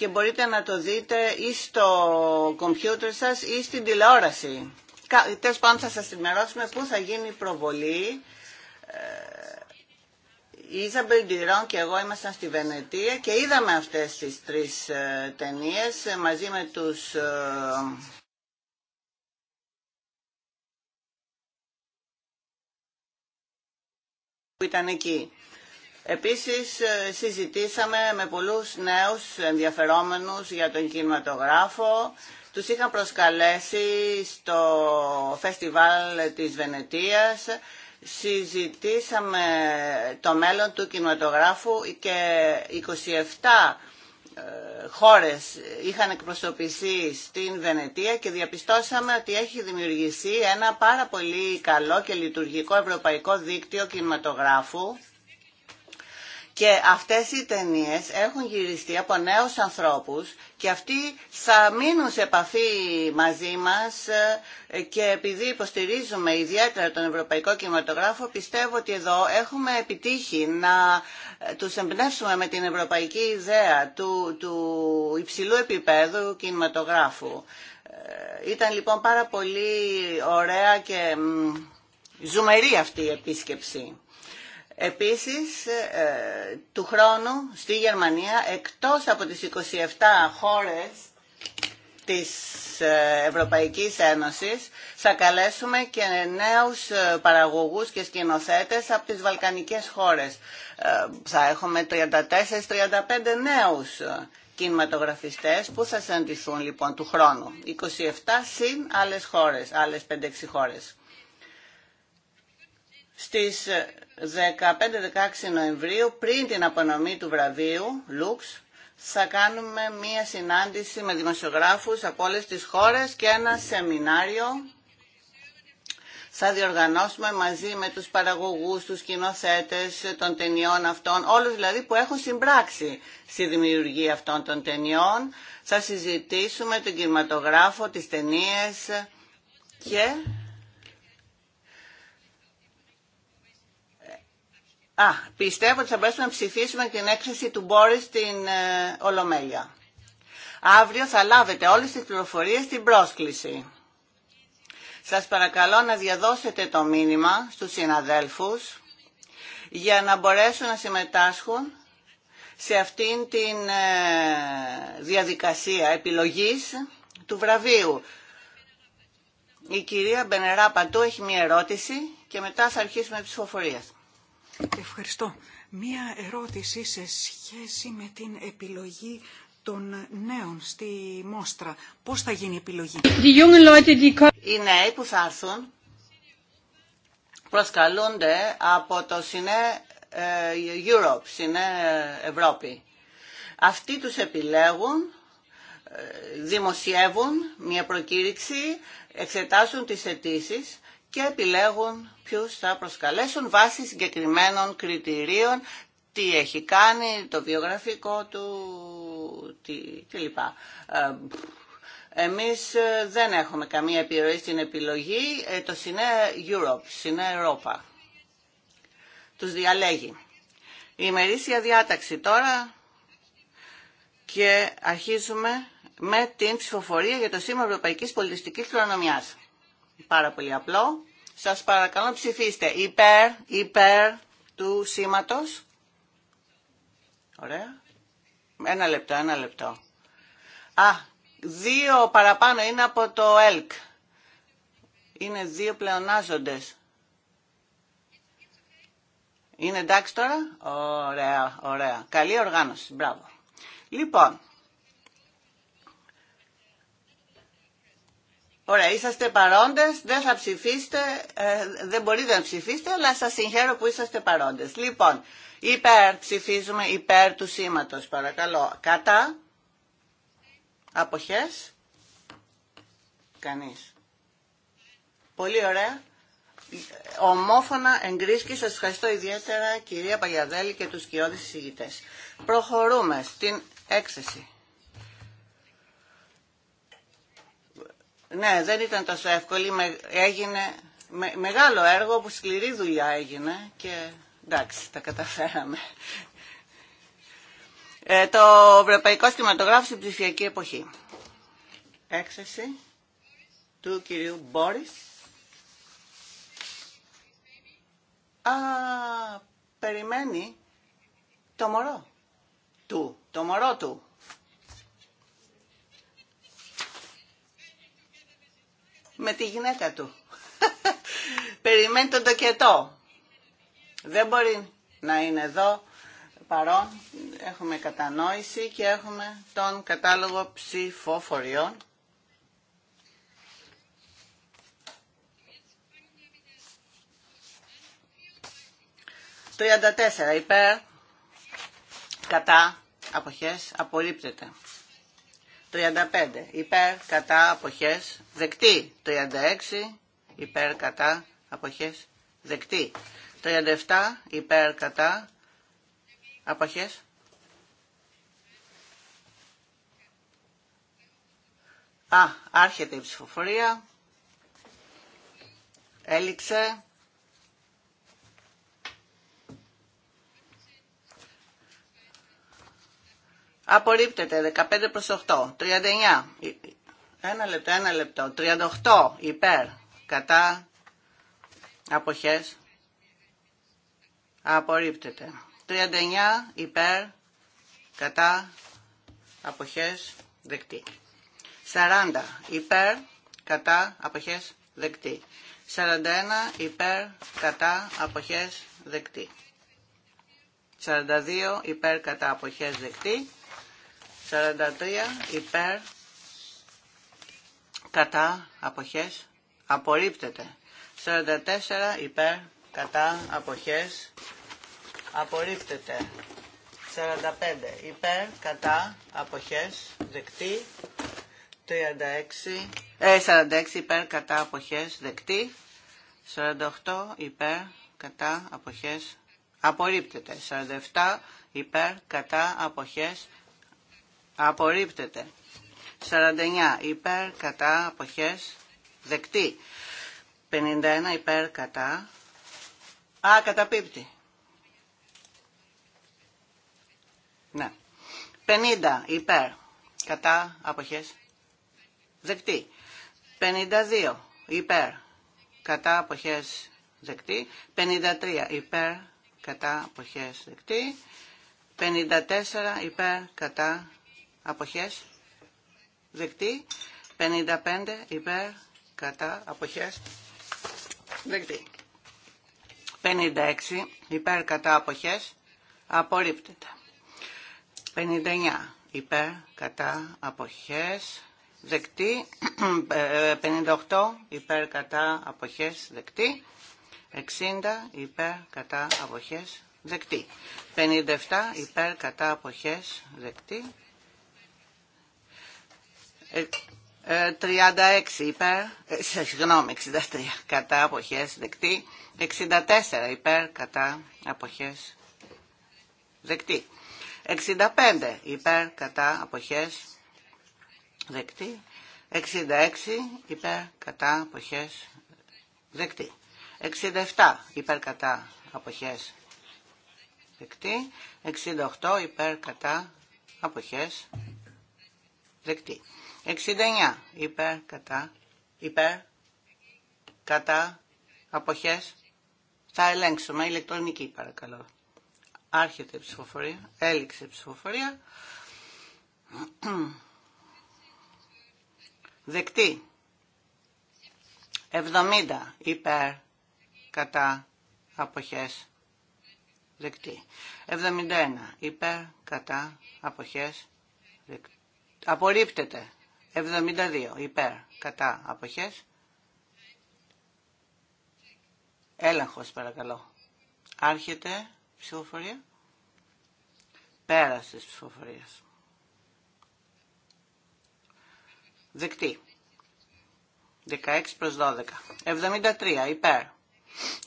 και μπορείτε να το δείτε ή στο κομπιούτερ σας ή στην τηλεόραση. Τέλος πάντων θα σας ενημερώσουμε πού θα γίνει η προβολή. Ε, η Ιζαμπελ Ντιρόν και εγώ ήμασταν στη Βενετία και είδαμε αυτές τις τρεις ε, ταινίες ε, μαζί με τους... που ήταν εκεί. Επίσης ε, συζητήσαμε με πολλούς νέους ενδιαφερόμενους για τον κινηματογράφο. Τους είχαν προσκαλέσει στο φεστιβάλ της Βενετίας. Συζητήσαμε το μέλλον του κινηματογράφου και 27 ε, χώρες είχαν εκπροσωπηθεί στην Βενετία και διαπιστώσαμε ότι έχει δημιουργηθεί ένα πάρα πολύ καλό και λειτουργικό ευρωπαϊκό δίκτυο κινηματογράφου και αυτές οι ταινίες έχουν γυριστεί από νέους ανθρώπους και αυτοί θα μείνουν σε επαφή μαζί μας ε, και επειδή υποστηρίζουμε ιδιαίτερα τον Ευρωπαϊκό Κινηματογράφο πιστεύω ότι εδώ έχουμε επιτύχει να ε, τους εμπνεύσουμε με την ευρωπαϊκή ιδέα του, του υψηλού επίπεδου κινηματογράφου. Ε, ήταν λοιπόν πάρα πολύ ωραία και ζουμερή αυτή η επίσκεψη. Επίσης, ε, του χρόνου στη Γερμανία, εκτός από τις 27 χώρες της ε, Ευρωπαϊκής Ένωσης, θα καλέσουμε και νέους ε, παραγωγούς και σκηνοθέτες από τις Βαλκανικές χώρες. Θα έχουμε 34-35 νέους κινηματογραφιστές που θα συναντηθούν λοιπόν του χρόνου. 27 συν άλλες χώρες, άλλες 5-6 χώρες στις 15-16 ε, Νοεμβρίου, πριν την απονομή του βραβείου Λουξ, θα κάνουμε μία συνάντηση με δημοσιογράφους από όλες τις χώρες και ένα σεμινάριο θα διοργανώσουμε μαζί με τους παραγωγούς, τους κοινοθέτε των ταινιών αυτών, όλους δηλαδή που έχουν συμπράξει στη δημιουργία αυτών των ταινιών. Θα συζητήσουμε τον κινηματογράφο, τις ταινίες και Α, πιστεύω ότι θα μπορέσουμε να ψηφίσουμε την έκθεση του Μπόρι στην ε, Ολομέλεια. Αύριο θα λάβετε όλες τις πληροφορίες στην πρόσκληση. Σας παρακαλώ να διαδώσετε το μήνυμα στους συναδέλφους για να μπορέσουν να συμμετάσχουν σε αυτήν την ε, διαδικασία επιλογής του βραβείου. Η κυρία Μπενερά Πατού έχει μία ερώτηση και μετά θα αρχίσουμε ψηφοφορίες. Ευχαριστώ. Μία ερώτηση σε σχέση με την επιλογή των νέων στη Μόστρα. Πώς θα γίνει η επιλογή. Οι νέοι που θα έρθουν προσκαλούνται από το ΣΥΝΕ Europe, ε, Ευρώπη. Αυτοί τους επιλέγουν, ε, δημοσιεύουν μια προκήρυξη, εξετάσουν τις αιτήσει και επιλέγουν ποιους θα προσκαλέσουν βάσει συγκεκριμένων κριτηρίων, τι έχει κάνει, το βιογραφικό του, τι, τι λοιπά. Ε, εμείς ε, δεν έχουμε καμία επιρροή στην επιλογή, ε, το ΣΥΝΕ Europe, Cine Europa. Τους διαλέγει. Η ημερήσια διάταξη τώρα και αρχίζουμε με την ψηφοφορία για το Σήμα Ευρωπαϊκής Πολιτιστικής Κληρονομιάς. Πάρα πολύ απλό. Σας παρακαλώ ψηφίστε υπέρ, υπέρ του σήματος. Ωραία. Ένα λεπτό, ένα λεπτό. Α, δύο παραπάνω είναι από το ΕΛΚ. Είναι δύο πλεονάζοντες. Είναι εντάξει τώρα. Ωραία, ωραία. Καλή οργάνωση. Μπράβο. Λοιπόν, Ωραία, είσαστε παρόντες, δεν θα ψηφίσετε, ε, δεν μπορείτε να ψηφίσετε, αλλά σας συγχαίρω που είσαστε παρόντες. Λοιπόν, υπέρ, ψηφίζουμε υπέρ του σήματος, παρακαλώ. Κατά, αποχές, κανείς. Πολύ ωραία. Ομόφωνα εγκρίσκει, σας ευχαριστώ ιδιαίτερα κυρία Παγιαδέλη και τους κοιόδης συζητητές. Προχωρούμε στην έκθεση. Ναι, δεν ήταν τόσο εύκολη. Έγινε μεγάλο έργο που σκληρή δουλειά έγινε και εντάξει, τα καταφέραμε. Ε, το Ευρωπαϊκό Σχηματογράφο στην ψηφιακή εποχή. Έξεση του κυρίου Μπόρις. Α, περιμένει το μωρό του, το μωρό του. με τη γυναίκα του. Περιμένει τον τοκετό. Δεν μπορεί να είναι εδώ παρόν. Έχουμε κατανόηση και έχουμε τον κατάλογο ψηφοφοριών. Το 34 υπέρ, κατά, αποχές, απορρίπτεται. 35 υπέρ κατά αποχές δεκτή. 36 υπέρ κατά αποχές δεκτή. 37 υπέρ κατά αποχές Α, άρχεται η ψηφοφορία. Έληξε. Απορρίπτεται 15 προς 8. 39. Ένα λεπτό, ένα λεπτό. 38 υπέρ. Κατά αποχές. Απορρίπτεται. 39 υπέρ. Κατά αποχές. Δεκτή. 40 υπέρ. Κατά αποχές. Δεκτή. 41 υπέρ. Κατά αποχές. Δεκτή. 42 υπέρ κατά αποχές δεκτή. 43 υπέρ κατά αποχές απορρίπτεται. 44 υπέρ κατά αποχές απορρίπτεται. 45 υπέρ κατά αποχές δεκτή. 36, 46 ε, υπέρ κατά αποχές δεκτή. 48 υπέρ κατά αποχές απορρίπτεται. 47 υπέρ κατά αποχές Απορρίπτεται. 49 υπέρ κατά αποχές δεκτή. 51 υπέρ κατά. Α, καταπίπτει. Ναι. 50 υπέρ κατά αποχές δεκτή. 52 υπέρ κατά αποχές δεκτή. 53 υπέρ κατά αποχές δεκτή. 54 υπέρ κατά αποχές δεκτή 55 υπέρ κατά αποχές δεκτή 56 υπέρ κατά αποχές απορρίπτεται 59 υπέρ κατά αποχές δεκτή 58 ε, υπέρ κατά αποχές δεκτή 60 υπέρ κατά αποχές δεκτή 57 υπέρ κατά αποχές δεκτή 36 υπέρ, ε, συγγνώμη, 63 κατά αποχές δεκτή, 64 υπέρ κατά αποχές δεκτή, 65 υπέρ κατά αποχές δεκτή, 66 υπέρ κατά αποχές δεκτή, 67 υπέρ κατά αποχές δεκτή, 68 υπέρ κατά αποχές δεκτή. 69 υπέρ κατά υπέρ κατά αποχές θα ελέγξουμε ηλεκτρονική παρακαλώ άρχεται η ψηφοφορία έληξε η ψηφοφορία δεκτή 70 υπέρ κατά αποχές δεκτή 71 υπέρ κατά αποχές δεκτή απορρίπτεται 72 υπέρ κατά αποχές. Έλεγχος παρακαλώ. Άρχεται ψηφοφορία. Πέρας της ψηφοφορίας. Δεκτή. 16 προς 12. 73 υπέρ.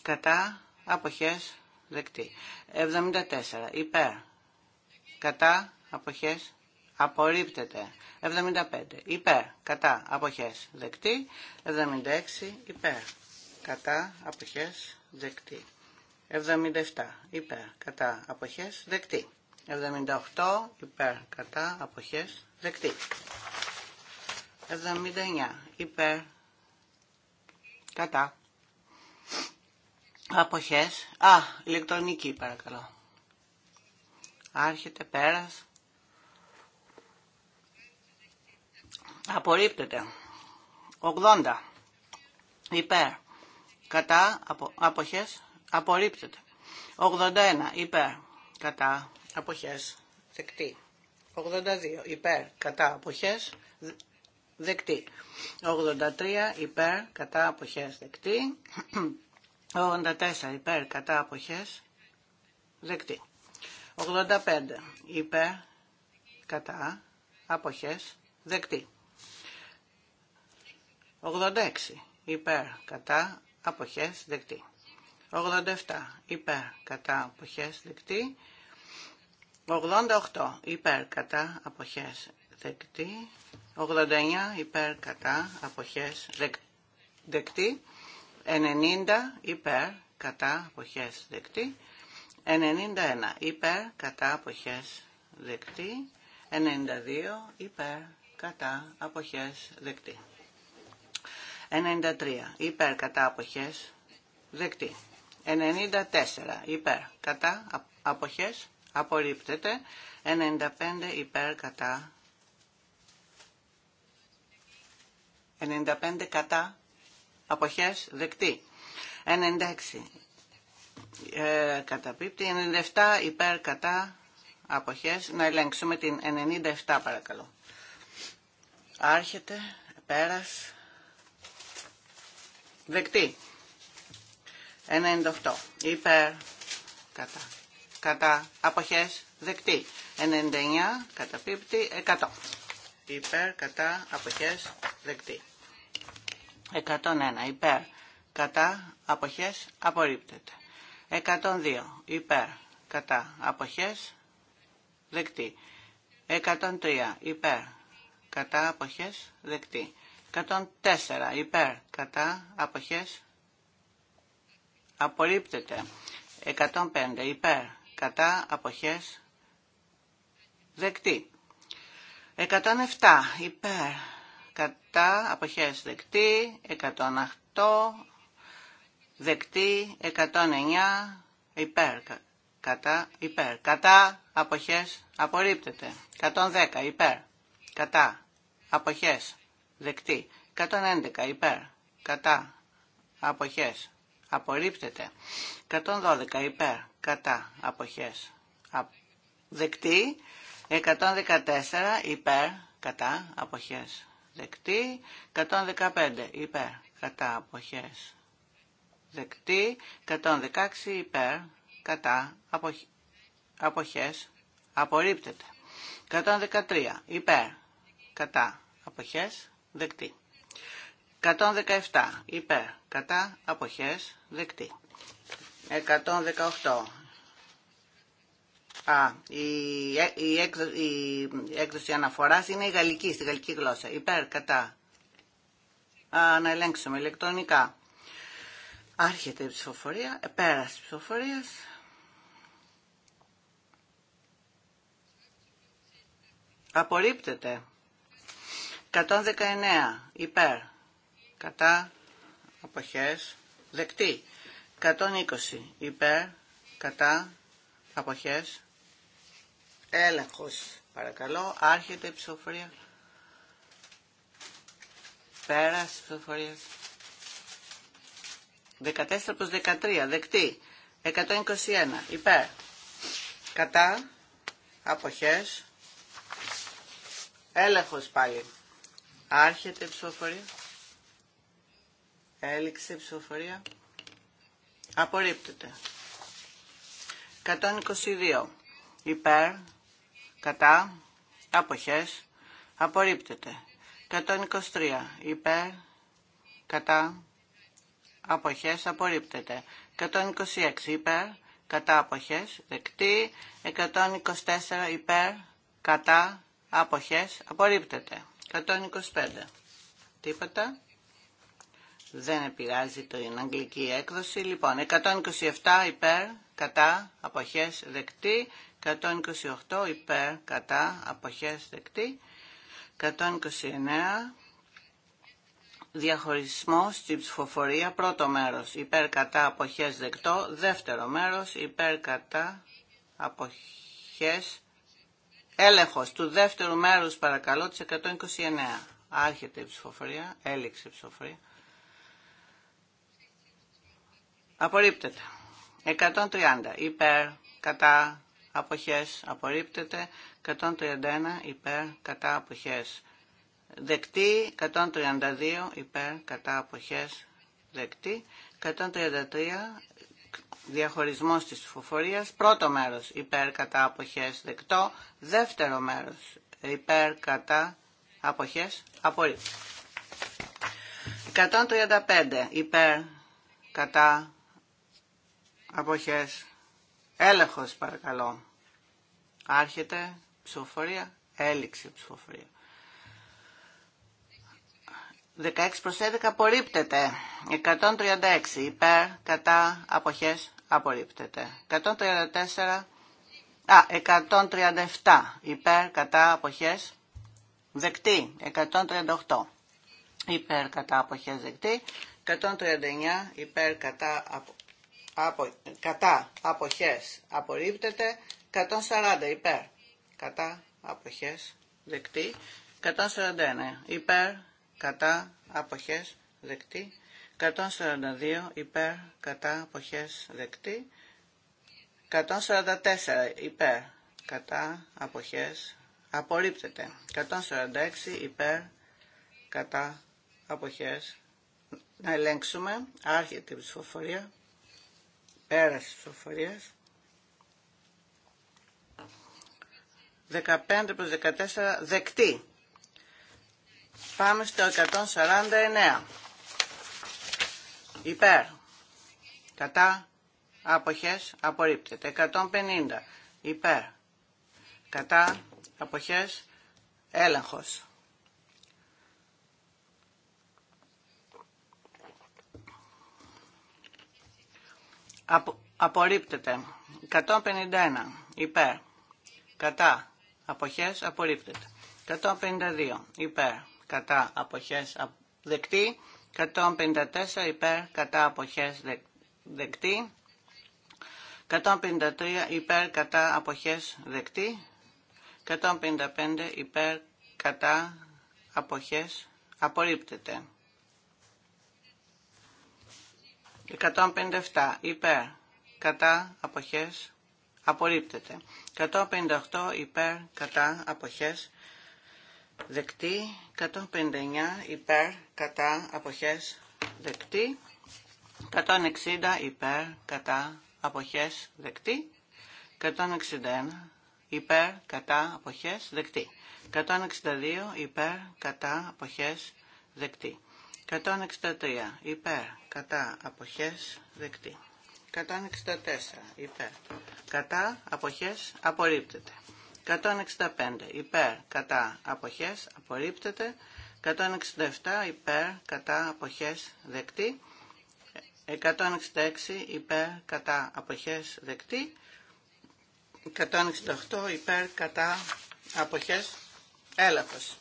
Κατά αποχές δεκτή. 74 υπέρ. Κατά αποχές απορρίπτεται. 75 υπέρ, κατά, αποχές, δεκτή. 76 υπέρ, κατά, αποχές, δεκτή. 77 υπέρ, κατά, αποχές, δεκτή. 78 υπέρ, κατά, αποχές, δεκτή. 79 υπέρ, κατά, αποχές, α, ηλεκτρονική παρακαλώ. Άρχεται, πέρας. Απορρίπτεται. 80. Υπέρ. Κατά. Απο, αποχές. Απορρίπτεται. 81. Υπέρ. Κατά. Αποχές. Δεκτή. 82. Υπέρ. Κατά. Αποχές. Δεκτή. 83. Υπέρ. Κατά. Αποχές. Δεκτή. 84. Υπέρ. Κατά. Αποχές. Δεκτή. 85. Υπέρ. Κατά. Αποχές. Δεκτή. 86 υπέρ κατά αποχές δεκτή. 87 υπέρ κατά αποχές δεκτή. 88 υπέρ κατά αποχές δεκτή. 89 υπέρ κατά αποχές δεκτή. 90 υπέρ κατά αποχές δεκτή. 91 υπέρ κατά αποχές δεκτή. 92 υπέρ κατά αποχές δεκτή. 93 υπέρ κατά αποχές δεκτή. 94 υπέρ κατά αποχές απορρίπτεται. 95 υπέρ κατά 95 κατά αποχές δεκτή. 96 ε, καταπίπτει. 97 υπέρ κατά αποχές. Να ελέγξουμε την 97 παρακαλώ. Άρχεται, πέρας, Δεκτή. 98. Υπέρ. Κατά. Κατά. Αποχές. Δεκτή. 99. Καταπίπτει. 100. Υπέρ. Κατά. Αποχές. Δεκτή. 101. Υπέρ. Κατά. Αποχές. Απορρίπτεται. 102. Υπέρ. Κατά. Αποχές. Δεκτή. 103. Υπέρ. Κατά. Αποχές. Δεκτή. 104 υπέρ κατά αποχές απορρίπτεται 105 υπέρ κατά αποχές δεκτή 107 υπέρ κατά αποχές δεκτή 108 δεκτή 109 υπέρ κατά υπέρ κατά αποχές απορρίπτεται 110 υπέρ κατά αποχές δεκτή. 111 υπέρ, κατά, αποχές, απορρίπτεται. 112 υπέρ, κατά, αποχές, δεκτή. 114 υπέρ, κατά, αποχές, δεκτή. 115 υπέρ, κατά, αποχές, δεκτή. 116 υπέρ, κατά, αποχές, απορρίπτεται. 113 υπέρ, κατά, αποχές, δεκτή. 117 υπέρ κατά αποχές δεκτή. 118 Α, η, η, η έκδοση αναφοράς είναι η γαλλική, στη γαλλική γλώσσα. Υπέρ, κατά. Α, να ελέγξουμε ηλεκτρονικά. Άρχεται η ψηφοφορία, πέρας ψηφοφορίας. Απορρίπτεται. 119 υπέρ κατά αποχές δεκτή. 120 υπέρ κατά αποχές έλεγχος. Παρακαλώ, άρχεται η ψηφοφορία. Πέρας ψηφοφορίας. 14 προς 13, δεκτή. 121 υπέρ κατά αποχές έλεγχος πάλι. Άρχεται ψηφοφορία. Έληξε ψηφοφορία. Απορρίπτεται. 122. Υπέρ, κατά, αποχές, απορρίπτεται. 123. Υπέρ, κατά, αποχές, απορρίπτεται. 126. Υπέρ, κατά, αποχές, δεκτή. 124. Υπέρ, κατά, αποχές, απορρίπτεται. 125. Τίποτα. Δεν επηρεάζει το είναι αγγλική έκδοση. Λοιπόν, 127 υπέρ, κατά, αποχές δεκτή. 128 υπέρ, κατά, αποχές δεκτή. 129 διαχωρισμό στην ψηφοφορία πρώτο μέρος υπέρ κατά αποχές δεκτό δεύτερο μέρος υπέρ κατά αποχές Έλεγχος του δεύτερου μέρους παρακαλώ της 129. Άρχεται η ψηφοφορία, έληξε η ψηφοφορία. Απορρίπτεται. 130 υπέρ, κατά, αποχές, απορρίπτεται. 131 υπέρ, κατά, αποχές. Δεκτή, 132 υπέρ, κατά, αποχές, δεκτή. 133 διαχωρισμός της ψηφοφορίας. Πρώτο μέρος υπέρ κατά αποχές δεκτό. Δεύτερο μέρος υπέρ κατά αποχές απορρίπτω. 135 υπέρ κατά αποχές έλεγχος παρακαλώ. Άρχεται ψηφοφορία, έληξε ψηφοφορία. 16 προς 11 απορρίπτεται. 136 υπέρ, κατά, αποχές, απορρίπτεται. 134, α, 137 υπέρ κατά αποχές δεκτή. 138 υπέρ κατά αποχές δεκτή. 139 υπέρ κατά, απο, κατά αποχές απορρίπτεται. 140 υπέρ κατά αποχές δεκτή. 141 υπέρ κατά αποχές δεκτή. 142 υπέρ κατά αποχές δεκτή. 144 υπέρ κατά αποχές απορρίπτεται. 146 υπέρ κατά αποχές να ελέγξουμε άρχεται η ψηφοφορία πέραση ψηφοφορίας 15 προς 14 δεκτή πάμε στο 149 υπέρ, κατά, αποχές, απορρίπτεται. 150, υπέρ, κατά, αποχές, έλεγχος. Απο, απορρίπτεται. 151, υπέρ, κατά, αποχές, απορρίπτεται. 152, υπέρ, κατά, αποχές, δεκτή. 154 υπέρ κατά αποχές δεκτή. 153 υπέρ κατά αποχές δεκτή. 155 υπέρ κατά αποχές απορρίπτεται. 157 υπέρ κατά αποχές απορρίπτεται. 158 υπέρ κατά αποχές δεκτή, 159 υπέρ, κατά, αποχές, δεκτή, 160 υπέρ, κατά, αποχές, δεκτή, 161 υπέρ, κατά, αποχές, δεκτή, 162 υπέρ, κατά, αποχές, δεκτή, 163 υπέρ, κατά, αποχές, δεκτή, 164 υπέρ, κατά, αποχές, απορρίπτεται. 165 υπέρ κατά αποχές απορρίπτεται. 167 υπέρ κατά αποχές δεκτή. 166 υπέρ κατά αποχές δεκτή. 168 υπέρ κατά αποχές έλαφος.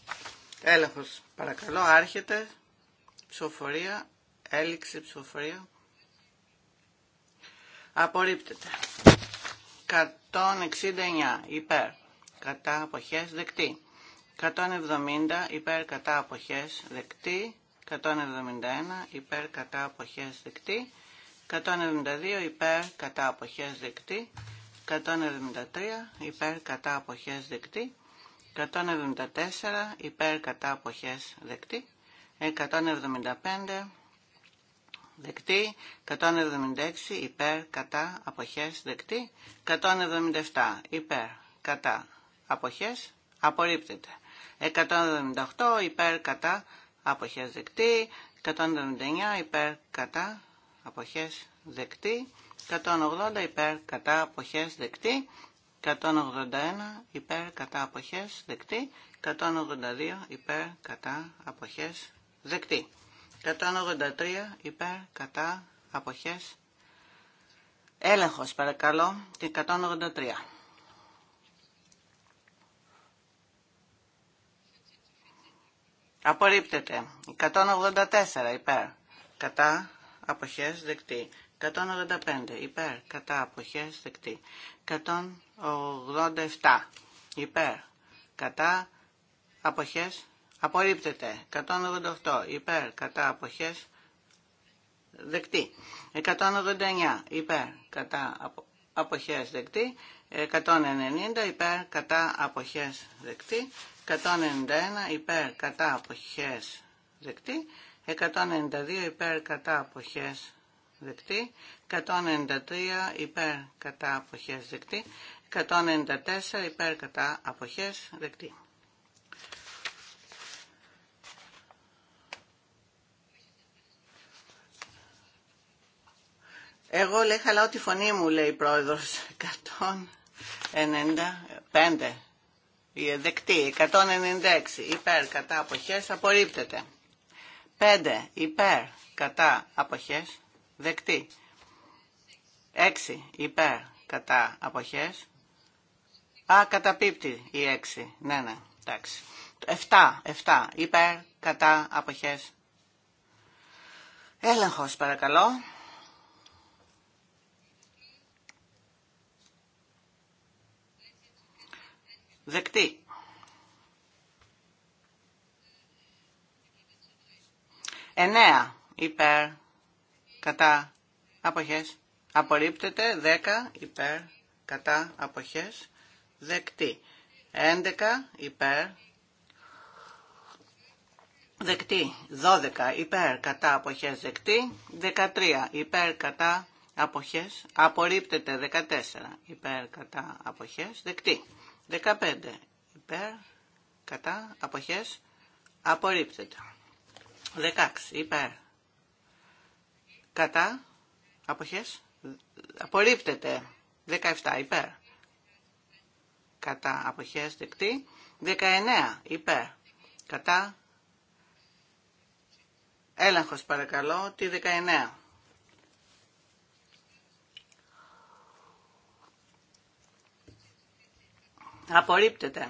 Έλαφος παρακαλώ άρχεται ψηφοφορία, έληξη ψηφοφορία. Απορρίπτεται. 169 υπέρ κατά αποχές δεκτή. 170 υπέρ κατά αποχές δεκτή. 171 υπέρ κατά αποχές δεκτή. 172 υπέρ κατά αποχές δεκτή. 173 υπέρ κατά αποχές δεκτή. 174 υπέρ κατά αποχές δεκτή. 175 δεκτή, 176 υπέρ, κατά, αποχές, δεκτή, 177 υπέρ, κατά, αποχές απορρίπτεται. 178 υπέρ κατά αποχές δεκτή, 179 υπέρ κατά αποχές δεκτή, 180 υπέρ κατά αποχές δεκτή, 181 υπέρ κατά αποχές δεκτή, 182 υπέρ κατά αποχές δεκτή, 183 υπέρ κατά αποχές Έλεγχος παρακαλώ την 183. Απορρίπτεται. 184 υπέρ. Κατά αποχές δεκτή. 185 υπέρ. Κατά αποχές δεκτή. 187 υπέρ. Κατά αποχές απορρίπτεται. 188 υπέρ. Κατά αποχές δεκτή. 189 υπέρ. Κατά αποχές δεκτή. 190 υπέρ κατά αποχές δεκτή, 191 υπέρ κατά αποχές δεκτή, 192 υπέρ κατά αποχές δεκτή, 193 υπέρ κατά αποχές δεκτή, 194 υπέρ κατά αποχές δεκτή. Εγώ λέει χαλάω τη φωνή μου, λέει η πρόεδρος. 95 δεκτή 196 υπέρ κατά αποχές απορρίπτεται 5 υπέρ κατά αποχές δεκτή 6 υπέρ κατά αποχές α καταπίπτει η 6 ναι ναι εντάξει 7 7 υπέρ κατά αποχές έλεγχος παρακαλώ Δεκτή. Εννέα υπέρ κατά αποχές. Απορρίπτεται. Δέκα υπέρ κατά αποχές. Δεκτή. Έντεκα υπέρ Δεκτή. δώδεκα, Υπέρ κατά αποχές δεκτή. δεκατρία, Υπέρ κατά αποχές απορρίπτεται. δεκατέσσερα, Υπέρ κατά αποχές δεκτή. 15 υπέρ, κατά, αποχές, απορρίπτεται. 16 υπέρ, κατά, αποχές, απορρίπτεται. 17 υπέρ, κατά, αποχές, δεκτή. 19 υπέρ, κατά, έλεγχος παρακαλώ, τη 19. Απορρίπτεται.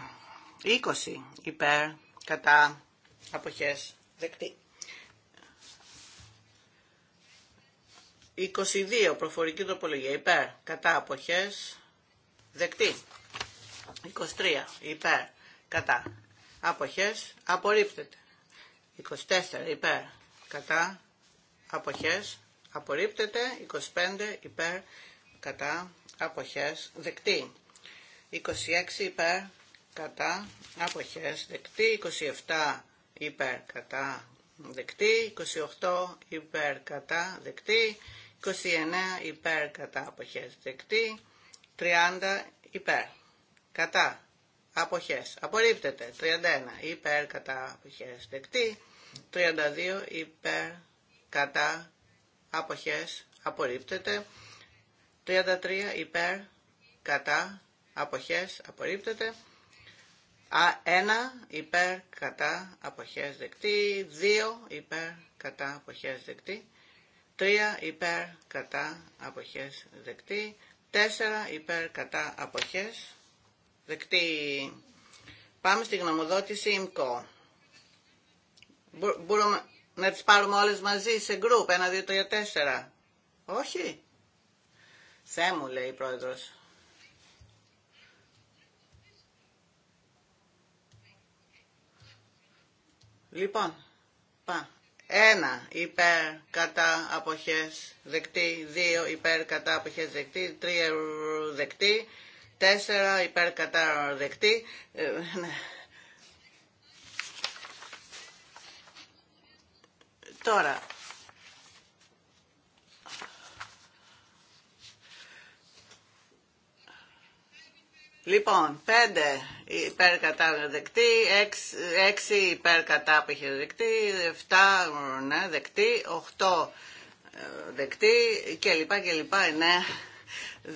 20 υπέρ κατά αποχές δεκτή. 22 προφορική τροπολογία υπέρ κατά αποχές δεκτή. 23 υπέρ κατά αποχές απορρίπτεται. 24 υπέρ κατά αποχές απορρίπτεται. 25 υπέρ κατά αποχές δεκτή. 26 υπέρ κατά αποχές δεκτή, 27 υπέρ κατά δεκτή, 28 υπέρ κατά δεκτή, 29 υπέρ κατά αποχές δεκτή, 30 υπέρ κατά αποχές απορρίπτεται, 31 υπέρ κατά αποχές δεκτή, 32 υπέρ κατά αποχές απορρίπτεται, 33 υπέρ κατά αποχές απορρίπτεται. Α, 1 υπέρ κατά αποχές δεκτή, 2 υπέρ κατά αποχές δεκτή, 3 υπέρ κατά αποχές δεκτή, 4 υπέρ κατά αποχές δεκτή. Πάμε στη γνωμοδότηση ΙΜΚΟ. Μπορούμε να τις πάρουμε όλες μαζί σε γκρουπ, 1, 2, 3, 4. Όχι. Θεέ μου λέει η πρόεδρος. Λοιπόν, πά. Ένα υπέρ κατά αποχές δεκτή, δύο υπέρ κατά αποχές δεκτή, τρία δεκτή, τέσσερα υπέρ κατά δεκτή. Ε, ναι. Τώρα, Λοιπόν, 5 υπέρ κατά δεκτή, 6 υπέρ κατά είχε δεκτή, 7 ναι, δεκτή, 8 ε, δεκτή και λοιπά και λοιπά, 9,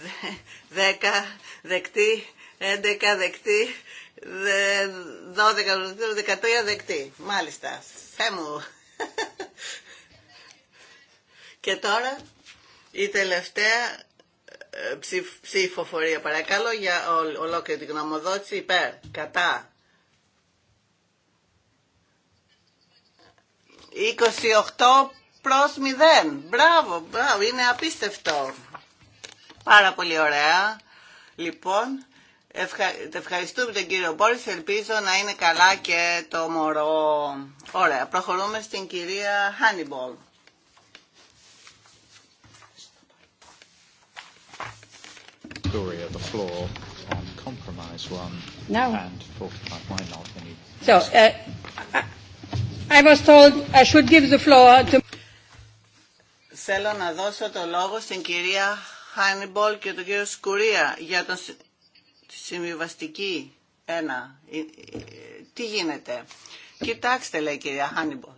10 δεκτή, 11 δεκτή, 12 δεκτή, 13 δεκτή. Μάλιστα, θέ μου. Και τώρα η τελευταία ψηφοφορία παρακαλώ για ολόκληρη την γνωμοδότηση υπέρ, κατά. 28 προς 0. Μπράβο, μπράβο, είναι απίστευτο. Πάρα πολύ ωραία. Λοιπόν, ευχα... ευχαριστούμε τον κύριο Μπόρις, ελπίζω να είναι καλά και το μωρό. Ωραία, προχωρούμε στην κυρία Χάνιμπολ. the floor on compromise one and 45. Why not? Any So, uh, I was told I should give the floor to... Θέλω να δώσω το λόγο στην κυρία Χάνιμπολ και τον κύριο Σκουρία για τον συμβιβαστική ένα. Ε, ε, τι γίνεται. Κοιτάξτε, λέει η κυρία Χάνιμπολ.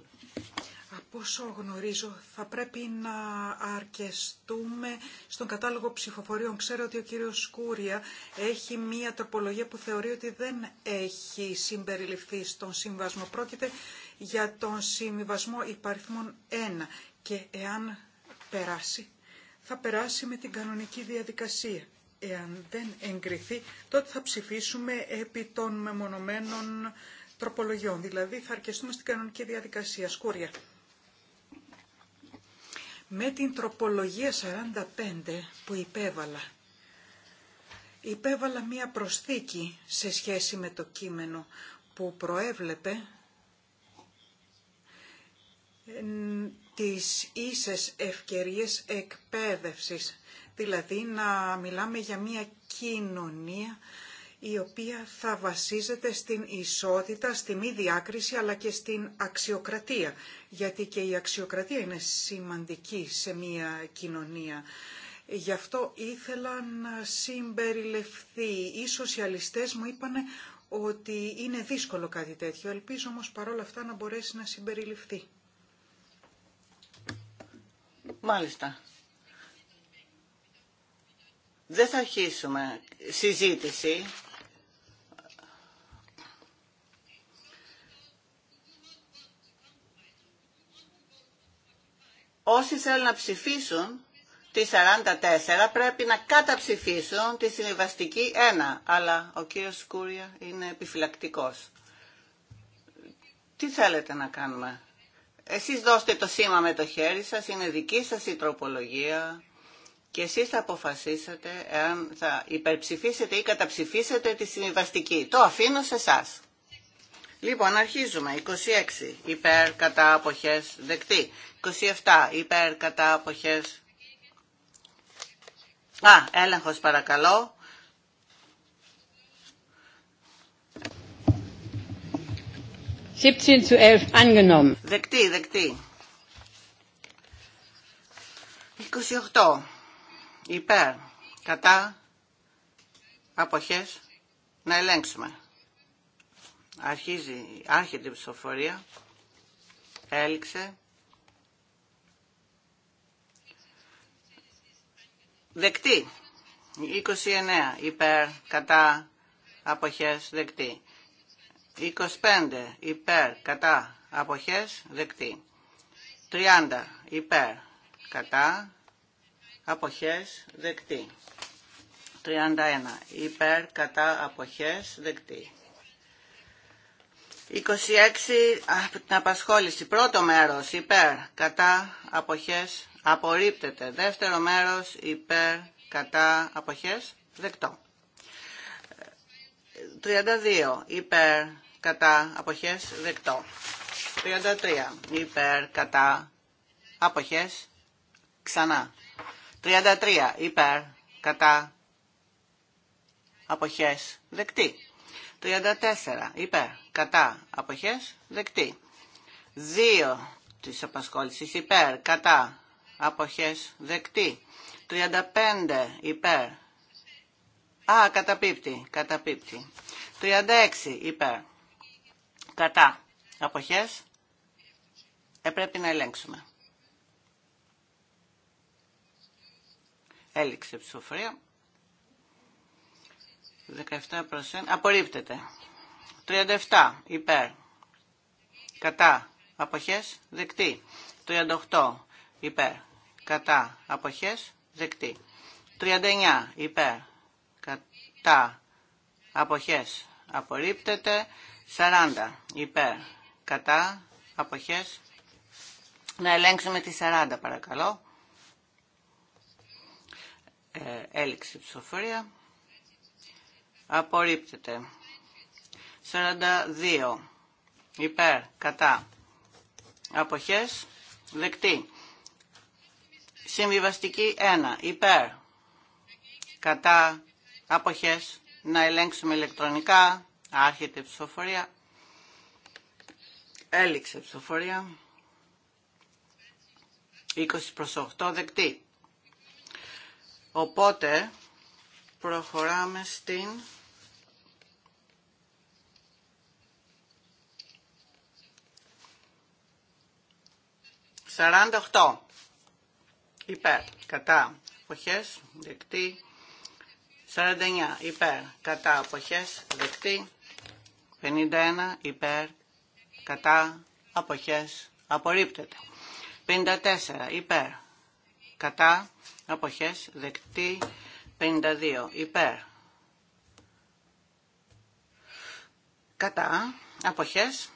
Πόσο γνωρίζω, θα πρέπει να αρκεστούμε στον κατάλογο ψηφοφορίων. Ξέρω ότι ο κύριος Σκούρια έχει μία τροπολογία που θεωρεί ότι δεν έχει συμπεριληφθεί στον συμβασμό. Πρόκειται για τον Σύμβασμο υπαριθμών 1 και εάν περάσει, θα περάσει με την κανονική διαδικασία. Εάν δεν εγκριθεί, τότε θα ψηφίσουμε επί των μεμονωμένων τροπολογιών. Δηλαδή θα αρκεστούμε στην κανονική διαδικασία. Σκούρια με την τροπολογία 45 που υπέβαλα. Υπέβαλα μία προσθήκη σε σχέση με το κείμενο που προέβλεπε ε, τις ίσες ευκαιρίες εκπαίδευσης, δηλαδή να μιλάμε για μία κοινωνία η οποία θα βασίζεται στην ισότητα, στη μη διάκριση αλλά και στην αξιοκρατία. Γιατί και η αξιοκρατία είναι σημαντική σε μια κοινωνία. Γι' αυτό ήθελα να συμπεριλευθεί. Οι σοσιαλιστές μου είπαν ότι είναι δύσκολο κάτι τέτοιο. Ελπίζω όμως παρόλα αυτά να μπορέσει να συμπεριληφθεί. Μάλιστα. Δεν θα αρχίσουμε συζήτηση. όσοι θέλουν να ψηφίσουν τη 44 πρέπει να καταψηφίσουν τη συμβιβαστική 1. Αλλά ο κύριος Σκούρια είναι επιφυλακτικός. Τι θέλετε να κάνουμε. Εσείς δώστε το σήμα με το χέρι σας, είναι δική σας η τροπολογία και εσείς θα αποφασίσετε εάν θα υπερψηφίσετε ή καταψηφίσετε τη συμβιβαστική. Το αφήνω σε εσάς. Λοιπόν, αρχίζουμε. 26 υπέρ κατά αποχές δεκτή. 27 υπέρ κατά αποχές... Α, έλεγχος παρακαλώ. Zu 11, angenommen. Δεκτή, δεκτή. 28 υπέρ κατά αποχές να ελέγξουμε. Αρχίζει, άρχεται η ψηφοφορία. Έληξε. Δεκτή. 29 υπέρ κατά αποχές δεκτή. 25 υπέρ κατά αποχές δεκτή. 30 υπέρ κατά αποχές δεκτή. 31 υπέρ κατά αποχές δεκτή. 26 από την απασχόληση. Πρώτο μέρος υπέρ κατά αποχές απορρίπτεται. Δεύτερο μέρος υπέρ κατά αποχές δεκτό. 32 υπέρ κατά αποχές δεκτό. 33 υπέρ κατά αποχές ξανά. 33 υπέρ κατά αποχές δεκτή. 34 υπέρ, κατά, αποχές, δεκτή. 2 της απασχόλησης υπέρ, κατά, αποχές, δεκτή. 35 υπέρ. Α, καταπίπτει, καταπίπτει. 36 υπέρ. Κατά. Αποχές. Ε, πρέπει να ελέγξουμε. Έληξε ψηφοφορία. 17 Απορρίπτεται. 37 υπέρ. Κατά. Αποχές. Δεκτή. 38 υπέρ. Κατά. Αποχές. Δεκτή. 39 υπέρ. Κατά. Αποχές. Απορρίπτεται. 40 υπέρ. Κατά. Αποχές. Να ελέγξουμε τη 40 παρακαλώ. Ε, έληξη ψηφοφορία. Απορρίπτεται. 42. Υπέρ. Κατά. Αποχές. Δεκτή. Συμβιβαστική 1. Υπέρ. Κατά. Αποχές. Να ελέγξουμε ηλεκτρονικά. Άρχεται η ψηφοφορία. Έληξε ψηφοφορία. 20 προς 8 δεκτή. Οπότε προχωράμε στην 48 υπέρ, κατά, αποχές, δεκτή. 49 υπέρ, κατά, αποχές, δεκτή. 51 υπέρ, κατά, αποχές, απορρίπτεται. 54 υπέρ, κατά, αποχές, δεκτή. 52 υπέρ, κατά, αποχές,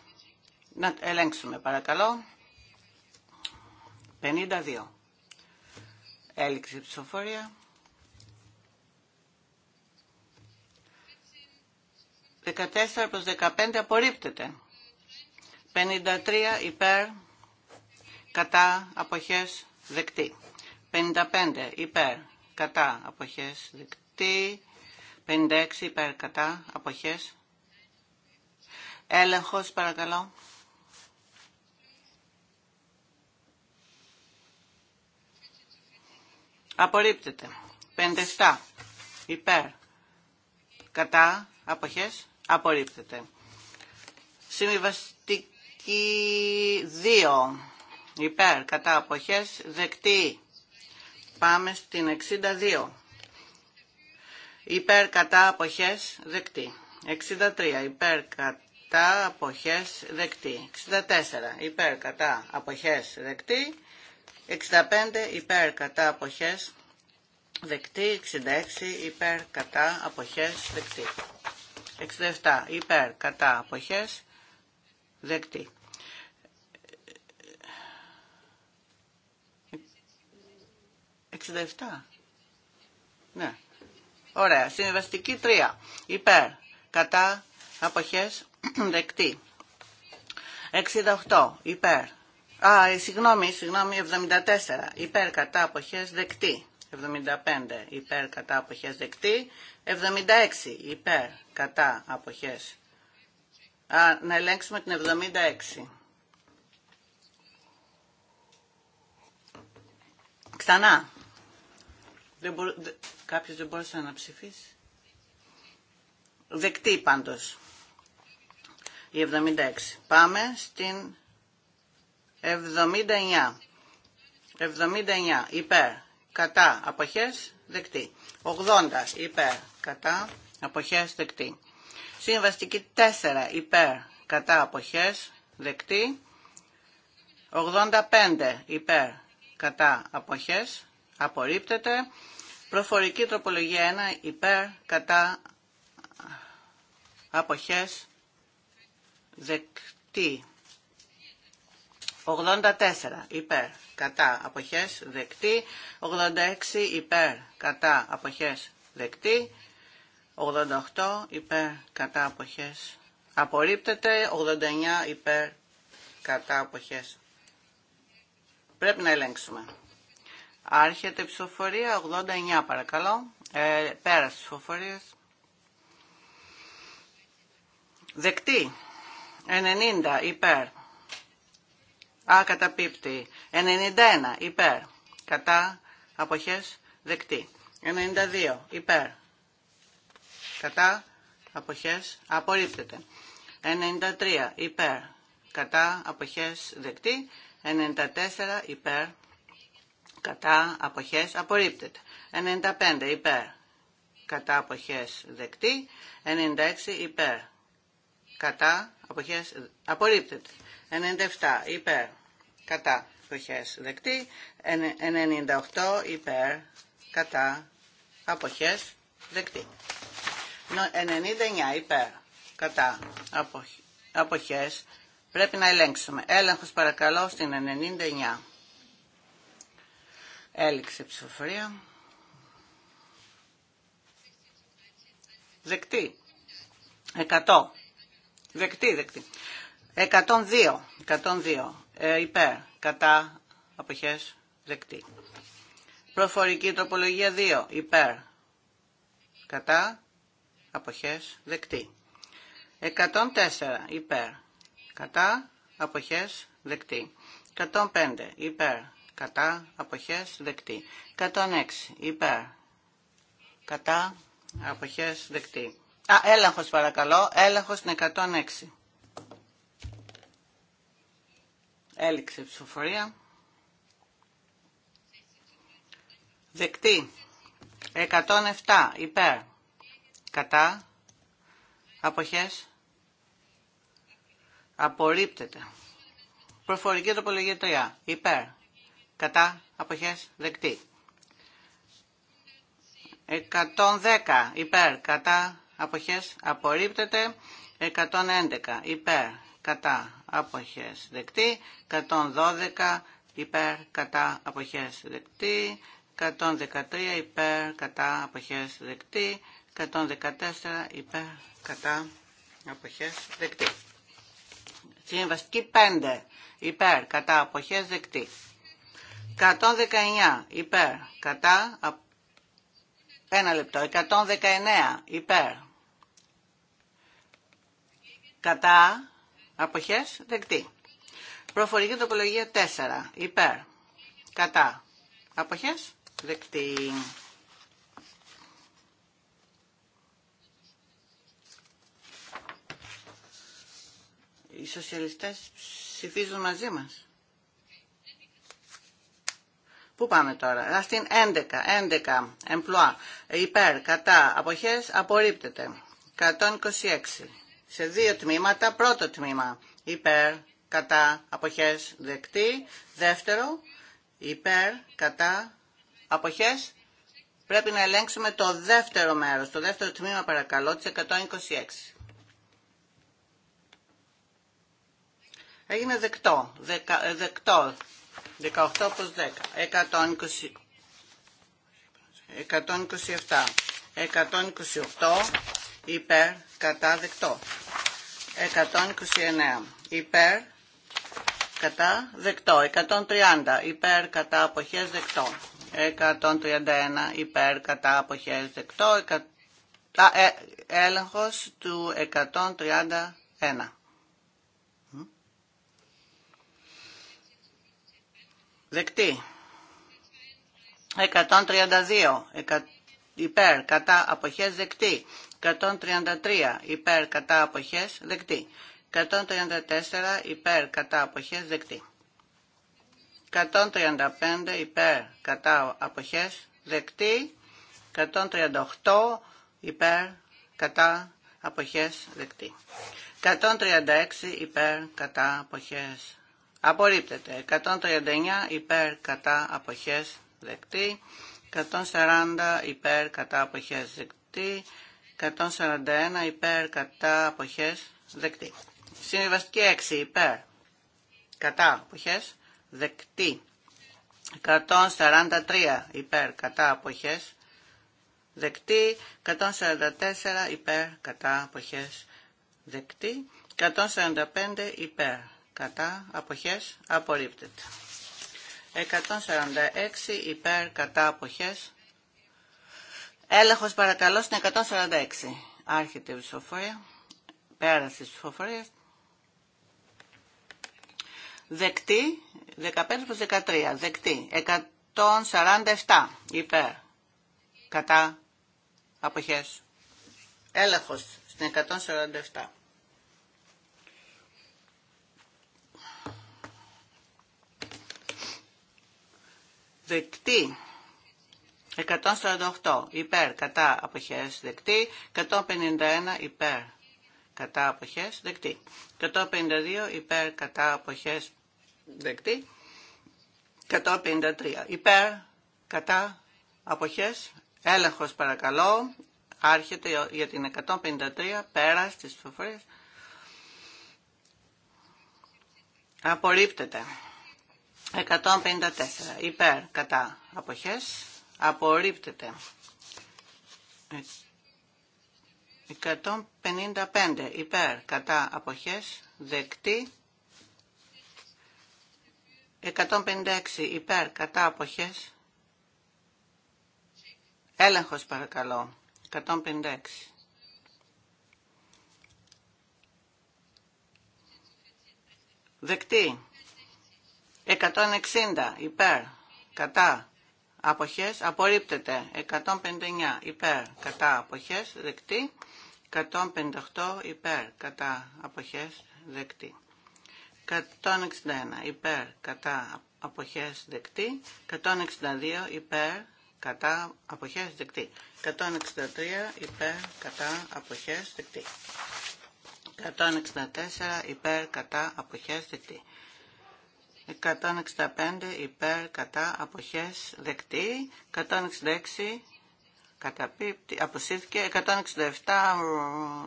να ελέγξουμε παρακαλώ. 52. Έληξη ψηφοφορία. 14 προς 15 απορρίπτεται. 53 υπέρ, κατά, αποχές, δεκτή. 55 υπέρ, κατά, αποχές, δεκτή. 56 υπέρ, κατά, αποχές. Έλεγχος παρακαλώ. Απορρίπτεται. 57. Υπέρ. Κατά. Αποχές. Απορρίπτεται. Συμβιβαστική 2. Υπέρ. Κατά. Αποχές. Δεκτή. Πάμε στην 62. Υπέρ. Κατά. Αποχές. Δεκτή. 63. Υπέρ. Κατά. Αποχές. Δεκτή. 64. Υπέρ. Κατά. Αποχές. Δεκτή. 65 υπέρ κατά αποχές δεκτή, 66 υπέρ κατά αποχές δεκτή. 67 υπέρ κατά αποχές δεκτή. Ναι. Ωραία. Συμβαστική 3. Υπέρ. Κατά. Αποχές. Δεκτή. 68. Υπέρ. Α, ε, συγγνώμη, συγγνώμη, 74. Υπέρ κατά αποχές δεκτή. 75. Υπέρ κατά αποχές δεκτή. 76. Υπέρ κατά αποχές. Α, να ελέγξουμε την 76. Ξανά. Δεν Κάποιος δεν μπορούσε να ψηφίσει. Δεκτή πάντως. Η 76. Πάμε στην 79. υπέρ κατά αποχές δεκτή. 80 υπέρ κατά αποχές δεκτή. Συμβαστική 4 υπέρ κατά αποχές δεκτή. 85 υπέρ κατά αποχές απορρίπτεται. Προφορική τροπολογία 1 υπέρ κατά αποχές δεκτή. 84 υπέρ κατά αποχές δεκτή, 86 υπέρ κατά αποχές δεκτή, 88 υπέρ κατά αποχές απορρίπτεται, 89 υπέρ κατά αποχές. Πρέπει να ελέγξουμε. Άρχεται η ψηφοφορία, 89 παρακαλώ, ε, τη ψηφοφορίες. Δεκτή, 90 υπέρ Α, καταπίπτει. 91 υπέρ. Κατά αποχές δεκτή. 92 υπέρ. Κατά αποχές απορρίπτεται. 93 υπέρ. Κατά αποχές δεκτή. 94 υπέρ. Κατά αποχές απορρίπτεται. 95 υπέρ. Κατά αποχές δεκτή. 96 υπέρ. Κατά αποχές απορρίπτεται. 97 υπέρ κατά αποχές δεκτεί. 98 υπέρ κατά αποχές δεκτεί. 99 υπέρ κατά αποχές πρέπει να ελέγξουμε. Έλεγχος παρακαλώ στην 99. Έληξε ψηφοφορία. Δεκτεί. 100. Δεκτεί, δεκτεί. 102. 102. Ε, υπέρ. Κατά. Αποχές. Δεκτή. Προφορική τροπολογία 2. Υπέρ. Κατά. Αποχές. Δεκτή. 104. Υπέρ. Κατά. Αποχές. Δεκτή. 105. Υπέρ. Κατά. Αποχές. Δεκτή. 106. Υπέρ. Κατά. Αποχές. Δεκτή. Α, έλεγχος παρακαλώ. Έλεγχος στην 106. Έληξε ψηφοφορία. Δεκτή. 107 υπέρ. Κατά. Αποχές. Απορρίπτεται. Προφορική τοπολογία 3. Υπέρ. Κατά. Αποχές. Δεκτή. 110 υπέρ. Κατά. Αποχές. Απορρίπτεται. 111 υπέρ κατά αποχές δεκτή, 112 υπέρ κατά αποχές δεκτή, 113 υπέρ κατά αποχές δεκτή, 114 υπέρ κατά αποχές δεκτή. Συμβαστική 5 υπέρ κατά αποχές δεκτή. 119 υπέρ κατά ένα λεπτό, 119 υπέρ κατά Αποχές δεκτή. Προφορική τοπολογία 4. Υπέρ. Κατά. Αποχές δεκτή. Οι σοσιαλιστές ψηφίζουν μαζί μας. Πού πάμε τώρα. Στην 11. 11. Εμπλουά. Υπέρ. Κατά. Αποχές απορρίπτεται. 126 σε δύο τμήματα. Πρώτο τμήμα υπέρ, κατά, αποχές, δεκτή. Δεύτερο, υπέρ, κατά, αποχές. Πρέπει να ελέγξουμε το δεύτερο μέρος, το δεύτερο τμήμα παρακαλώ, της 126. Έγινε δεκτό, ε, δεκτό, 18 προς 10, 120, 127, 128, υπέρ, κατά, δεκτό. 129 υπέρ κατά δεκτό 130 υπέρ κατά αποχές δεκτό 131 υπέρ κατά αποχές δεκτό εκα... ε, έλεγχος του 131 δεκτή 132 υπέρ κατά αποχές δεκτή 133 υπέρ κατά αποχές δεκτή. 134 υπέρ κατά αποχές δεκτή. 135 υπέρ κατά αποχές δεκτή. 138 υπέρ κατά αποχές δεκτή. 136 υπέρ κατά αποχές απορρίπτεται. 139 υπέρ κατά αποχές δεκτή. 140 υπέρ κατά αποχές δεκτή. 141 υπέρ κατά αποχές δεκτή. Συμβιβαστική 6 υπέρ κατά αποχές δεκτή. 143 υπέρ κατά αποχές δεκτή. 144 υπέρ κατά αποχές δεκτή. 145 υπέρ κατά αποχές απορρίπτεται. 146 υπέρ κατά αποχές Έλεγχος παρακαλώ στην 146. Άρχεται η ψηφοφορία. Πέραση η Δεκτή. 15 προς 13. Δεκτή. 147. Υπέρ. Κατά. Αποχές. Έλεγχος στην 147. Δεκτή. 148 υπέρ κατά αποχές δεκτή, 151 υπέρ κατά αποχές δεκτή, 152 υπέρ κατά αποχές δεκτή, 153 υπέρ κατά αποχές, έλεγχος παρακαλώ, άρχεται για την 153 πέρα στις φοφορίες. Απορρίπτεται. 154 υπέρ κατά αποχές Απορρίπτεται. 155 υπέρ κατά αποχές δεκτή. 156 υπέρ κατά αποχές. Έλεγχος παρακαλώ. 156. Δεκτή. 160 υπέρ κατά Αποχές απορρίπτεται. 159 υπέρ κατά αποχές δεκτή. 158 υπέρ κατά αποχές δεκτή. 161 υπέρ κατά αποχές δεκτή. 162 υπέρ κατά αποχές δεκτή. 163 υπέρ κατά αποχές δεκτή. 164 υπέρ κατά αποχές δεκτή. 165 υπέρ κατά αποχές δεκτή, 166 καταπίπτει, αποσύρθηκε, 167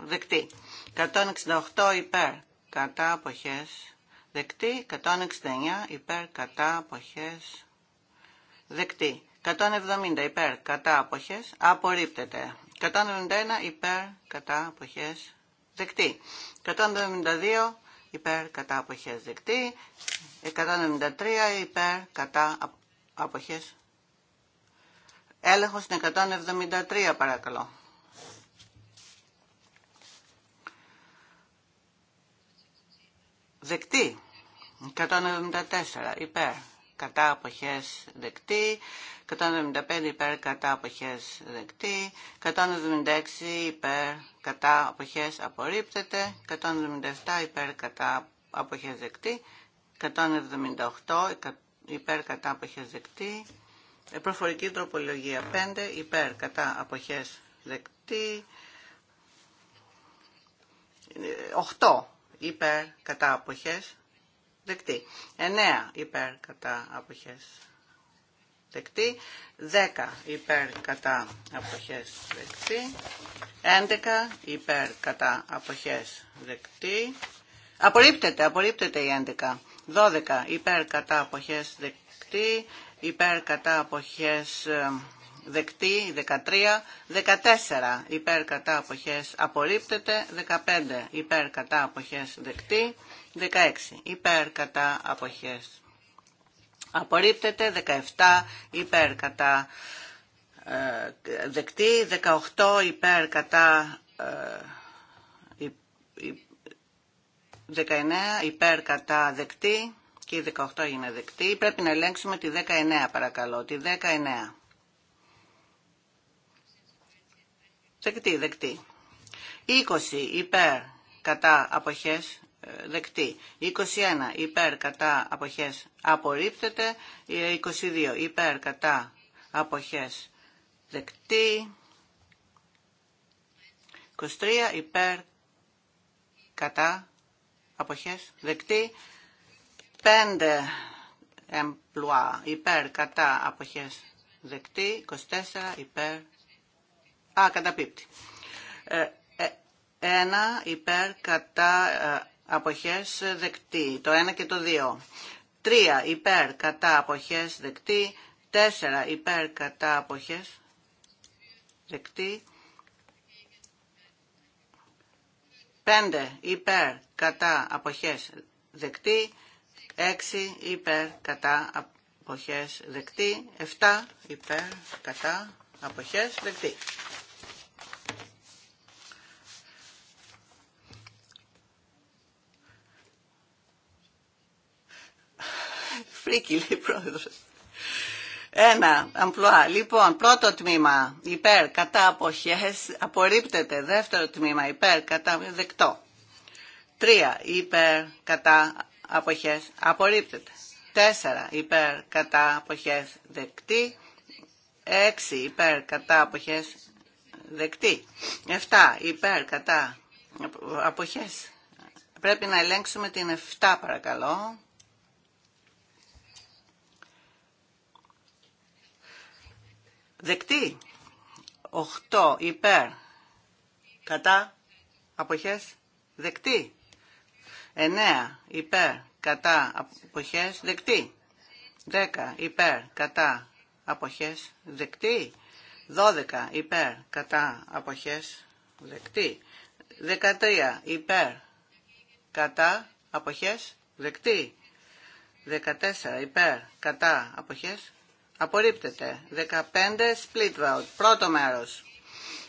δεκτή, 168 υπέρ κατά αποχές δεκτή, 169 υπέρ κατά αποχές δεκτή, 170 υπέρ κατά αποχές απορρίπτεται, 191 υπέρ κατά αποχές δεκτή, 172 υπέρ κατά αποχές δεκτή, 193 υπέρ κατά αποχές. Έλεγχος στην 173 παρακαλώ. Δεκτή, 174 υπέρ κατά αποχές δεκτή, 175 υπέρ κατά αποχές δεκτή, 176 υπέρ κατά αποχές απορρίπτεται, 177 υπέρ κατά αποχές δεκτή, 178 υπέρ κατά αποχές δεκτή, ε, προφορική τροπολογία 5 υπέρ κατά αποχές δεκτή, 8 ε, υπέρ κατά αποχές Δεκτή. 9 υπέρ κατά αποχές. Δεκτή. 10 υπέρ κατά αποχές. Δεκτή. 11 υπέρ κατά αποχές. Δεκτή. Απορρίπτεται, απορρίπτεται η 11. 12 υπέρ κατά αποχές. Δεκτή. Υπέρ κατά αποχές δεκτή 13, 14 υπέρ κατά αποχές απορρίπτεται, 15 υπέρ κατά αποχές δεκτή, 16. Υπέρ κατά αποχές. Απορρίπτεται 17 υπέρ κατά ε, δεκτή, 18 υπέρ κατά 19 ε, υπέρ κατά δεκτή και η 18 είναι δεκτή. Πρέπει να ελέγξουμε τη 19 παρακαλώ, τη 19. Δεκτή, δεκτή. 20 υπέρ κατά αποχές δεκτή. 21 υπέρ κατά αποχές απορρίπτεται. 22 υπέρ κατά αποχές δεκτή. 23 υπέρ κατά αποχές δεκτή. 5 εμπλουά υπέρ κατά αποχές δεκτή. 24 υπέρ α καταπίπτει. 1 ε, ε, υπέρ κατά ε, αποχές δεκτή. Το 1 και το 2. 3 υπέρ κατά αποχές δεκτή. 4 υπέρ κατά αποχές δεκτή. 5 υπέρ κατά αποχές δεκτή. 6 υπέρ κατά αποχές δεκτή. 7 υπέρ κατά αποχές δεκτή. φρίκι, λέει πρόεδρος. Ένα, αμπλουά. Λοιπόν, πρώτο τμήμα, υπέρ, κατά, αποχές, απορρίπτεται. Δεύτερο τμήμα, υπέρ, κατά, δεκτό. Τρία, υπέρ, κατά, αποχές, απορρίπτεται. Τέσσερα, υπέρ, κατά, αποχές, δεκτή. Έξι, υπέρ, κατά, αποχές, δεκτή. Εφτά, υπέρ, κατά, αποχές. Πρέπει να ελέγξουμε την εφτά, παρακαλώ. Δεκτή. 8 υπέρ. Κατά. Αποχές. Δεκτή. 9 υπέρ. Κατά. Αποχές. Δεκτή. 10 υπέρ. Κατά. Αποχές. Δεκτή. 12 υπέρ. Κατά. Αποχές. Δεκτή. 13 υπέρ. Κατά. Αποχές. Δεκτή. 14 υπέρ. Κατά. Αποχές. Απορρίπτεται. 15 split vote. Πρώτο μέρος.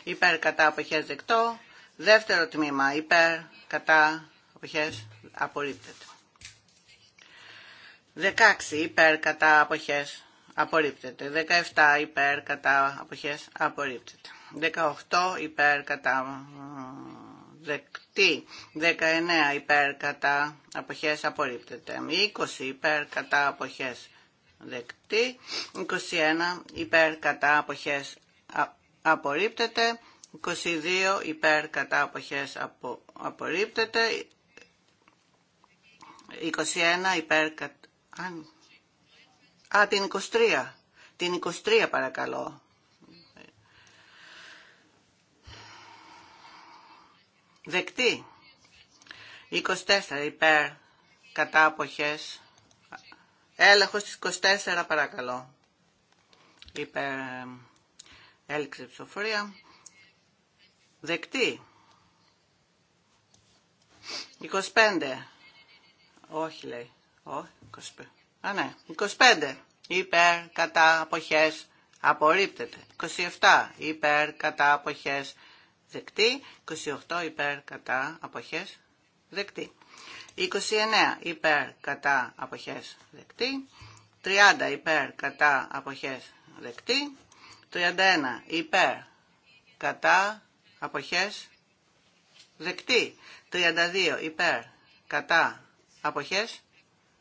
Υπέρ κατά αποχές δεκτό. Δεύτερο τμήμα. Υπέρ κατά αποχές απορρίπτεται. 16 υπέρ κατά αποχές απορρίπτεται. 17 υπέρ κατά αποχές απορρίπτεται. 18 υπέρ κατά δεκτή. 19 υπέρ κατά αποχές απορρίπτεται. 20 υπέρ κατά αποχές δεκτή. 21 υπέρ κατά αποχές απορρίπτεται. 22 υπέρ κατά αποχές απορρίπτεται. 21 υπέρ κατά... Α, την 23. Την 23 παρακαλώ. Δεκτή. 24 υπέρ κατά αποχές Έλεγχος στις 24 παρακαλώ. Είπε έλξη ψηφοφορία. Δεκτή. 25. Όχι λέει. Όχι, 25. Α, ναι. 25. Υπέρ, κατά, αποχές, απορρίπτεται. 27. Υπέρ, κατά, αποχές, δεκτή. 28. Υπέρ, κατά, αποχές, δεκτή. 29 υπέρ κατά αποχές δεκτή. 30 υπέρ κατά αποχές δεκτή. 31 υπέρ κατά αποχές δεκτή. 32 υπέρ κατά αποχές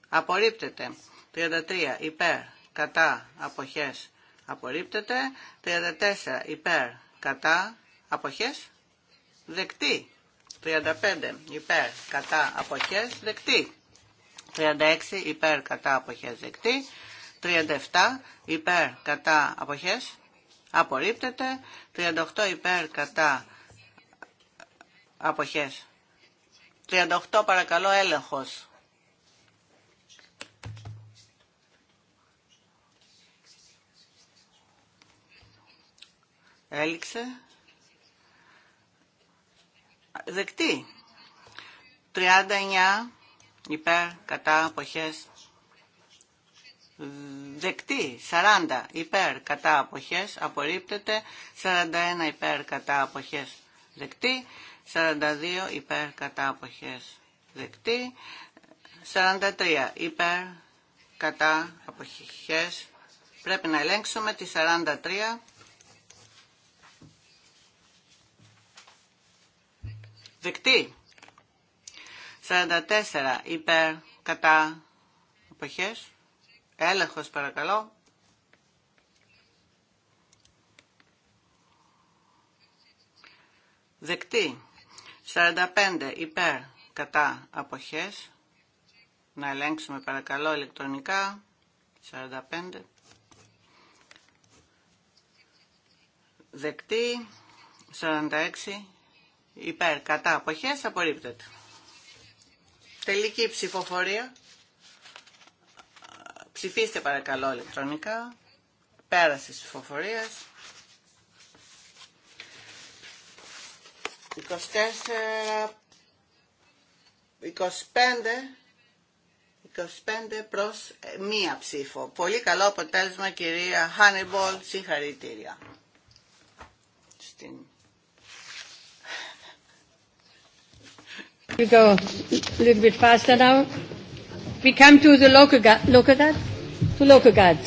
απορρίπτεται. 33 υπέρ κατά αποχές απορρίπτεται. 34 υπέρ κατά αποχές δεκτή. 35 υπέρ κατά αποχές δεκτή. 36 υπέρ κατά αποχές δεκτή. 37 υπέρ κατά αποχές απορρίπτεται. 38 υπέρ κατά αποχές. 38 παρακαλώ έλεγχος. Έληξε δεκτή. 39 υπέρ κατά αποχές δεκτή. 40 υπέρ κατά αποχές απορρίπτεται. 41 υπέρ κατά αποχές δεκτή. 42 υπέρ κατά αποχές δεκτή. 43 υπέρ κατά αποχές πρέπει να ελέγξουμε τη 43 Δεκτή. 44 υπέρ κατά εποχές. Έλεγχος παρακαλώ. Δεκτή. 45 υπέρ κατά αποχές. Να ελέγξουμε παρακαλώ ηλεκτρονικά. 45. Δεκτή. 46 υπέρ κατά αποχές απορρίπτεται. Τελική ψηφοφορία. Ψηφίστε παρακαλώ ηλεκτρονικά. Πέραση ψηφοφορίας. 24, 25, 25 προς ε, μία ψήφο. Πολύ καλό αποτέλεσμα κυρία Χάνιμπολ, συγχαρητήρια. Στην We go a little bit faster now. We come to the local guard. Local guard? To local guard.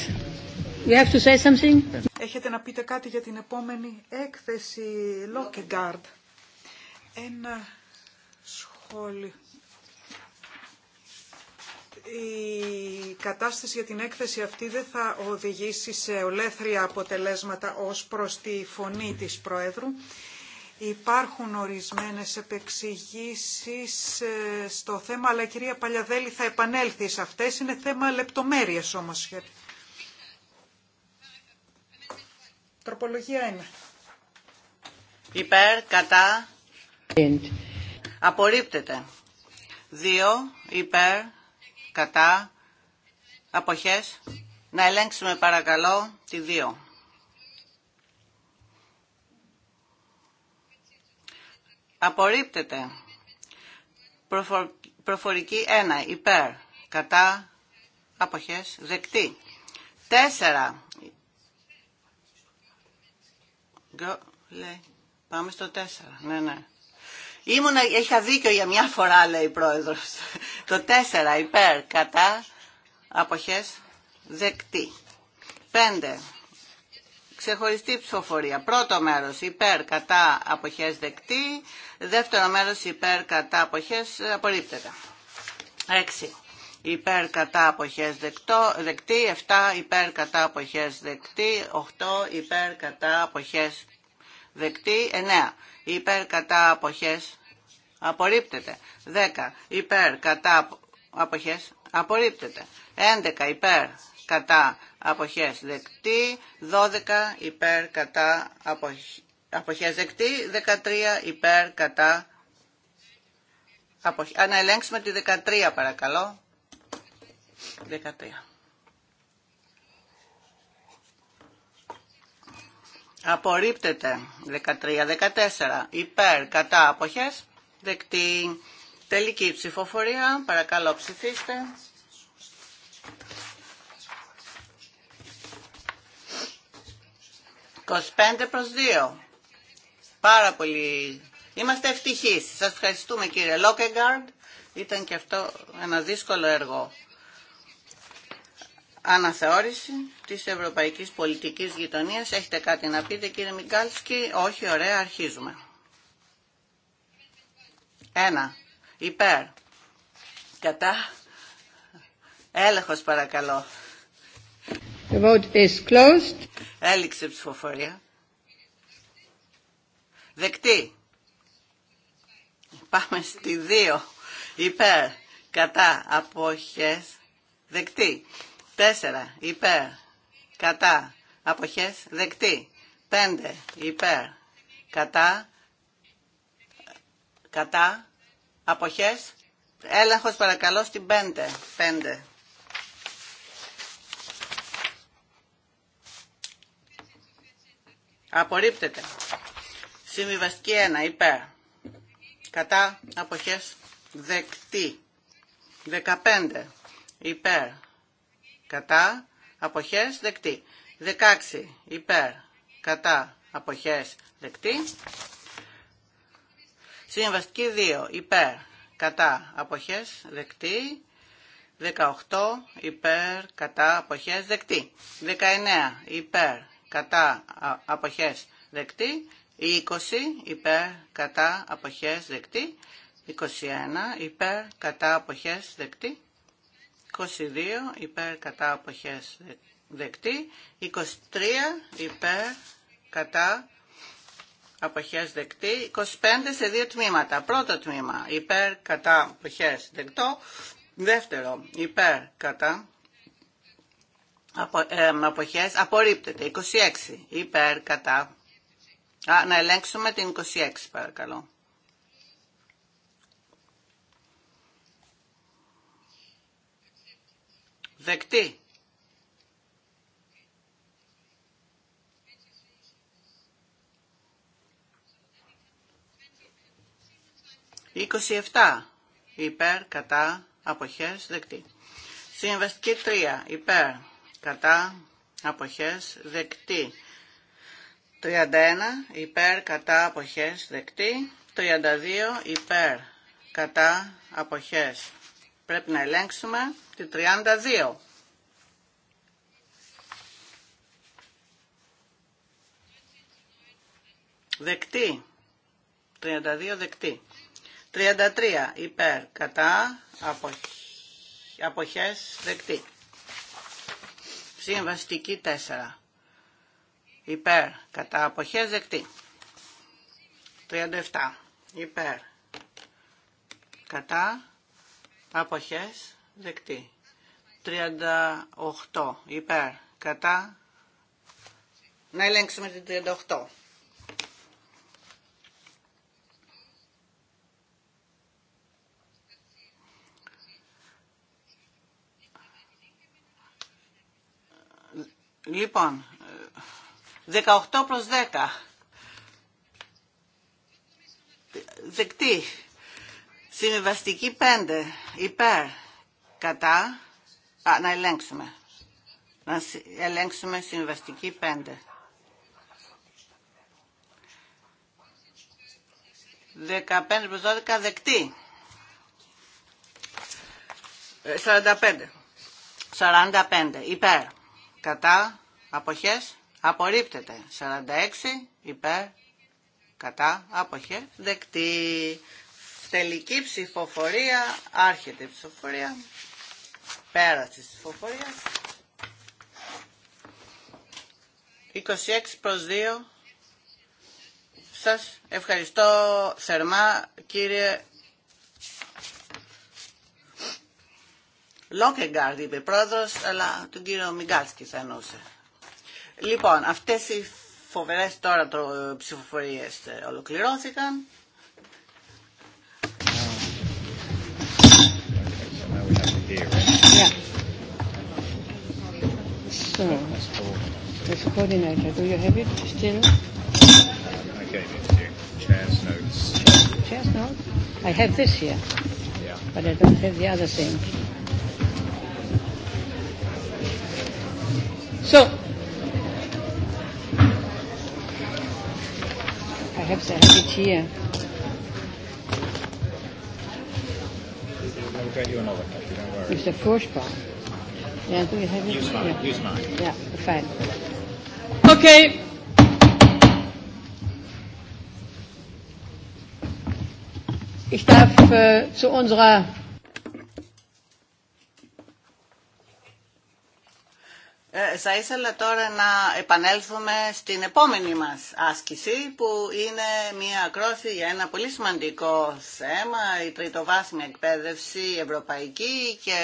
You have to say something? Έχετε να πείτε κάτι για την επόμενη έκθεση Guard. Ένα σχόλιο. Η κατάσταση για την έκθεση αυτή δεν θα οδηγήσει σε ολέθρια αποτελέσματα ως προς τη φωνή της Πρόεδρου Υπάρχουν ορισμένες επεξηγήσεις ε, στο θέμα, αλλά η κυρία Παλιαδέλη θα επανέλθει σε αυτές. Είναι θέμα λεπτομέρειες όμως. Τροπολογία 1. Υπέρ, κατά. Απορρίπτεται. Δύο, Υπέρ, κατά. Αποχές. Να ελέγξουμε παρακαλώ τη δύο. Απορρίπτεται. προφορική 1. Υπέρ. Κατά. Αποχές. Δεκτή. 4. Λέει. Πάμε στο 4. Ναι, ναι. Ήμουνα, είχα δίκιο για μια φορά, λέει η πρόεδρος. Το 4. Υπέρ. Κατά. Αποχές. Δεκτή. 5. Ξεχωριστή ψηφοφορία. Πρώτο μέρος υπέρ κατά αποχές δεκτή. Δεύτερο μέρος υπέρ κατά αποχές απορρίπτεται. 6. Υπέρ κατά αποχές δεκτό, δεκτή. 7. Υπέρ κατά αποχές δεκτή. 8. Υπέρ κατά αποχές δεκτή. 9. Υπέρ κατά αποχές απορρίπτεται. 10. Υπέρ κατά αποχές απορρίπτεται. 11. Υπέρ κατά αποχές δεκτή, 12 υπέρ κατά αποχές δεκτή, 13 υπέρ κατά αποχές. Να ελέγξουμε τη 13 παρακαλώ. 13. Απορρίπτεται 13-14 υπέρ κατά αποχές δεκτή τελική ψηφοφορία παρακαλώ ψηφίστε 25 προς 2. Πάρα πολύ. Είμαστε ευτυχείς. Σας ευχαριστούμε κύριε Λόκεγκαρντ. Ήταν και αυτό ένα δύσκολο έργο. Αναθεώρηση της Ευρωπαϊκής Πολιτικής Γειτονίας. Έχετε κάτι να πείτε κύριε Μιγκάλσκι. Όχι, ωραία, αρχίζουμε. Ένα. Υπέρ. Κατά. Έλεγχος παρακαλώ. The vote closed. Έληξε ψηφοφορία. δεκτεί Πάμε στη 2. Υπέρ. Κατά. Αποχές. δεκτεί 4. Υπέρ. Κατά. Αποχές. δεκτεί 5. Υπέρ. Κατά. Κατά. Αποχές. Έλεγχος παρακαλώ στην 5. 5. Απορρίπτεται. Συμβιβαστική 1 υπέρ. Κατά αποχές δεκτή. 15 υπέρ. Κατά αποχές δεκτή. 16 υπέρ. Κατά αποχές δεκτή. Συμβαστική 2 υπέρ. Κατά αποχές δεκτή. 18 υπέρ. Κατά αποχές δεκτή. 19 υπέρ κατά αποχές δεκτή, 20 υπέρ κατά αποχές δεκτή, 21 υπέρ κατά αποχές δεκτή, 22 υπέρ κατά αποχές δεκτή, 23 υπέρ κατά αποχές δεκτή, 25 σε δύο τμήματα. Πρώτο τμήμα υπέρ κατά αποχές δεκτό, δεύτερο υπέρ κατά Απο, ε, αποχές απορρίπτεται. 26 υπέρ κατά. Α, να ελέγξουμε την 26 παρακαλώ. Δεκτή. 27 υπέρ κατά αποχές δεκτή. Συμβαστική 3 υπέρ κατά αποχές δεκτή. 31 υπέρ κατά αποχές δεκτή. 32 υπέρ κατά αποχές. Πρέπει να ελέγξουμε τη 32. Δεκτή. 32 δεκτή. 33 υπέρ κατά αποχές δεκτή. Συμβαστική 4. Υπέρ. Κατά αποχές δεκτή. 37. Υπέρ. Κατά αποχές δεκτή. 38. Υπέρ. Κατά. Να ελέγξουμε την 38. Λοιπόν, 18 προς 10. Δεκτή. Συμβιβαστική 5. Υπέρ. Κατά. να ελέγξουμε. Να ελέγξουμε συμβιβαστική 5. 15 προς 12 δεκτή. 45. Ε, 45. Υπέρ κατά, αποχές, απορρίπτεται. 46 υπέρ, κατά, αποχές, δεκτή. Τελική ψηφοφορία, άρχεται η ψηφοφορία, πέραση. της ψηφοφορίας. 26 προς 2. Σας ευχαριστώ θερμά κύριε Λόκεγκαρντ είπε πρόεδρο, αλλά τον κύριο Μιγκάλσκι θα εννοούσε. Λοιπόν, αυτέ οι φοβερέ τώρα ψηφοφορίε ε, ολοκληρώθηκαν. yeah. but So, perhaps I have it here. It's get you another copy, don't worry. Yeah, do you have it? Use mine, yeah. use mine. Yeah, fine. Okay. Ich darf äh, zu unserer Ε, θα ήθελα τώρα να επανέλθουμε στην επόμενη μας άσκηση που είναι μια ακρόση για ένα πολύ σημαντικό θέμα, η τριτοβάθμια εκπαίδευση ευρωπαϊκή και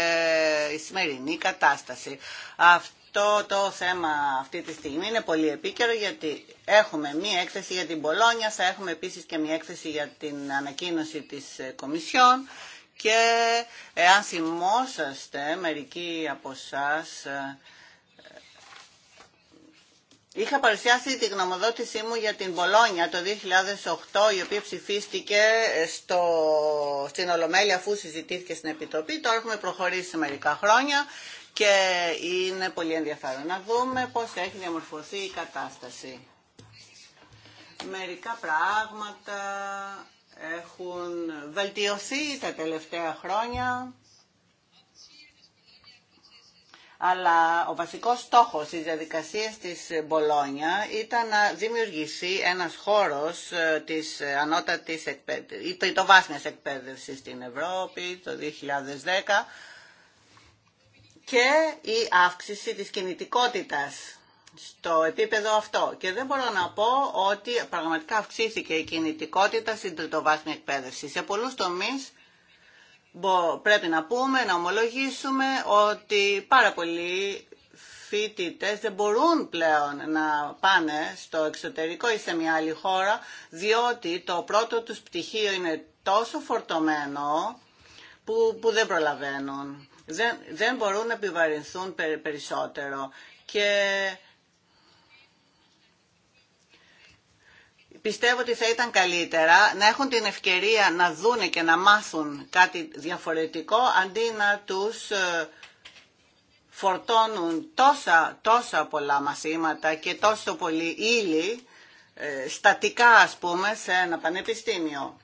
η σημερινή κατάσταση. Αυτό το θέμα αυτή τη στιγμή είναι πολύ επίκαιρο γιατί έχουμε μία έκθεση για την Πολόνια, θα έχουμε επίσης και μία έκθεση για την ανακοίνωση της Κομισιόν και εάν θυμόσαστε μερικοί από εσάς Είχα παρουσιάσει τη γνωμοδότησή μου για την Πολόνια το 2008, η οποία ψηφίστηκε ε, στο, στην Ολομέλεια αφού συζητήθηκε στην Επιτροπή. Τώρα έχουμε προχωρήσει σε μερικά χρόνια και είναι πολύ ενδιαφέρον να δούμε πώς έχει διαμορφωθεί η κατάσταση. Μερικά πράγματα έχουν βελτιωθεί τα τελευταία χρόνια αλλά ο βασικός στόχος της διαδικασίας της Μπολόνια ήταν να δημιουργηθεί ένας χώρος ε, της ανώτατης εκπαίδευσης, στην Ευρώπη το 2010 και η αύξηση της κινητικότητας στο επίπεδο αυτό. Και δεν μπορώ να πω ότι πραγματικά αυξήθηκε η κινητικότητα στην τριτοβάθμια εκπαίδευση. Σε πολλούς τομείς πρέπει να πούμε, να ομολογήσουμε ότι πάρα πολλοί φοιτητέ δεν μπορούν πλέον να πάνε στο εξωτερικό ή σε μια άλλη χώρα, διότι το πρώτο τους πτυχίο είναι τόσο φορτωμένο που, που δεν προλαβαίνουν. Δεν, δεν μπορούν να επιβαρυνθούν περισσότερο. Και πιστεύω ότι θα ήταν καλύτερα να έχουν την ευκαιρία να δούνε και να μάθουν κάτι διαφορετικό αντί να τους ε, φορτώνουν τόσα, τόσα πολλά μαθήματα και τόσο πολύ ύλη ε, στατικά ας πούμε σε ένα πανεπιστήμιο.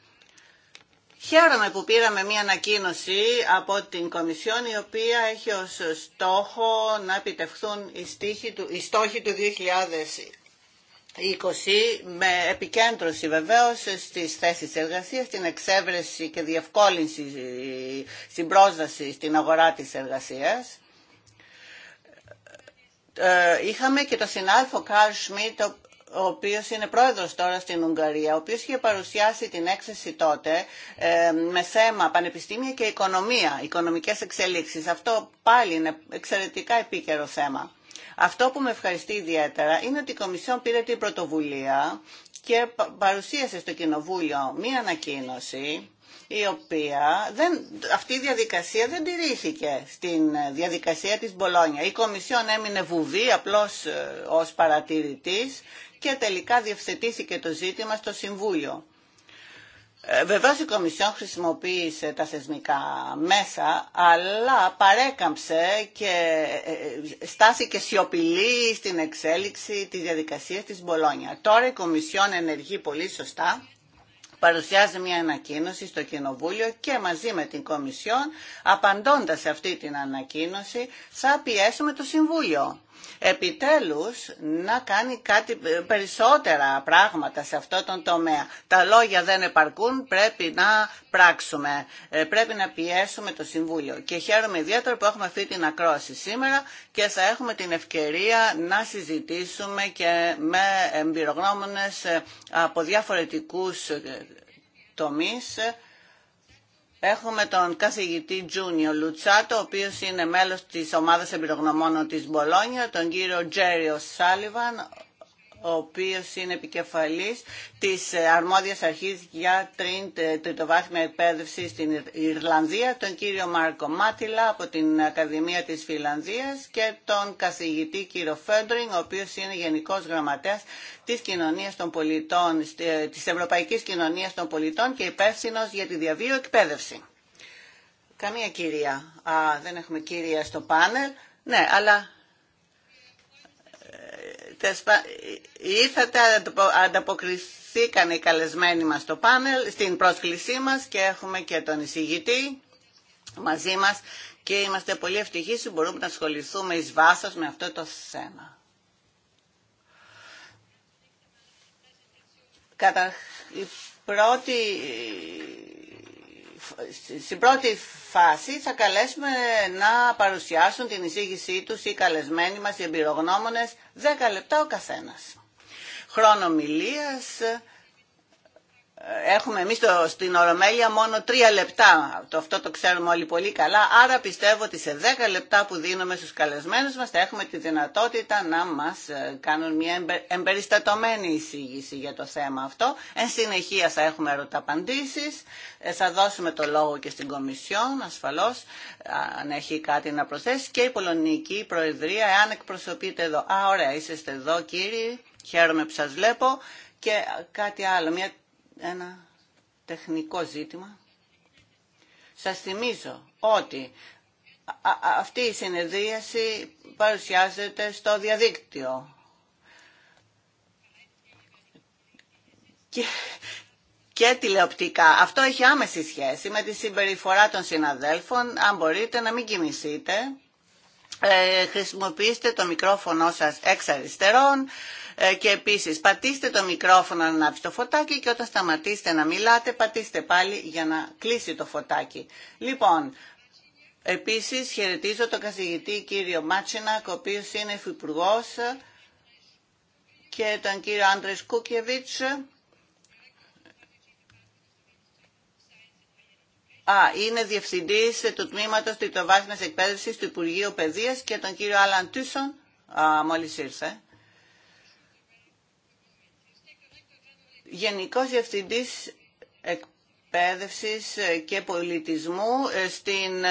Χαίρομαι που πήραμε μία ανακοίνωση από την Κομισιόν η οποία έχει ως στόχο να επιτευχθούν οι στόχοι του, οι 20 με επικέντρωση βεβαίως στις θέσεις εργασίας, την εξέβρεση και διευκόλυνση στην πρόσβαση στην αγορά της εργασίας. Ε, είχαμε και το συνάλφο Καρλ Σμιτ, ο οποίος είναι πρόεδρος τώρα στην Ουγγαρία, ο οποίος είχε παρουσιάσει την έκθεση τότε ε, με θέμα πανεπιστήμια και οικονομία, οικονομικές εξελίξεις. Αυτό πάλι είναι εξαιρετικά επίκαιρο θέμα. Αυτό που με ευχαριστεί ιδιαίτερα είναι ότι η Κομισιόν πήρε την πρωτοβουλία και παρουσίασε στο Κοινοβούλιο μία ανακοίνωση η οποία, δεν, αυτή η διαδικασία δεν τηρήθηκε στην ε, διαδικασία της Μπολόνια. Η Κομισιόν έμεινε βουβή απλώς ε, ως παρατηρητής και τελικά διευθετήθηκε το ζήτημα στο Συμβούλιο. Ε, βεβαίως η Κομισιόν χρησιμοποίησε τα θεσμικά μέσα, αλλά παρέκαμψε και ε, ε, στάθηκε σιωπηλή στην εξέλιξη της διαδικασίας της Μπολόνια. Τώρα η Κομισιόν ενεργεί πολύ σωστά, παρουσιάζει μια ανακοίνωση στο Κοινοβούλιο και μαζί με την Κομισιόν, απαντώντας σε αυτή την ανακοίνωση, θα πιέσουμε το Συμβούλιο επιτέλους να κάνει κάτι ε, περισσότερα πράγματα σε αυτό τον τομέα. Τα λόγια δεν επαρκούν, πρέπει να πράξουμε, ε, πρέπει να πιέσουμε το Συμβούλιο. Και χαίρομαι ιδιαίτερα που έχουμε αυτή την ακρόαση σήμερα και θα έχουμε την ευκαιρία να συζητήσουμε και με εμπειρογνώμονες ε, από διαφορετικούς τομείς Έχουμε τον καθηγητή Τζούνιο Λουτσάτο, ο οποίος είναι μέλος της ομάδας εμπειρογνωμόνων της Μπολόνια, τον κύριο Τζέριο Σάλιβαν, ο οποίος είναι επικεφαλής της ε, αρμόδιας αρχής για την τριτοβάθμια εκπαίδευση στην Ιρλανδία, τον κύριο Μάρκο Μάτιλα από την Ακαδημία της Φιλανδίας και τον καθηγητή κύριο Φέντρινγκ, ο οποίος είναι γενικός γραμματέας της, κοινωνίας των πολιτών, ε, της Ευρωπαϊκής Κοινωνίας των Πολιτών και υπεύθυνο για τη διαβίω εκπαίδευση. Καμία κυρία. Α, δεν έχουμε κυρία στο πάνελ. Ναι, αλλά ήρθατε, ανταποκριθήκαν οι καλεσμένοι μας στο πάνελ, στην πρόσκλησή μας και έχουμε και τον εισηγητή μαζί μας και είμαστε πολύ ευτυχείς που μπορούμε να ασχοληθούμε εις βάσος με αυτό το θέμα. Κατά η πρώτη στην πρώτη φάση θα καλέσουμε να παρουσιάσουν την εισήγησή τους οι καλεσμένοι μας, οι εμπειρογνώμονες, 10 λεπτά ο καθένας. Χρόνο μιλίας, έχουμε εμείς το, στην Ορομέλεια μόνο τρία λεπτά. Το, αυτό το ξέρουμε όλοι πολύ καλά. Άρα πιστεύω ότι σε δέκα λεπτά που δίνουμε στους καλεσμένους μας θα έχουμε τη δυνατότητα να μας ε, κάνουν μια εμπεριστατωμένη εισήγηση για το θέμα αυτό. Εν συνεχεία θα έχουμε ερωταπαντήσεις. Ε, θα δώσουμε το λόγο και στην Κομισιόν ασφαλώς αν έχει κάτι να προσθέσει και η Πολωνική Προεδρία εάν εκπροσωπείτε εδώ. Α, ωραία, είσαστε εδώ κύριοι. Χαίρομαι που σας βλέπω. Και κάτι άλλο, μια ένα τεχνικό ζήτημα. Σας θυμίζω ότι αυτή η συνεδρίαση παρουσιάζεται στο διαδίκτυο. Και, και τηλεοπτικά. Αυτό έχει άμεση σχέση με τη συμπεριφορά των συναδέλφων. Αν μπορείτε να μην κοιμηθείτε, ε, χρησιμοποιήστε το μικρόφωνο σας εξ αριστερών ε, και επίσης πατήστε το μικρόφωνο να ανάψει το φωτάκι και όταν σταματήσετε να μιλάτε πατήστε πάλι για να κλείσει το φωτάκι. Λοιπόν, επίσης χαιρετίζω τον καθηγητή κύριο Μάτσινα, ο οποίος είναι υφυπουργός και τον κύριο Άντρες Κούκεβιτς Α, είναι διευθυντή του τμήματος του εκπαίδευση Εκπαίδευσης του Υπουργείου Παιδεία και τον κύριο Άλαν Τούσον, μόλι ήρθε. Γενικός διευθυντή Εκπαίδευσης και Πολιτισμού ε, στην,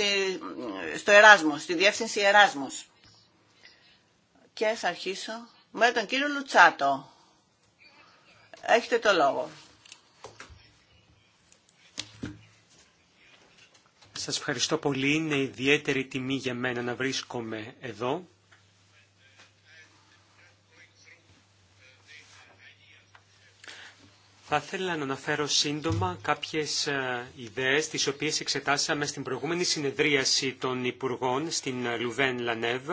ε, στο Εράσμο, στη Διεύθυνση Εράσμος. Και θα αρχίσω με τον κύριο Λουτσάτο. Έχετε το λόγο. Σας ευχαριστώ πολύ. Είναι ιδιαίτερη τιμή για μένα να βρίσκομαι εδώ. Θα ήθελα να αναφέρω σύντομα κάποιες ε, ιδέες τις οποίες εξετάσαμε στην προηγούμενη συνεδρίαση των Υπουργών στην ε, Λουβέν Λανέβ.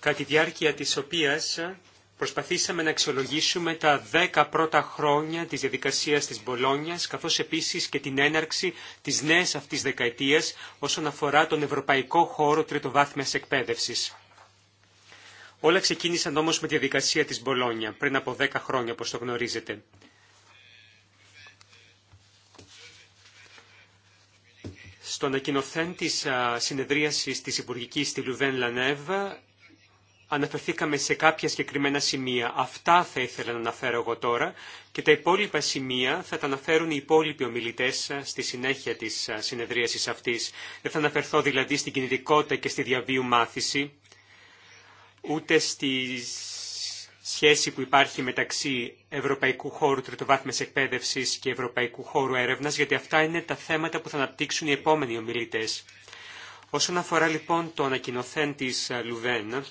Κατά τη διάρκεια της οποίας ε, Προσπαθήσαμε να αξιολογήσουμε τα δέκα πρώτα χρόνια της διαδικασίας της Μπολόνιας, καθώς επίσης και την έναρξη της νέας αυτής δεκαετίας όσον αφορά τον ευρωπαϊκό χώρο τριτοβάθμιας εκπαίδευσης. Όλα ξεκίνησαν όμως με τη διαδικασία της Μπολόνια, πριν από δέκα χρόνια, όπως το γνωρίζετε. Στον ανακοινωθέν της συνεδρίασης της Υπουργικής στη Λουβέν Λανέβα, αναφερθήκαμε σε κάποια συγκεκριμένα σημεία. Αυτά θα ήθελα να αναφέρω εγώ τώρα και τα υπόλοιπα σημεία θα τα αναφέρουν οι υπόλοιποι ομιλητέ ε, στη συνέχεια τη ε, συνεδρίαση αυτή. Δεν θα αναφερθώ δηλαδή στην κινητικότητα και στη διαβίου μάθηση, ούτε στη σχέση που υπάρχει μεταξύ Ευρωπαϊκού χώρου τριτοβάθμια εκπαίδευση και Ευρωπαϊκού χώρου έρευνα, γιατί αυτά είναι τα θέματα που θα αναπτύξουν οι επόμενοι ομιλητέ. Όσον αφορά λοιπόν το ανακοινοθέν τη ε, Λουβέν,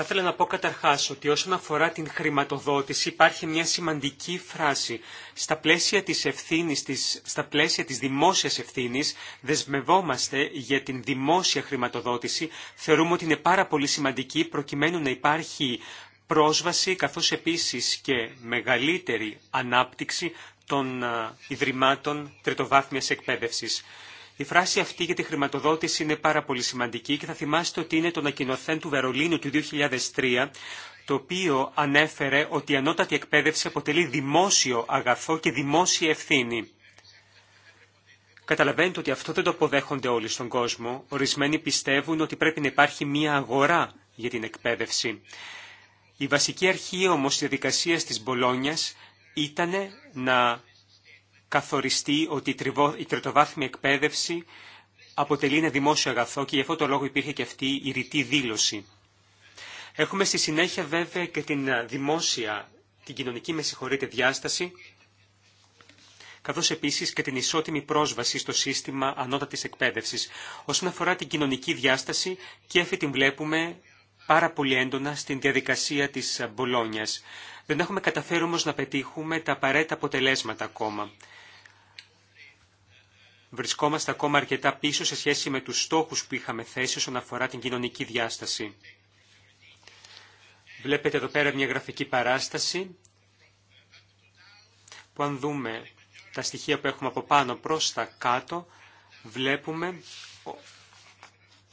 Θα ήθελα να πω καταρχάς ότι όσον αφορά την χρηματοδότηση υπάρχει μια σημαντική φράση. Στα πλαίσια της, ευθύνης, της, στα πλαίσια της δημόσιας ευθύνης δεσμευόμαστε για την δημόσια χρηματοδότηση. Θεωρούμε ότι είναι πάρα πολύ σημαντική προκειμένου να υπάρχει πρόσβαση καθώς επίσης και μεγαλύτερη ανάπτυξη των Ιδρυμάτων Τριτοβάθμιας Εκπαίδευσης. Η φράση αυτή για τη χρηματοδότηση είναι πάρα πολύ σημαντική και θα θυμάστε ότι είναι το ανακοινοθέν του Βερολίνου του 2003, το οποίο ανέφερε ότι η ανώτατη εκπαίδευση αποτελεί δημόσιο αγαθό και δημόσια ευθύνη. Καταλαβαίνετε ότι αυτό δεν το αποδέχονται όλοι στον κόσμο. Ορισμένοι πιστεύουν ότι πρέπει να υπάρχει μία αγορά για την εκπαίδευση. Η βασική αρχή όμως της διαδικασίας της Μπολόνιας ήταν να καθοριστεί ότι η τριτοβάθμια εκπαίδευση αποτελεί ένα δημόσιο αγαθό και γι' αυτό το λόγο υπήρχε και αυτή η ρητή δήλωση. Έχουμε στη συνέχεια βέβαια και την ε, δημόσια, την κοινωνική με συγχωρείτε διάσταση, καθώς επίσης και την ισότιμη πρόσβαση στο σύστημα ανώτατης εκπαίδευσης. Όσον αφορά την κοινωνική διάσταση, και αυτή την βλέπουμε πάρα πολύ έντονα στην διαδικασία της Μπολόνιας. Δεν έχουμε καταφέρει όμως να πετύχουμε τα απαραίτητα αποτελέσματα ακόμα βρισκόμαστε ακόμα αρκετά πίσω σε σχέση με τους στόχους που είχαμε θέσει όσον αφορά την κοινωνική διάσταση. Βλέπετε εδώ πέρα μια γραφική παράσταση που αν δούμε τα στοιχεία που έχουμε από πάνω προς τα κάτω, βλέπουμε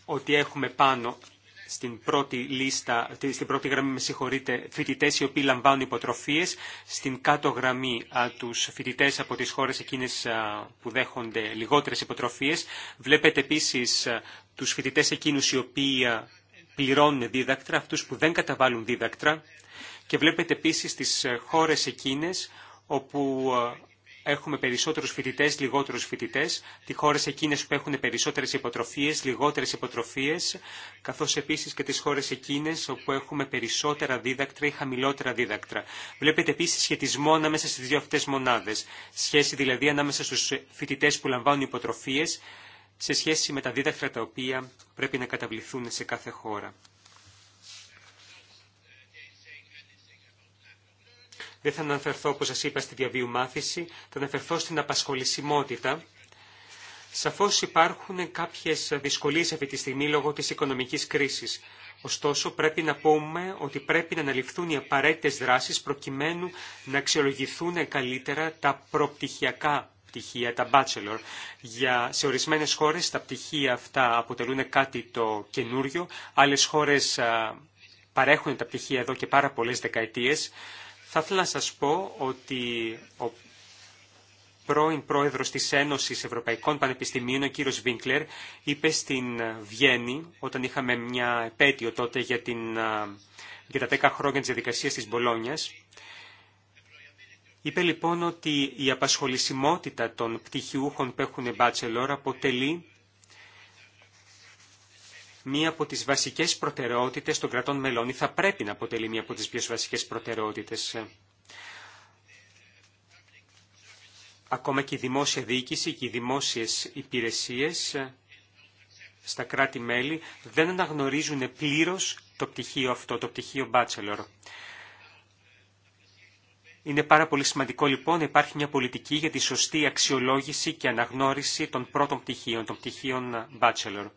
ότι έχουμε πάνω στην πρώτη λίστα, στην πρώτη γραμμή με συγχωρείτε, φοιτητέ οι οποίοι λαμβάνουν υποτροφίες, στην κάτω γραμμή τους φοιτητέ από τις χώρες εκείνες που δέχονται λιγότερες υποτροφίες. Βλέπετε επίσης τους φοιτητέ εκείνους οι οποίοι πληρώνουν δίδακτρα, αυτούς που δεν καταβάλουν δίδακτρα και βλέπετε επίσης τις ε, χώρες εκείνες όπου έχουμε περισσότερους φοιτητές, λιγότερους φοιτητές, τι χώρες εκείνες που έχουν περισσότερες υποτροφίες, λιγότερες υποτροφίες, καθώς επίσης και τις χώρες εκείνες όπου έχουμε περισσότερα δίδακτρα ή χαμηλότερα δίδακτρα. Βλέπετε επίσης σχετισμό ανάμεσα στις δύο αυτές μονάδες, σχέση δηλαδή ανάμεσα στους φοιτητές που λαμβάνουν υποτροφίες, σε σχέση με τα δίδακτρα τα οποία πρέπει να καταβληθούν σε κάθε χώρα. Δεν θα αναφερθώ, όπως σας είπα, στη διαβίου μάθηση, θα αναφερθώ στην απασχολησιμότητα. Σαφώς υπάρχουν κάποιες δυσκολίες αυτή τη στιγμή λόγω της οικονομικής κρίσης. Ωστόσο, πρέπει να πούμε ότι πρέπει να αναλυφθούν οι απαραίτητε δράσεις προκειμένου να αξιολογηθούν καλύτερα τα προπτυχιακά πτυχία, τα bachelor. Για, σε ορισμένες χώρες τα πτυχία αυτά αποτελούν κάτι το καινούριο, άλλες χώρες παρέχουν τα πτυχία εδώ και πάρα πολλές δεκαετίες. Θα ήθελα να σας πω ότι ο πρώην πρόεδρος της Ένωσης Ευρωπαϊκών Πανεπιστημίων, ο κύριος Βίνκλερ, είπε στην Βιέννη, όταν είχαμε μια επέτειο τότε για, την, για τα 10 χρόνια της διαδικασίας της Μπολόνιας, είπε λοιπόν ότι η απασχολησιμότητα των πτυχιούχων που έχουν μπάτσελόρ αποτελεί μία από τις βασικές προτεραιότητες των κρατών μελών ή θα πρέπει να αποτελεί μία από τις πιο βασικές προτεραιότητες. Ακόμα και η δημόσια διοίκηση και οι δημόσιες υπηρεσίες στα κράτη-μέλη δεν αναγνωρίζουν πλήρω το πτυχίο αυτό, το πτυχίο bachelor. Είναι πάρα πολύ σημαντικό λοιπόν να υπάρχει μια πολιτική για τη σωστή αξιολόγηση και αναγνώριση των πρώτων πτυχίων, των πτυχίων bachelor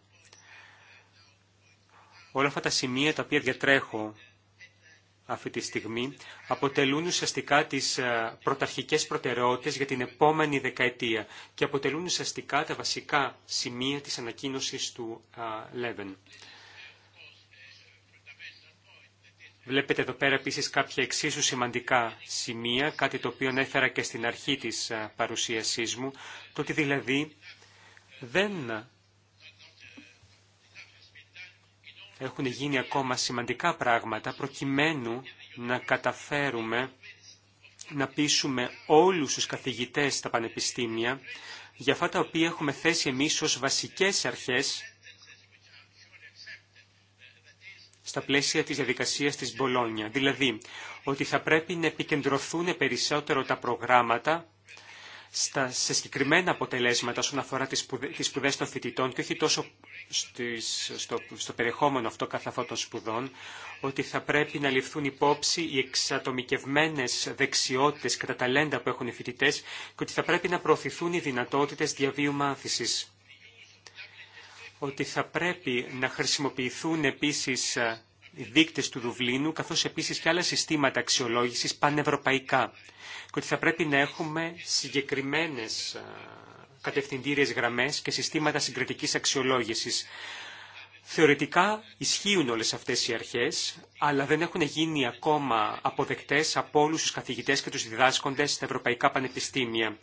όλα αυτά τα σημεία τα οποία διατρέχω αυτή τη στιγμή αποτελούν ουσιαστικά τις ε, πρωταρχικές προτεραιότητες για την επόμενη δεκαετία και αποτελούν ουσιαστικά τα βασικά σημεία της ανακοίνωσης του ε, Λέβεν. Βλέπετε εδώ πέρα επίσης κάποια εξίσου σημαντικά σημεία, κάτι το οποίο έφερα και στην αρχή της ε, παρουσίασής μου, το ότι δηλαδή δεν έχουν γίνει ακόμα σημαντικά πράγματα προκειμένου να καταφέρουμε να πείσουμε όλους τους καθηγητές στα πανεπιστήμια για αυτά τα οποία έχουμε θέσει εμείς ως βασικές αρχές στα πλαίσια της διαδικασίας της Μπολόνια. Δηλαδή, ότι θα πρέπει να επικεντρωθούν περισσότερο τα προγράμματα στα, σε συγκεκριμένα αποτελέσματα όσον αφορά τις, σπουδε, σπουδές των φοιτητών και όχι τόσο στο, περιεχόμενο αυτό καθ' αυτό των σπουδών, ότι θα πρέπει να ληφθούν υπόψη οι εξατομικευμένες δεξιότητες και τα ταλέντα που έχουν οι φοιτητές και ότι θα πρέπει να προωθηθούν οι δυνατότητες διαβίου μάθησης. Ότι θα πρέπει να χρησιμοποιηθούν επίσης ε, δείκτε του Δουβλίνου, καθώς επίσης και άλλα συστήματα αξιολόγησης πανευρωπαϊκά και ότι θα πρέπει να έχουμε συγκεκριμένε κατευθυντήριες γραμμές και συστήματα συγκριτικής αξιολόγησης. Θεωρητικά ισχύουν όλες αυτές οι αρχές, αλλά δεν έχουν γίνει ακόμα αποδεκτές από όλους τους καθηγητές και τους διδάσκοντες στα ευρωπαϊκά πανεπιστήμια.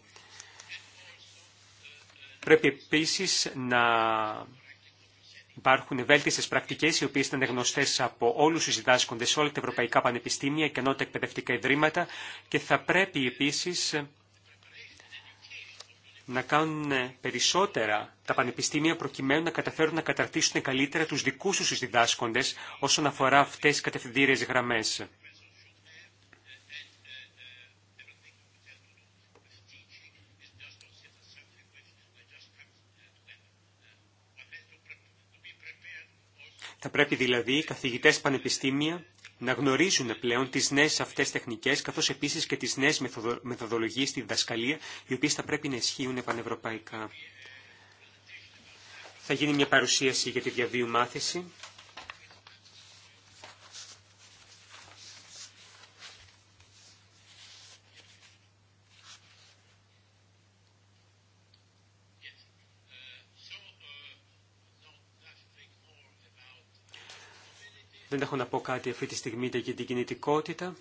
Πρέπει επίσης να Υπάρχουν σε πρακτικέ, οι οποίε ήταν γνωστέ από όλου του διδάσκοντε σε όλα τα ευρωπαϊκά πανεπιστήμια και ανώτατα εκπαιδευτικά ιδρύματα και θα πρέπει επίση να κάνουν περισσότερα τα πανεπιστήμια προκειμένου να καταφέρουν να καταρτήσουν καλύτερα τους δικούς τους διδάσκοντες όσον αφορά αυτές τις κατευθυντήριες γραμμές. Θα πρέπει δηλαδή οι καθηγητές πανεπιστήμια να γνωρίζουν πλέον τις νέες αυτές τεχνικές, καθώς επίσης και τις νέες μεθοδολογίες στη διδασκαλία, οι οποίες θα πρέπει να ισχύουν πανευρωπαϊκά. Θα γίνει μια παρουσίαση για τη διαβίου μάθηση. Δεν έχω να πω κάτι αυτή τη στιγμή για την κινητικότητα.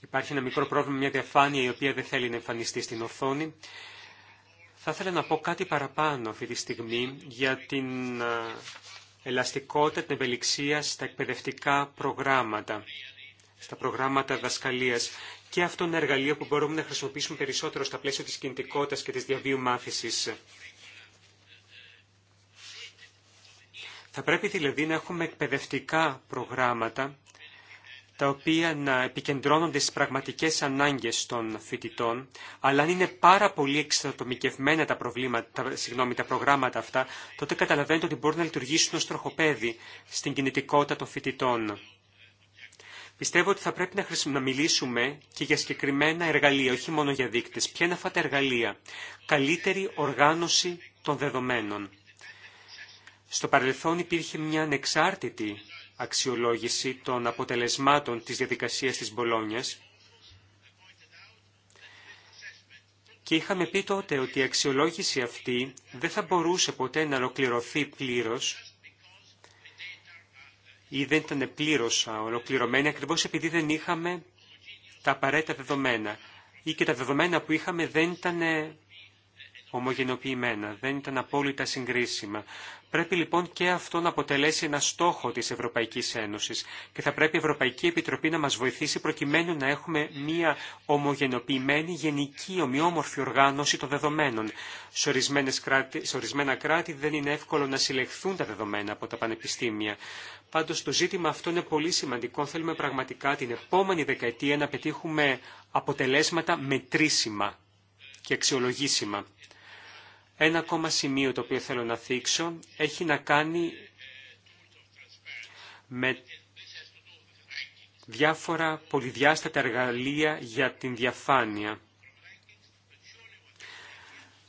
Υπάρχει ένα μικρό πρόβλημα, μια διαφάνεια η οποία δεν θέλει να εμφανιστεί στην οθόνη. Θα ήθελα να πω κάτι παραπάνω αυτή τη στιγμή για την ελαστικότητα, την ευελιξία στα εκπαιδευτικά προγράμματα, στα προγράμματα δασκαλίας. Και αυτό είναι εργαλείο που μπορούμε να χρησιμοποιήσουμε περισσότερο στα πλαίσια της κινητικότητας και της διαβίου μάθησης. Θα πρέπει δηλαδή να έχουμε εκπαιδευτικά προγράμματα τα οποία να επικεντρώνονται στις πραγματικές ανάγκες των φοιτητών, αλλά αν είναι πάρα πολύ εξατομικευμένα τα, προβλήματα, τα, τα προγράμματα αυτά, τότε καταλαβαίνετε ότι μπορούν να λειτουργήσουν ως τροχοπέδι στην κινητικότητα των φοιτητών. Πιστεύω ότι θα πρέπει να, να μιλήσουμε και για συγκεκριμένα εργαλεία, όχι μόνο για δείκτες. Ποια είναι αυτά τα εργαλεία. Καλύτερη οργάνωση των δεδομένων. Στο παρελθόν υπήρχε μια ανεξάρτητη αξιολόγηση των αποτελεσμάτων της διαδικασίας της Μπολόνιας και είχαμε πει τότε ότι η αξιολόγηση αυτή δεν θα μπορούσε ποτέ να ολοκληρωθεί πλήρως ή δεν ήταν πλήρως ολοκληρωμένη ακριβώς επειδή δεν είχαμε τα απαραίτητα δεδομένα ή και τα δεδομένα που είχαμε δεν ήταν ομογενοποιημένα, δεν ήταν απόλυτα συγκρίσιμα. Πρέπει λοιπόν και αυτό να αποτελέσει ένα στόχο της Ευρωπαϊκής Ένωσης και θα πρέπει η Ευρωπαϊκή Επιτροπή να μας βοηθήσει προκειμένου να έχουμε μία ομογενοποιημένη γενική ομοιόμορφη οργάνωση των δεδομένων. Σε, κράτη, ορισμένα κράτη δεν είναι εύκολο να συλλεχθούν τα δεδομένα από τα πανεπιστήμια. Πάντως το ζήτημα αυτό είναι πολύ σημαντικό. Θέλουμε πραγματικά την επόμενη δεκαετία να πετύχουμε αποτελέσματα μετρήσιμα και αξιολογήσιμα. Ένα ακόμα σημείο το οποίο θέλω να θίξω έχει να κάνει με διάφορα πολυδιάστατα εργαλεία για την διαφάνεια.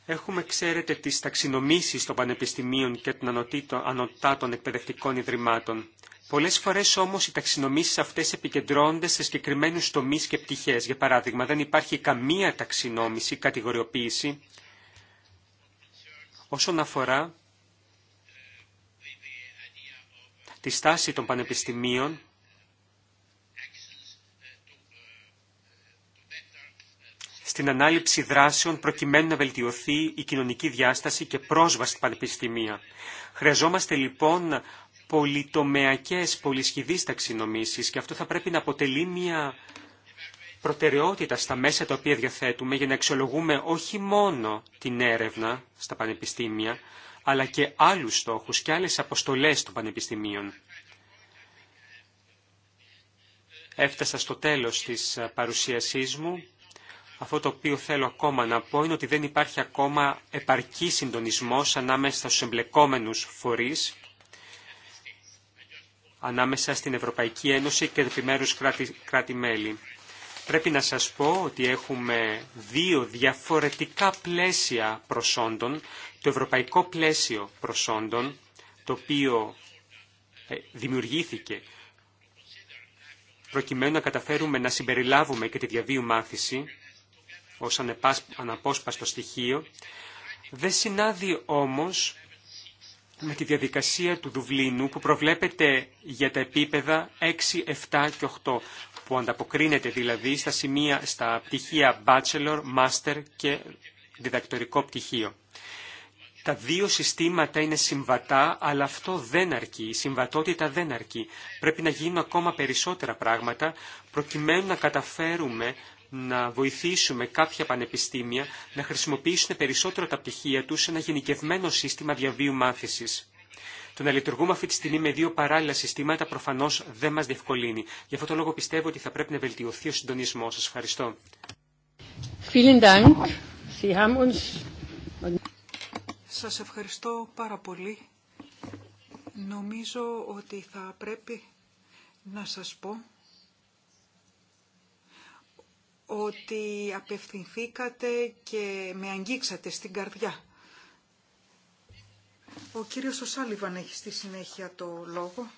Έχουμε, ξέρετε, τις ταξινομήσεις των πανεπιστημίων και των ανωτάτων εκπαιδευτικών ιδρυμάτων. Πολλές φορές όμως οι ταξινομήσεις αυτές επικεντρώνονται σε συγκεκριμένους τομείς και πτυχές. Για παράδειγμα, δεν υπάρχει καμία ταξινόμηση, κατηγοριοποίηση Όσον αφορά τη στάση των πανεπιστημίων στην ανάληψη δράσεων προκειμένου να βελτιωθεί η κοινωνική διάσταση και πρόσβαση στην πανεπιστημία. Χρειαζόμαστε λοιπόν πολυτομεακές πολυσχηδείς ταξινομήσεις και αυτό θα πρέπει να αποτελεί μια προτεραιότητα στα μέσα τα οποία διαθέτουμε για να αξιολογούμε όχι μόνο την έρευνα στα πανεπιστήμια, αλλά και άλλους στόχους και άλλες αποστολές των πανεπιστημίων. Έφτασα στο τέλος της παρουσίασής μου. Αυτό το οποίο θέλω ακόμα να πω είναι ότι δεν υπάρχει ακόμα επαρκή συντονισμός ανάμεσα στους εμπλεκόμενους φορείς, ανάμεσα στην Ευρωπαϊκή Ένωση και επιμέρους κράτη-μέλη. Πρέπει να σας πω ότι έχουμε δύο διαφορετικά πλαίσια προσόντων. Το ευρωπαϊκό πλαίσιο προσόντων, το οποίο ε, δημιουργήθηκε προκειμένου να καταφέρουμε να συμπεριλάβουμε και τη διαβίου μάθηση ως αναπόσπαστο στοιχείο, δεν συνάδει όμως με τη διαδικασία του Δουβλίνου που προβλέπεται για τα επίπεδα 6, 7 και 8 που ανταποκρίνεται δηλαδή στα, σημεία, στα πτυχία bachelor, master και διδακτορικό πτυχίο. Τα δύο συστήματα είναι συμβατά, αλλά αυτό δεν αρκεί. Η συμβατότητα δεν αρκεί. Πρέπει να γίνουν ακόμα περισσότερα πράγματα, προκειμένου να καταφέρουμε να βοηθήσουμε κάποια πανεπιστήμια να χρησιμοποιήσουν περισσότερο τα πτυχία τους σε ένα γενικευμένο σύστημα διαβίου μάθησης. Το να λειτουργούμε αυτή τη στιγμή με δύο παράλληλα συστήματα προφανώ δεν μα διευκολύνει. Γι' αυτό το λόγο πιστεύω ότι θα πρέπει να βελτιωθεί ο συντονισμό. Σα ευχαριστώ. Σας ευχαριστώ πάρα πολύ. Νομίζω ότι θα πρέπει να σας πω ότι απευθυνθήκατε και με αγγίξατε στην καρδιά. Ο κύριος Σάλιβαν έχει στη συνέχεια το λόγο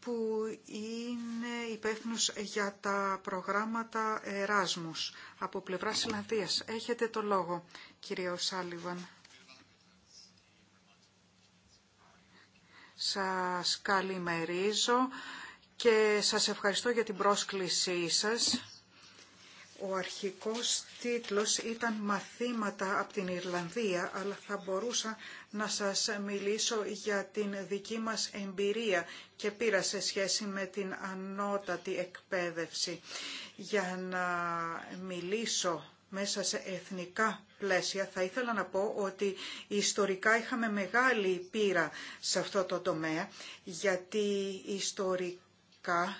που είναι υπεύθυνο για τα προγράμματα Εράσμους από πλευρά Ιλλανδίας. Έχετε το λόγο, κύριε Σάλιβαν. Σας καλημερίζω και σας ευχαριστώ για την πρόσκλησή σας. Ο αρχικός τίτλος ήταν «Μαθήματα από την Ιρλανδία», αλλά θα μπορούσα να σας μιλήσω για την δική μας εμπειρία και πήρα σε σχέση με την ανώτατη εκπαίδευση. Για να μιλήσω μέσα σε εθνικά πλαίσια θα ήθελα να πω ότι ιστορικά είχαμε μεγάλη πείρα σε αυτό το τομέα, γιατί ιστορικά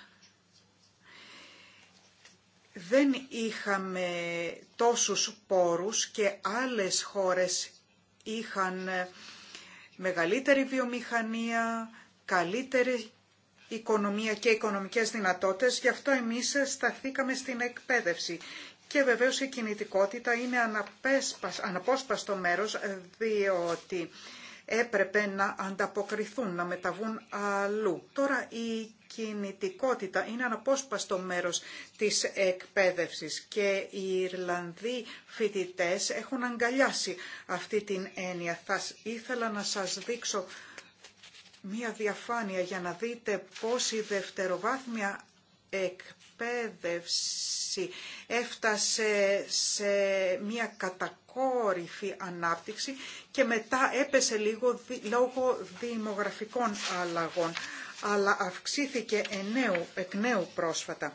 δεν είχαμε τόσους πόρους και άλλες χώρες είχαν ε, μεγαλύτερη βιομηχανία, καλύτερη οικονομία και οικονομικές δυνατότητες, γι' αυτό εμείς σταθήκαμε στην εκπαίδευση. Και βεβαίως η κινητικότητα είναι αναπόσπαστο μέρος, διότι έπρεπε να ανταποκριθούν, να μεταβούν αλλού. Τώρα η κινητικότητα είναι αναπόσπαστο μέρος της εκπαίδευσης και οι Ιρλανδοί φοιτητές έχουν αγκαλιάσει αυτή την έννοια. Θα ήθελα να σας δείξω μία διαφάνεια για να δείτε πώς η δευτεροβάθμια εκπαίδευση εκπαίδευση έφτασε σε μια κατακόρυφη ανάπτυξη και μετά έπεσε λίγο λόγω δημογραφικών αλλαγών, αλλά αυξήθηκε ενέου, εκ νέου πρόσφατα.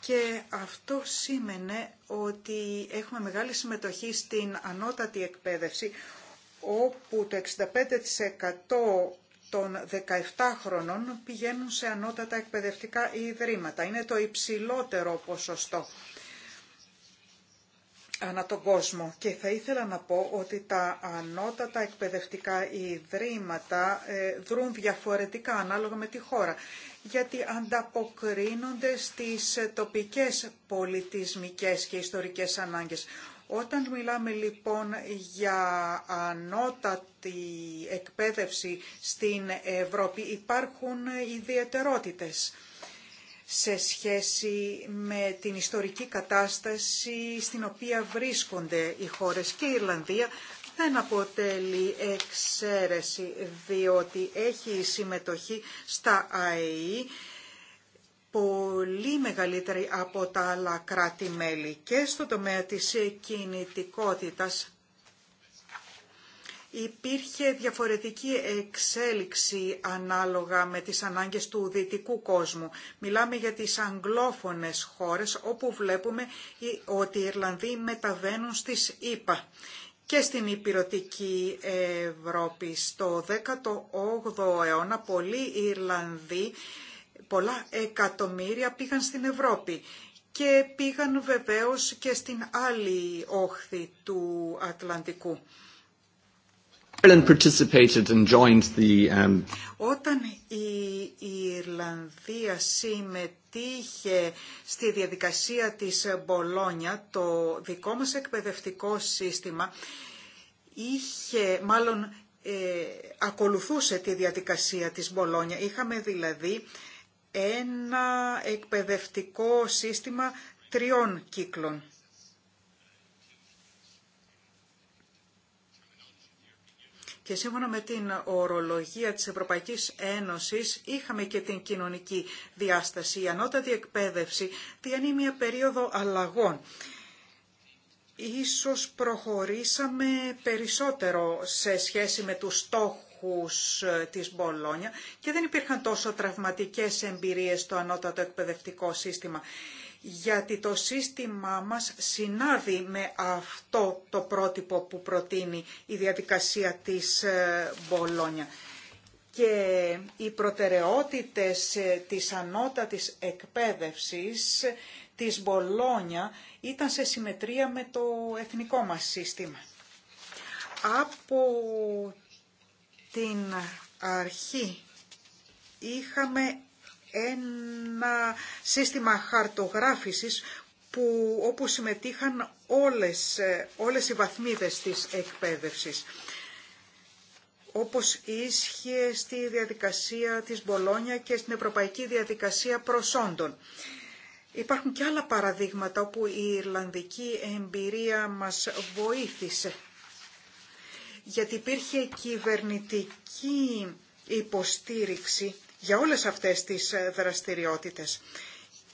Και αυτό σήμαινε ότι έχουμε μεγάλη συμμετοχή στην ανώτατη εκπαίδευση, όπου το 65% των 17χρονων πηγαίνουν σε ανώτατα εκπαιδευτικά ιδρύματα. Είναι το υψηλότερο ποσοστό ανά τον κόσμο. Και θα ήθελα να πω ότι τα ανώτατα εκπαιδευτικά ιδρύματα ε, δρούν διαφορετικά ανάλογα με τη χώρα, γιατί ανταποκρίνονται στις τοπικές πολιτισμικές και ιστορικές ανάγκες. Όταν μιλάμε λοιπόν για ανώτατη εκπαίδευση στην Ευρώπη υπάρχουν ιδιαιτερότητες σε σχέση με την ιστορική κατάσταση στην οποία βρίσκονται οι χώρες και η Ιρλανδία δεν αποτελεί εξαίρεση διότι έχει συμμετοχή στα ΑΕΗ πολύ μεγαλύτερη από τα άλλα κράτη-μέλη και στο τομέα της κινητικότητας υπήρχε διαφορετική εξέλιξη ανάλογα με τις ανάγκες του δυτικού κόσμου. Μιλάμε για τις αγγλόφωνες χώρες όπου βλέπουμε ότι οι Ιρλανδοί μεταβαίνουν στις ΗΠΑ και στην υπηρετική Ευρώπη. Στο 18ο αιώνα πολλοί Ιρλανδοί πολλά εκατομμύρια πήγαν στην Ευρώπη και πήγαν βεβαίως και στην άλλη όχθη του Ατλαντικού. Um, Όταν η Ιρλανδία συμμετείχε στη διαδικασία της Μπολόνια, το δικό μας εκπαιδευτικό σύστημα είχε, μάλλον ε, ακολουθούσε τη διαδικασία της Μπολόνια. Είχαμε δηλαδή ένα εκπαιδευτικό σύστημα τριών κύκλων. Και σύμφωνα με την ορολογία της Ευρωπαϊκής Ένωσης είχαμε και την κοινωνική διάσταση. Η ανώτατη εκπαίδευση διανύει μια περίοδο αλλαγών. Ίσως προχωρήσαμε περισσότερο σε σχέση με τους στόχους ε, της Μπολόνια και δεν υπήρχαν τόσο τραυματικές εμπειρίες στο ανώτατο εκπαιδευτικό σύστημα γιατί το σύστημά μας συνάδει με αυτό το πρότυπο που προτείνει η διαδικασία της ε, Μπολόνια. Και οι προτεραιότητες ε, της ανώτατης εκπαίδευσης της Μπολόνια ήταν σε συμμετρία με το εθνικό μας σύστημα. Από στην αρχή είχαμε ένα σύστημα χαρτογράφησης που, όπου συμμετείχαν όλες, ε, όλες οι βαθμίδες της εκπαίδευσης. Όπως ίσχυε στη διαδικασία της Μπολόνια και στην Ευρωπαϊκή Διαδικασία Προσόντων. Υπάρχουν και άλλα παραδείγματα όπου η Ιρλανδική εμπειρία μας βοήθησε γιατί υπήρχε κυβερνητική υποστήριξη για όλες αυτές τις ε, δραστηριότητες.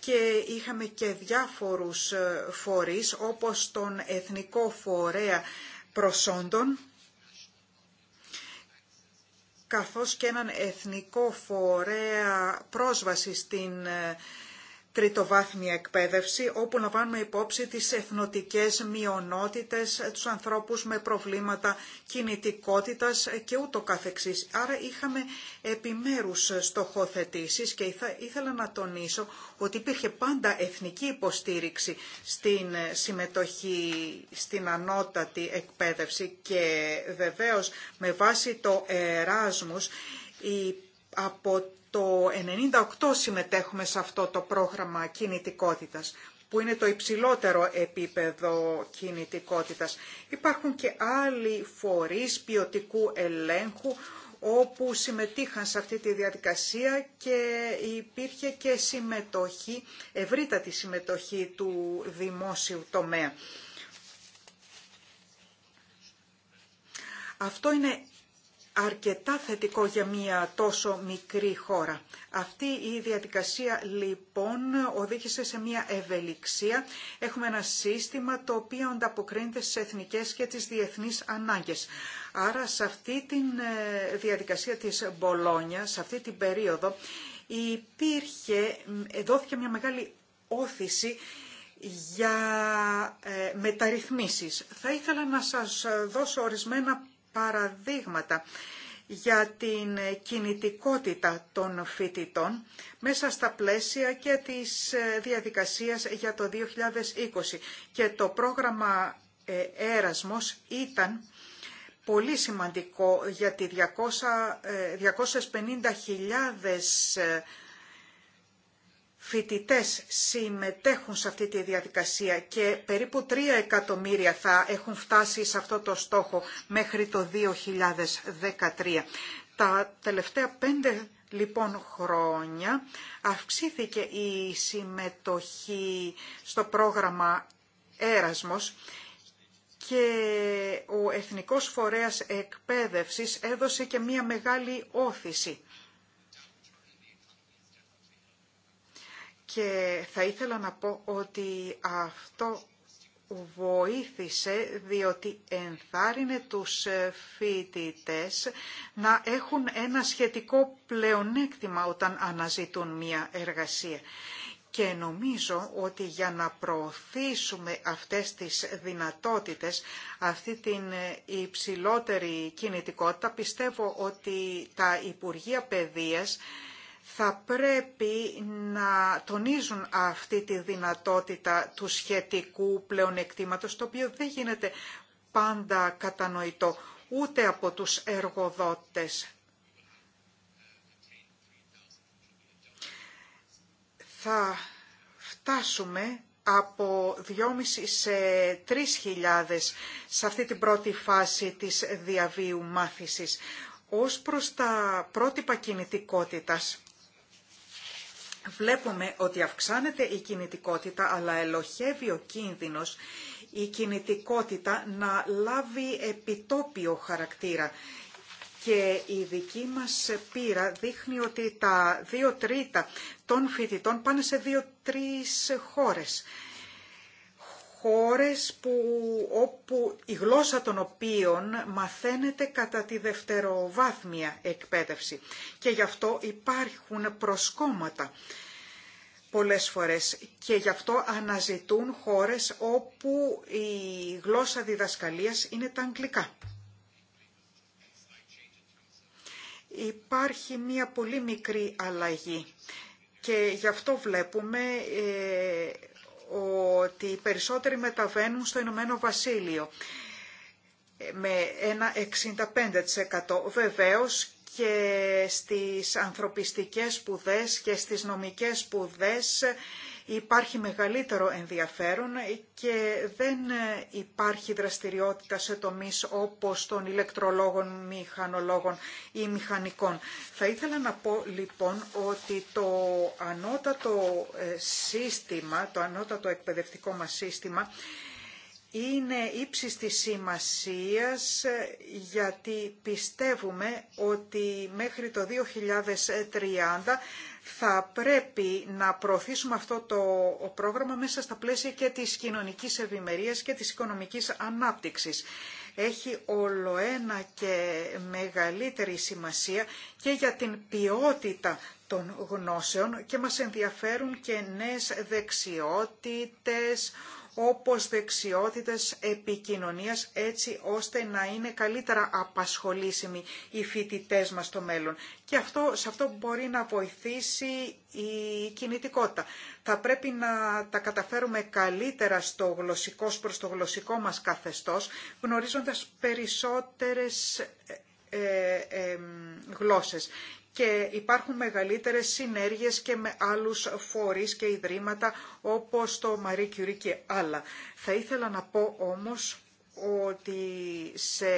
Και είχαμε και διάφορους ε, φορείς, όπως τον Εθνικό Φορέα Προσόντων, καθώς και έναν Εθνικό Φορέα Πρόσβαση στην ε, τριτοβάθμια εκπαίδευση, όπου λαμβάνουμε υπόψη τις εθνοτικές μειονότητες, τους ανθρώπους με προβλήματα κινητικότητας και ούτω καθεξής. Άρα είχαμε επιμέρους στοχοθετήσεις και ήθελα να τονίσω ότι υπήρχε πάντα εθνική υποστήριξη στην συμμετοχή στην ανώτατη εκπαίδευση και βεβαίως με βάση το Εράσμους από το 1998 συμμετέχουμε σε αυτό το πρόγραμμα κινητικότητας που είναι το υψηλότερο επίπεδο κινητικότητας. Υπάρχουν και άλλοι φορείς ποιοτικού ελέγχου όπου συμμετείχαν σε αυτή τη διαδικασία και υπήρχε και συμμετοχή, ευρύτατη συμμετοχή του δημόσιου τομέα. Αυτό είναι αρκετά θετικό για μία τόσο μικρή χώρα. Αυτή η διαδικασία λοιπόν οδήγησε σε μία ευελιξία. Έχουμε ένα σύστημα το οποίο ανταποκρίνεται στις εθνικές και τις διεθνείς ανάγκες. Άρα σε αυτή τη ε, διαδικασία της Μπολόνια, σε αυτή την περίοδο, υπήρχε, ε, δόθηκε μια μεγάλη όθηση για ε, μεταρρυθμίσεις. Θα ήθελα να σας δώσω ορισμένα παραδείγματα για την κινητικότητα των φοιτητών μέσα στα πλαίσια και της ε, διαδικασίας για το 2020. Και το πρόγραμμα Έρασμος ε, ήταν πολύ σημαντικό γιατί 250.000 φοιτητές συμμετέχουν σε αυτή τη διαδικασία και περίπου 3 εκατομμύρια θα έχουν φτάσει σε αυτό το στόχο μέχρι το 2013. Τα τελευταία πέντε λοιπόν χρόνια αυξήθηκε η συμμετοχή στο πρόγραμμα Έρασμος και ο Εθνικός Φορέας Εκπαίδευσης έδωσε και μία μεγάλη όθηση Και θα ήθελα να πω ότι αυτό βοήθησε διότι ενθάρρυνε τους φοιτητέ να έχουν ένα σχετικό πλεονέκτημα όταν αναζητούν μία εργασία. Και νομίζω ότι για να προωθήσουμε αυτές τις δυνατότητες, αυτή την υψηλότερη κινητικότητα, πιστεύω ότι τα Υπουργεία Παιδείας θα πρέπει να τονίζουν αυτή τη δυνατότητα του σχετικού πλεονεκτήματος, το οποίο δεν γίνεται πάντα κατανοητό ούτε από τους εργοδότες. Θα φτάσουμε από 2,5 σε 3.000 σε αυτή την πρώτη φάση της διαβίου μάθησης. Ως προς τα πρότυπα κινητικότητας, βλέπουμε ότι αυξάνεται η κινητικότητα, αλλά ελοχεύει ο κίνδυνος η κινητικότητα να λάβει επιτόπιο χαρακτήρα. Και η δική μας πείρα δείχνει ότι τα δύο τρίτα των φοιτητών πάνε σε δύο-τρεις χώρες χώρες που, όπου η γλώσσα των οποίων μαθαίνεται κατά τη δευτεροβάθμια εκπαίδευση. Και γι' αυτό υπάρχουν προσκόμματα πολλές φορές και γι' αυτό αναζητούν χώρες όπου η γλώσσα διδασκαλίας είναι τα αγγλικά. Υπάρχει μία πολύ μικρή αλλαγή και γι' αυτό βλέπουμε ε, ότι οι περισσότεροι μεταβαίνουν στο Ηνωμένο Βασίλειο με ένα 65%. Βεβαίως και στις ανθρωπιστικές σπουδές και στις νομικές σπουδές υπάρχει μεγαλύτερο ενδιαφέρον και δεν υπάρχει δραστηριότητα σε τομείς όπως των ηλεκτρολόγων, μηχανολόγων ή μηχανικών. Θα ήθελα να πω λοιπόν ότι το ανώτατο ε, σύστημα, το ανώτατο εκπαιδευτικό μας σύστημα είναι ύψης της σημασίας ε, γιατί πιστεύουμε ότι μέχρι το 2030 θα πρέπει να προωθήσουμε αυτό το πρόγραμμα μέσα στα πλαίσια και της κοινωνικής ευημερίας και της οικονομικής ανάπτυξης. Έχει ολοένα και μεγαλύτερη σημασία και για την ποιότητα των γνώσεων και μας ενδιαφέρουν και νέες δεξιότητες, όπως δεξιότητες επικοινωνίας έτσι ώστε να είναι καλύτερα απασχολήσιμοι οι φοιτητέ μας στο μέλλον. Και αυτό, σε αυτό μπορεί να βοηθήσει η κινητικότητα. Θα πρέπει να τα καταφέρουμε καλύτερα στο γλωσσικό, προς το γλωσσικό μας καθεστώς, γνωρίζοντας περισσότερες ε, ε, ε γλώσσες και υπάρχουν μεγαλύτερες συνέργειες και με άλλους φορείς και ιδρύματα όπως το Marie Curie και άλλα. Θα ήθελα να πω όμως ότι σε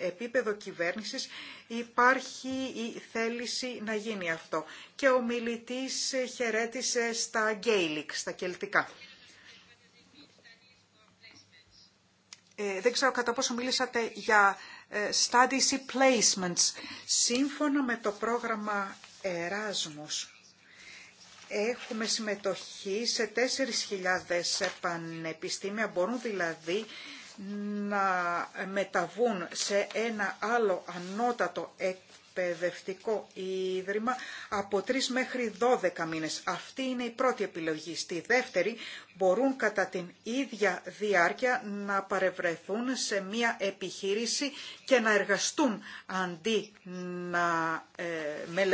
επίπεδο κυβέρνησης υπάρχει η θέληση να γίνει αυτό. Και ο μιλητής χαιρέτησε στα γκέιλικ, στα κελτικά. Ε, δεν ξέρω κατά πόσο μίλησατε για ε, studies placements. Σύμφωνα με το πρόγραμμα Erasmus, έχουμε συμμετοχή σε 4.000 πανεπιστήμια, μπορούν δηλαδή να μεταβούν σε ένα άλλο ανώτατο εκπαιδευτικό ίδρυμα από 3 μέχρι 12 μήνες. Αυτή είναι η πρώτη επιλογή. Στη δεύτερη μπορούν κατά την ίδια διάρκεια να παρευρεθούν σε μία επιχείρηση και να εργαστούν αντί να, ε,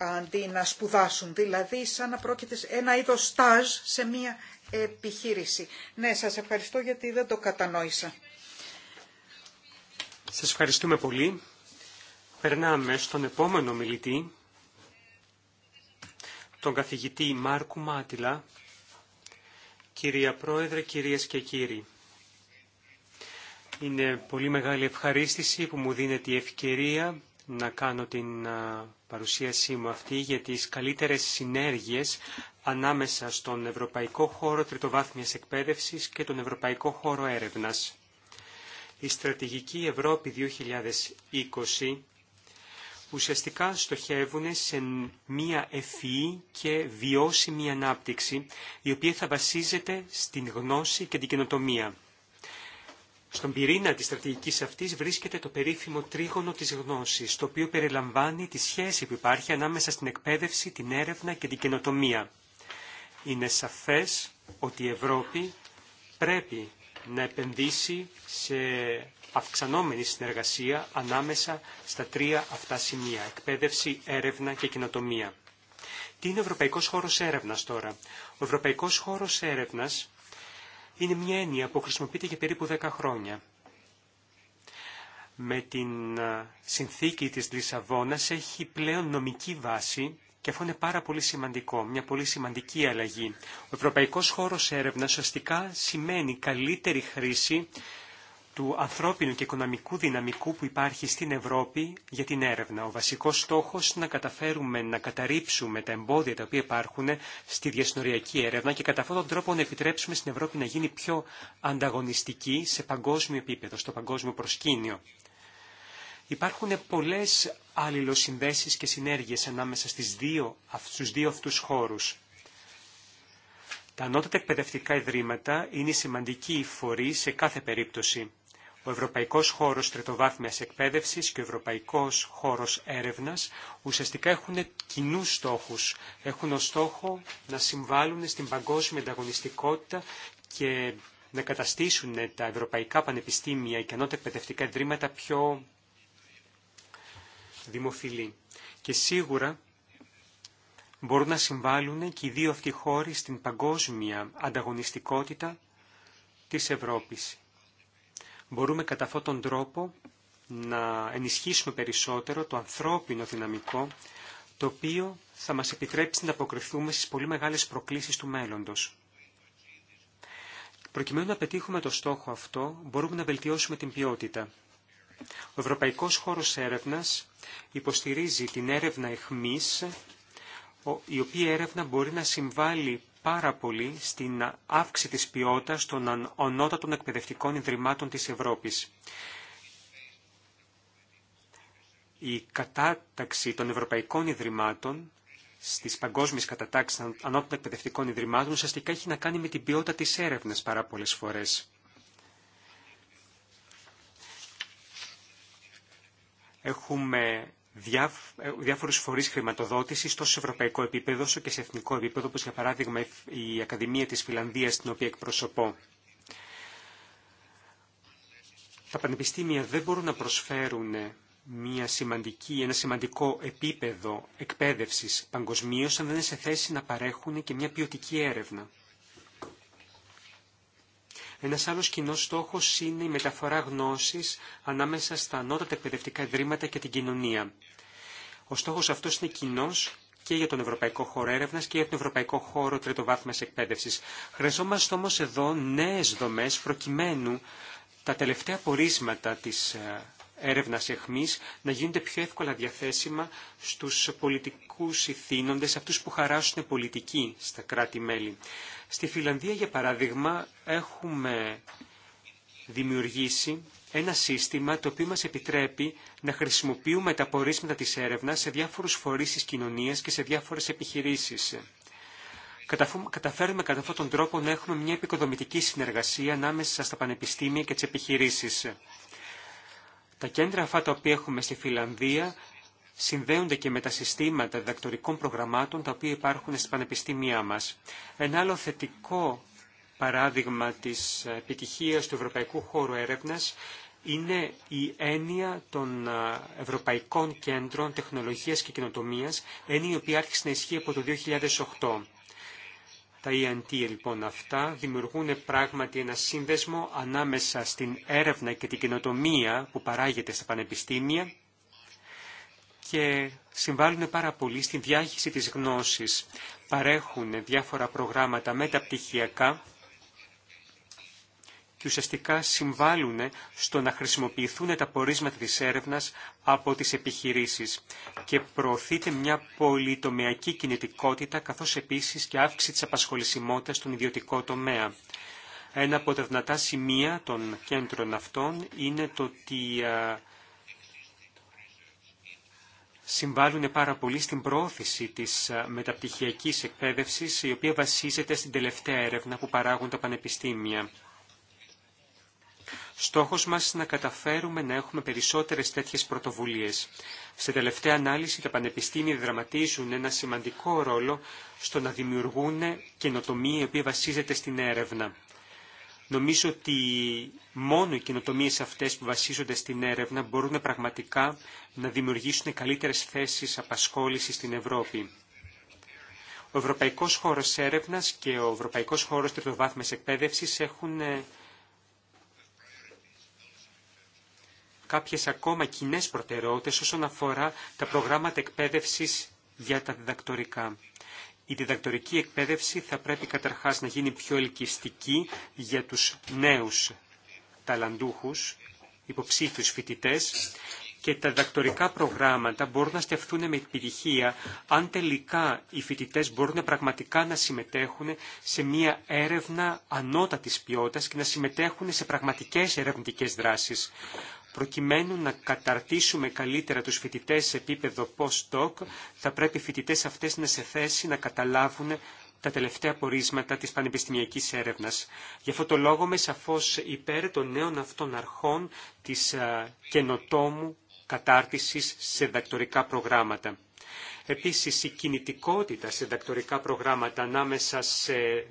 αντί να σπουδάσουν. Δηλαδή σαν να πρόκειται ένα είδος στάζ σε μία επιχείρηση. Ναι, σας ευχαριστώ γιατί δεν το κατανόησα. Σας ευχαριστούμε πολύ. Περνάμε στον επόμενο μιλητή, τον καθηγητή Μάρκου Μάτιλα. Κυρία Πρόεδρε, κυρίες και κύριοι. Είναι πολύ μεγάλη ευχαρίστηση που μου δίνεται η ευκαιρία να κάνω την παρουσίασή μου αυτή για τις καλύτερες συνέργειες ανάμεσα στον Ευρωπαϊκό Χώρο Τριτοβάθμιας Εκπαίδευσης και τον Ευρωπαϊκό Χώρο Έρευνας. Η Στρατηγική Ευρώπη 2020 που ουσιαστικά στοχεύουν σε μία ευφυή και βιώσιμη ανάπτυξη, η οποία θα βασίζεται στην γνώση και την καινοτομία. Στον πυρήνα της στρατηγικής αυτής βρίσκεται το περίφημο τρίγωνο της γνώσης, το οποίο περιλαμβάνει τη σχέση που υπάρχει ανάμεσα στην εκπαίδευση, την έρευνα και την καινοτομία. Είναι σαφές ότι η Ευρώπη πρέπει να επενδύσει σε αυξανόμενη συνεργασία ανάμεσα στα τρία αυτά σημεία, εκπαίδευση, έρευνα και κοινοτομία. Τι είναι ο Ευρωπαϊκός Χώρος Έρευνας τώρα. Ο Ευρωπαϊκός Χώρος Έρευνας είναι μια έννοια που χρησιμοποιείται για περίπου 10 χρόνια. Με την συνθήκη της Λισαβόνας έχει πλέον νομική βάση και αυτό είναι πάρα πολύ σημαντικό, μια πολύ σημαντική αλλαγή. Ο Ευρωπαϊκός Χώρος Έρευνας ουσιαστικά σημαίνει καλύτερη χρήση του ανθρώπινου και οικονομικού δυναμικού που υπάρχει στην Ευρώπη για την έρευνα. Ο βασικός στόχος είναι να καταφέρουμε να καταρρύψουμε τα εμπόδια τα οποία υπάρχουν στη διασνοριακή έρευνα και κατά αυτόν τον τρόπο να επιτρέψουμε στην Ευρώπη να γίνει πιο ανταγωνιστική σε παγκόσμιο επίπεδο, στο παγκόσμιο προσκήνιο. Υπάρχουν πολλές αλληλοσυνδέσεις και συνέργειες ανάμεσα στις δύο, στους δύο αυτούς χώρους. Τα ανώτατα εκπαιδευτικά ιδρύματα είναι σημαντικοί φορεί σε κάθε περίπτωση. Ο Ευρωπαϊκός Χώρος Τρετοβάθμιας Εκπαίδευσης και ο Ευρωπαϊκός Χώρος Έρευνας ουσιαστικά έχουν κοινούς στόχους. Έχουν ως στόχο να συμβάλλουν στην παγκόσμια ανταγωνιστικότητα και να καταστήσουν τα ευρωπαϊκά πανεπιστήμια και ανώτερα εκπαιδευτικά ιδρύματα πιο δημοφιλή. Και σίγουρα μπορούν να συμβάλλουν και οι δύο αυτοί χώροι στην παγκόσμια ανταγωνιστικότητα της Ευρώπης μπορούμε κατά αυτόν τον τρόπο να ενισχύσουμε περισσότερο το ανθρώπινο δυναμικό, το οποίο θα μας επιτρέψει να αποκριθούμε στις πολύ μεγάλες προκλήσεις του μέλλοντος. Προκειμένου να πετύχουμε το στόχο αυτό, μπορούμε να βελτιώσουμε την ποιότητα. Ο Ευρωπαϊκός Χώρος Έρευνας υποστηρίζει την έρευνα εχμής, η οποία έρευνα μπορεί να συμβάλλει πάρα πολύ στην αύξηση της ποιότητας των ονότατων εκπαιδευτικών ιδρυμάτων της Ευρώπης. Η κατάταξη των ευρωπαϊκών ιδρυμάτων στι παγκόσμιε κατατάξει ανώτων εκπαιδευτικών ιδρυμάτων ουσιαστικά έχει να κάνει με την ποιότητα τη έρευνα πάρα πολλέ φορέ. Έχουμε ε, διάφορους φορείς χρηματοδότησης τόσο σε ευρωπαϊκό επίπεδο όσο και σε εθνικό επίπεδο, όπως για παράδειγμα η Ακαδημία της Φιλανδίας, την οποία εκπροσωπώ. Τα πανεπιστήμια δεν μπορούν να προσφέρουν μια σημαντική, ένα σημαντικό επίπεδο εκπαίδευσης παγκοσμίως, αν δεν είναι σε θέση να παρέχουν και μια ποιοτική έρευνα. Ένας άλλος κοινός στόχος είναι η μεταφορά γνώσης ανάμεσα στα ανώτατα εκπαιδευτικά ιδρύματα και την κοινωνία. Ο στόχος αυτός είναι κοινό και για τον Ευρωπαϊκό Χώρο Έρευνα και για τον Ευρωπαϊκό Χώρο Τριτοβάθμιας Εκπαίδευση. Χρειαζόμαστε όμω εδώ νέε δομέ προκειμένου τα τελευταία πορίσματα της ε, έρευνας εχμής να γίνονται πιο εύκολα διαθέσιμα στους πολιτικούς ηθήνοντες, αυτούς που χαράσουν πολιτική στα κράτη-μέλη. Στη Φιλανδία, για παράδειγμα, έχουμε δημιουργήσει ένα σύστημα το οποίο μας επιτρέπει να χρησιμοποιούμε τα πορίσματα της έρευνας σε διάφορους φορείς της κοινωνίας και σε διάφορες επιχειρήσεις. Καταφέρουμε κατά αυτόν τον τρόπο να έχουμε μια επικοδομητική συνεργασία ανάμεσα στα πανεπιστήμια και τις επιχειρήσεις. Τα κέντρα αυτά τα οποία έχουμε στη Φιλανδία συνδέονται και με τα συστήματα διδακτορικών προγραμμάτων τα οποία υπάρχουν στην πανεπιστήμια μας. Ένα άλλο θετικό παράδειγμα της επιτυχίας του Ευρωπαϊκού Χώρου Έρευνας είναι η έννοια των Ευρωπαϊκών Κέντρων Τεχνολογίας και Κοινοτομίας, έννοια η οποία άρχισε να ισχύει από το 2008. Τα ENT λοιπόν αυτά δημιουργούν πράγματι ένα σύνδεσμο ανάμεσα στην έρευνα και την καινοτομία που παράγεται στα πανεπιστήμια και συμβάλλουν πάρα πολύ στην διάχυση της γνώσης. Παρέχουν διάφορα προγράμματα μεταπτυχιακά και ουσιαστικά συμβάλλουν στο να χρησιμοποιηθούν τα πορίσματα της έρευνας από τις επιχειρήσεις και προωθείται μια πολυτομιακή κινητικότητα καθώς επίσης και αύξηση της απασχολησιμότητας στον ιδιωτικό τομέα. Ένα από τα δυνατά σημεία των κέντρων αυτών είναι το ότι συμβάλλουν πάρα πολύ στην προώθηση της μεταπτυχιακής εκπαίδευσης, η οποία βασίζεται στην τελευταία έρευνα που παράγουν τα πανεπιστήμια. Στόχος μας είναι να καταφέρουμε να έχουμε περισσότερες τέτοιες πρωτοβουλίες. Σε τελευταία ανάλυση, τα πανεπιστήμια δραματίζουν ένα σημαντικό ρόλο στο να δημιουργούν καινοτομία η οποία βασίζεται στην έρευνα. Νομίζω ότι μόνο οι καινοτομίε αυτέ που βασίζονται στην έρευνα μπορούν πραγματικά να δημιουργήσουν καλύτερε θέσει απασχόληση στην Ευρώπη. Ο Ευρωπαϊκό χώρο έρευνα και ο Ευρωπαϊκό χώρο Τριτοβάθμιση εκπαίδευση έχουν ε, κάποιες ακόμα κοινέ προτεραιότητες όσον αφορά τα προγράμματα εκπαίδευσης για τα διδακτορικά. Η διδακτορική εκπαίδευση θα πρέπει καταρχάς να γίνει πιο ελκυστική για τους νέους ταλαντούχους, υποψήφιους φοιτητές και τα διδακτορικά προγράμματα μπορούν να στεφθούν με επιτυχία αν τελικά οι φοιτητέ μπορούν πραγματικά να συμμετέχουν σε μια έρευνα ανώτατης ποιότητας και να συμμετέχουν σε πραγματικές ερευνητικέ δράσει. Προκειμένου να καταρτήσουμε καλύτερα τους φοιτητές σε επίπεδο post-doc, θα πρέπει οι φοιτητές αυτές να είναι σε θέση να καταλάβουν τα τελευταία πορίσματα της πανεπιστημιακής έρευνας. Γι' αυτό το λόγο με σαφώς υπέρ των νέων αυτών αρχών της καινοτόμου κατάρτισης σε δακτορικά προγράμματα. Επίσης, η κινητικότητα σε δακτορικά προγράμματα ανάμεσα σε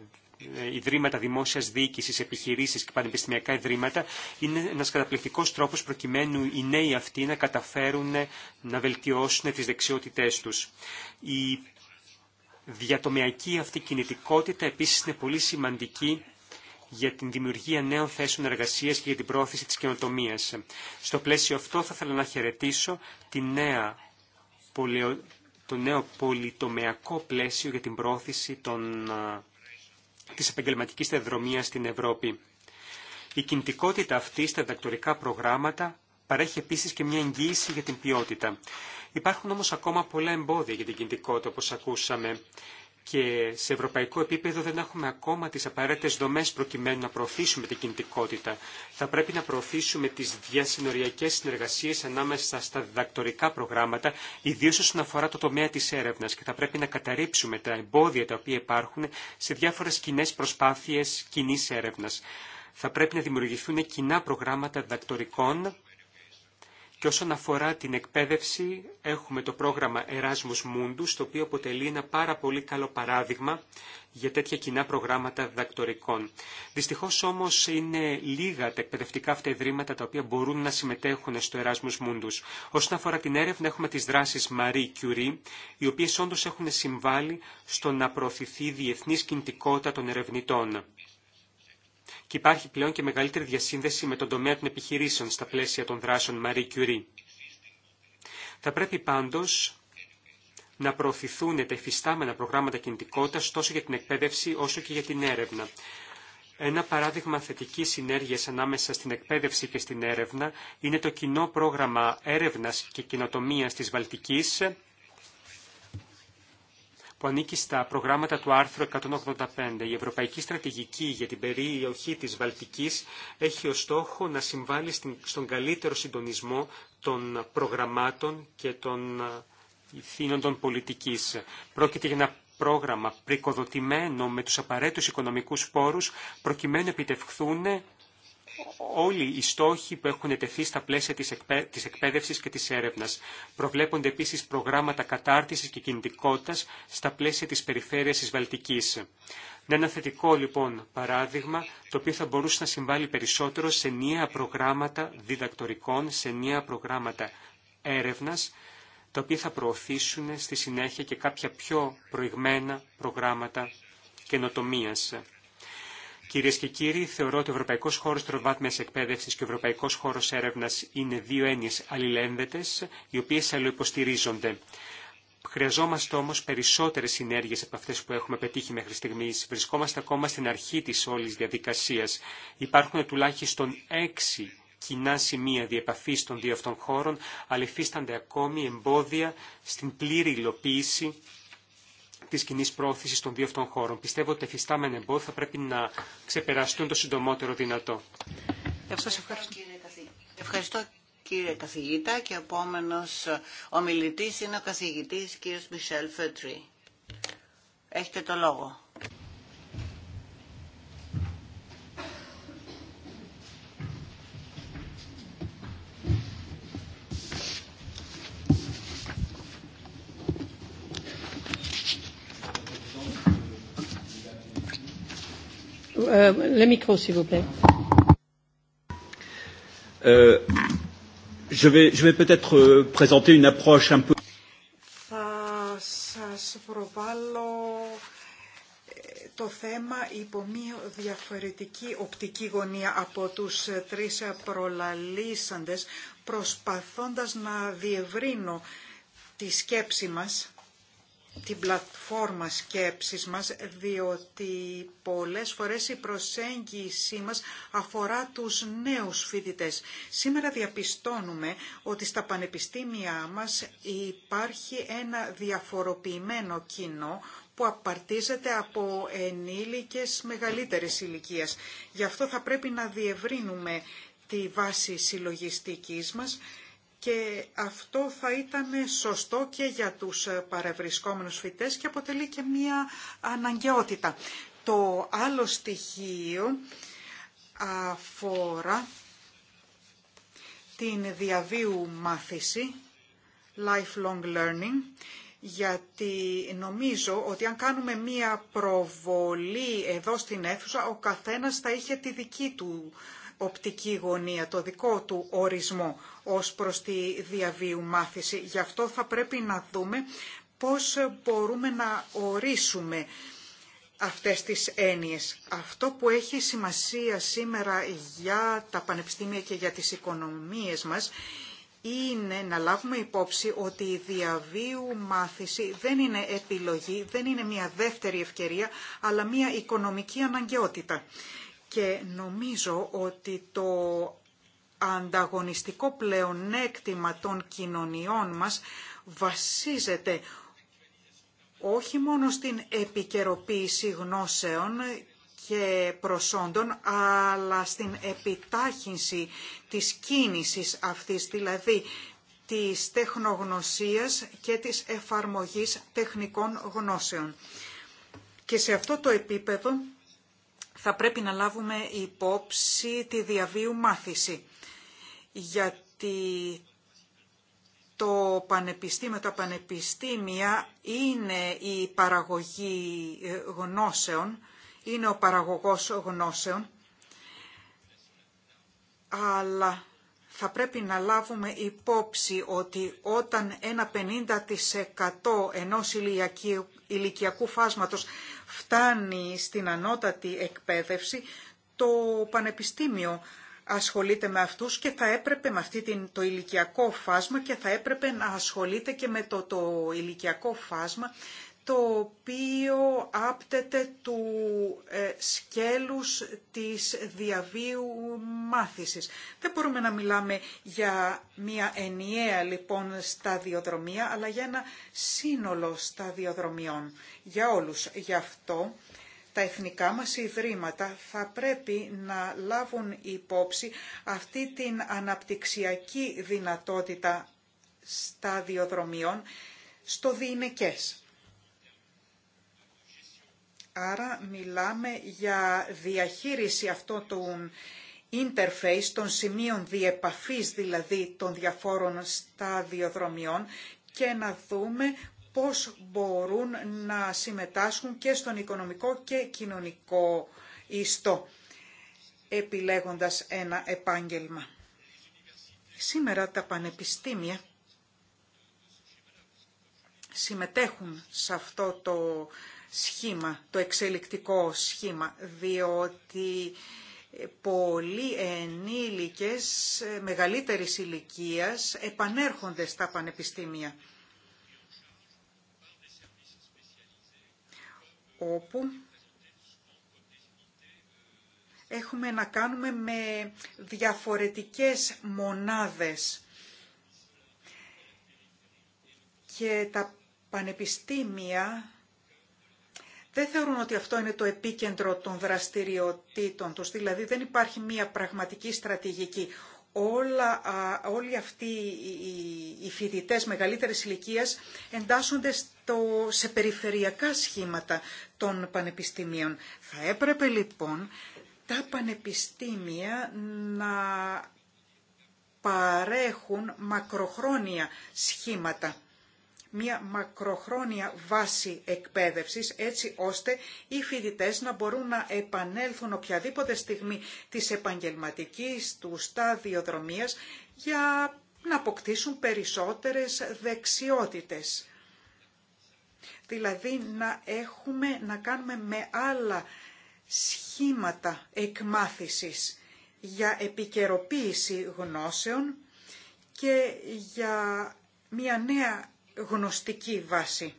ε, ιδρύματα δημόσια διοίκηση, επιχειρήσει και πανεπιστημιακά ιδρύματα είναι ένα καταπληκτικό τρόπος προκειμένου οι νέοι αυτοί να καταφέρουν ε, να βελτιώσουν τις δεξιότητέ τους. Η διατομιακή αυτή κινητικότητα επίσης είναι πολύ σημαντική για την δημιουργία νέων θέσεων εργασίας και για την πρόθεση της καινοτομία. Στο πλαίσιο αυτό θα ήθελα να χαιρετήσω τη νέα το νέο πολυτομιακό πλαίσιο για την πρόθεση των ε, της επαγγελματικής τεδρομίας στην Ευρώπη. Η κινητικότητα αυτή στα διδακτορικά προγράμματα παρέχει επίσης και μια εγγύηση για την ποιότητα. Υπάρχουν όμως ακόμα πολλά εμπόδια για την κινητικότητα, όπως ακούσαμε και σε ευρωπαϊκό επίπεδο δεν έχουμε ακόμα τις απαραίτητες δομές προκειμένου να προωθήσουμε την κινητικότητα. Θα πρέπει να προωθήσουμε τις διασυνοριακές συνεργασίες ανάμεσα στα διδακτορικά προγράμματα, ιδίως όσον αφορά το τομέα της έρευνας και θα πρέπει να καταρρύψουμε τα εμπόδια τα οποία υπάρχουν σε διάφορες κοινέ προσπάθειες κοινή έρευνας. Θα πρέπει να δημιουργηθούν κοινά προγράμματα διδακτορικών και όσον αφορά την εκπαίδευση, έχουμε το πρόγραμμα Erasmus Mundus, το οποίο αποτελεί ένα πάρα πολύ καλό παράδειγμα για τέτοια κοινά προγράμματα διδακτορικών. Δυστυχώς όμως είναι λίγα τα εκπαιδευτικά αυτά ιδρύματα τα οποία μπορούν να συμμετέχουν στο Erasmus Mundus. Όσον αφορά την έρευνα έχουμε τις δράσεις Marie Curie, οι οποίες όντως έχουν συμβάλει στο να προωθηθεί η διεθνής κινητικότητα των ερευνητών και υπάρχει πλέον και μεγαλύτερη διασύνδεση με τον τομέα των επιχειρήσεων στα πλαίσια των δράσεων Marie Curie. Θα πρέπει πάντως να προωθηθούν τα υφιστάμενα προγράμματα κινητικότητας τόσο για την εκπαίδευση όσο και για την έρευνα. Ένα παράδειγμα θετικής συνέργειας ανάμεσα στην εκπαίδευση και στην έρευνα είναι το κοινό πρόγραμμα έρευνας και κοινοτομίας της Βαλτικής, που ανήκει στα προγράμματα του άρθρου 185. Η Ευρωπαϊκή Στρατηγική για την περιοχή της Βαλτικής έχει ως στόχο να συμβάλλει στον καλύτερο συντονισμό των προγραμμάτων και των ε, ηθήνων των πολιτικής. Πρόκειται για ένα πρόγραμμα πρικοδοτημένο με τους απαραίτητους οικονομικούς πόρους προκειμένου να επιτευχθούν όλοι οι στόχοι που έχουν τεθεί στα πλαίσια της, εκπαίδευση εκπαίδευσης και της έρευνας. Προβλέπονται επίσης προγράμματα κατάρτισης και κινητικότητας στα πλαίσια της περιφέρειας της Βαλτικής. Είναι ένα θετικό λοιπόν παράδειγμα το οποίο θα μπορούσε να συμβάλλει περισσότερο σε νέα προγράμματα διδακτορικών, σε νέα προγράμματα έρευνας, τα οποία θα προωθήσουν στη συνέχεια και κάποια πιο προηγμένα προγράμματα καινοτομίας. Κυρίε και κύριοι, θεωρώ ότι ο Ευρωπαϊκό Χώρο Τροβάτμια Εκπαίδευση και ο Ευρωπαϊκό Χώρο Έρευνα είναι δύο έννοιε αλληλένδετε, οι οποίε αλλοϊποστηρίζονται. Χρειαζόμαστε όμω περισσότερε συνέργειε από αυτέ που έχουμε πετύχει μέχρι στιγμή. Βρισκόμαστε ακόμα στην αρχή τη όλη διαδικασία. Υπάρχουν τουλάχιστον έξι κοινά σημεία διεπαφή των δύο αυτών χώρων, αλλά υφίστανται ακόμη εμπόδια στην πλήρη υλοποίηση τη κοινή πρόθεση των δύο αυτών χώρων. Πιστεύω ότι τα εφιστάμενα εμπόδια θα πρέπει να ξεπεραστούν το συντομότερο δυνατό. ευχαριστώ. κύριε καθηγήτα και επόμενο ομιλητή είναι ο Καθηγητή, κύριος Μισελ Φέτρι. Έχετε το λόγο. Θα σας προβάλλω ε, το θέμα υπό μία διαφορετική οπτική γωνία από τους τρεις προλαλήσαντες, προσπαθώντας να διευρύνω τη σκέψη μας την πλατφόρμα σκέψης μας, διότι πολλές φορές η προσέγγιση μας αφορά τους νέους φοιτητές. Σήμερα διαπιστώνουμε ότι στα πανεπιστήμια μας υπάρχει ένα διαφοροποιημένο κοινό που απαρτίζεται από ενήλικες μεγαλύτερης ηλικίας. Γι' αυτό θα πρέπει να διευρύνουμε τη βάση συλλογιστικής μας και αυτό θα ήταν σωστό και για τους ε, παρευρισκόμενους φοιτές και αποτελεί και μία αναγκαιότητα. Το άλλο στοιχείο αφορά την διαβίου μάθηση, lifelong learning, γιατί νομίζω ότι αν κάνουμε μία προβολή εδώ στην αίθουσα, ο καθένας θα είχε τη δική του οπτική γωνία, το δικό του ορισμό ως προς τη διαβίου μάθηση. Γι' αυτό θα πρέπει να δούμε πώς μπορούμε να ορίσουμε αυτές τις έννοιες. Αυτό που έχει σημασία σήμερα για τα πανεπιστήμια και για τις οικονομίες μας είναι να λάβουμε υπόψη ότι η διαβίου μάθηση δεν είναι επιλογή, δεν είναι μια δεύτερη ευκαιρία, αλλά μια οικονομική αναγκαιότητα. Και νομίζω ότι το ανταγωνιστικό πλεονέκτημα των κοινωνιών μας βασίζεται όχι μόνο στην επικαιροποίηση γνώσεων και προσόντων, αλλά στην επιτάχυνση της κίνησης αυτής, δηλαδή της τεχνογνωσίας και της εφαρμογής τεχνικών γνώσεων. Και σε αυτό το επίπεδο θα πρέπει να λάβουμε υπόψη τη διαβίου μάθηση γιατί το πανεπιστήμιο, τα πανεπιστήμια είναι η παραγωγή ε, γνώσεων, είναι ο παραγωγός γνώσεων, αλλά θα πρέπει να λάβουμε υπόψη ότι όταν ένα 50% ενός ηλικιακού φάσματος φτάνει στην ανώτατη εκπαίδευση, το πανεπιστήμιο ασχολείται με αυτούς και θα έπρεπε με αυτή την, το ηλικιακό φάσμα και θα έπρεπε να ασχολείται και με το, το ηλικιακό φάσμα το οποίο άπτεται του ε, σκέλους της διαβίου μάθησης. Δεν μπορούμε να μιλάμε για μια ενιαία λοιπόν σταδιοδρομία, αλλά για ένα σύνολο σταδιοδρομιών για όλους. Γι' αυτό τα εθνικά μας ιδρύματα θα πρέπει να λάβουν υπόψη αυτή την αναπτυξιακή δυνατότητα σταδιοδρομιών στο διηνεκές. Άρα μιλάμε για διαχείριση αυτών των interface, των σημείων διεπαφής δηλαδή των διαφόρων σταδιοδρομιών και να δούμε πώς μπορούν να συμμετάσχουν και στον οικονομικό και κοινωνικό ιστό, επιλέγοντας ένα επάγγελμα. Σήμερα τα πανεπιστήμια συμμετέχουν σε αυτό το σχήμα, το εξελικτικό σχήμα, διότι πολλοί ενήλικες μεγαλύτερης ηλικίας επανέρχονται στα πανεπιστήμια. όπου έχουμε να κάνουμε με διαφορετικές μονάδες και τα πανεπιστήμια δεν θεωρούν ότι αυτό είναι το επίκεντρο των δραστηριοτήτων τους, δηλαδή δεν υπάρχει μία πραγματική στρατηγική όλα, όλοι αυτοί οι φοιτητέ μεγαλύτερης ηλικίας εντάσσονται σε περιφερειακά σχήματα των πανεπιστήμιων. Θα έπρεπε λοιπόν τα πανεπιστήμια να παρέχουν μακροχρόνια σχήματα μια μακροχρόνια βάση εκπαίδευσης έτσι ώστε οι φοιτητές να μπορούν να επανέλθουν οποιαδήποτε στιγμή της επαγγελματικής του σταδιοδρομίας για να αποκτήσουν περισσότερες δεξιότητες. Δηλαδή να έχουμε να κάνουμε με άλλα σχήματα εκμάθησης για επικαιροποίηση γνώσεων και για μια νέα γνωστική βάση.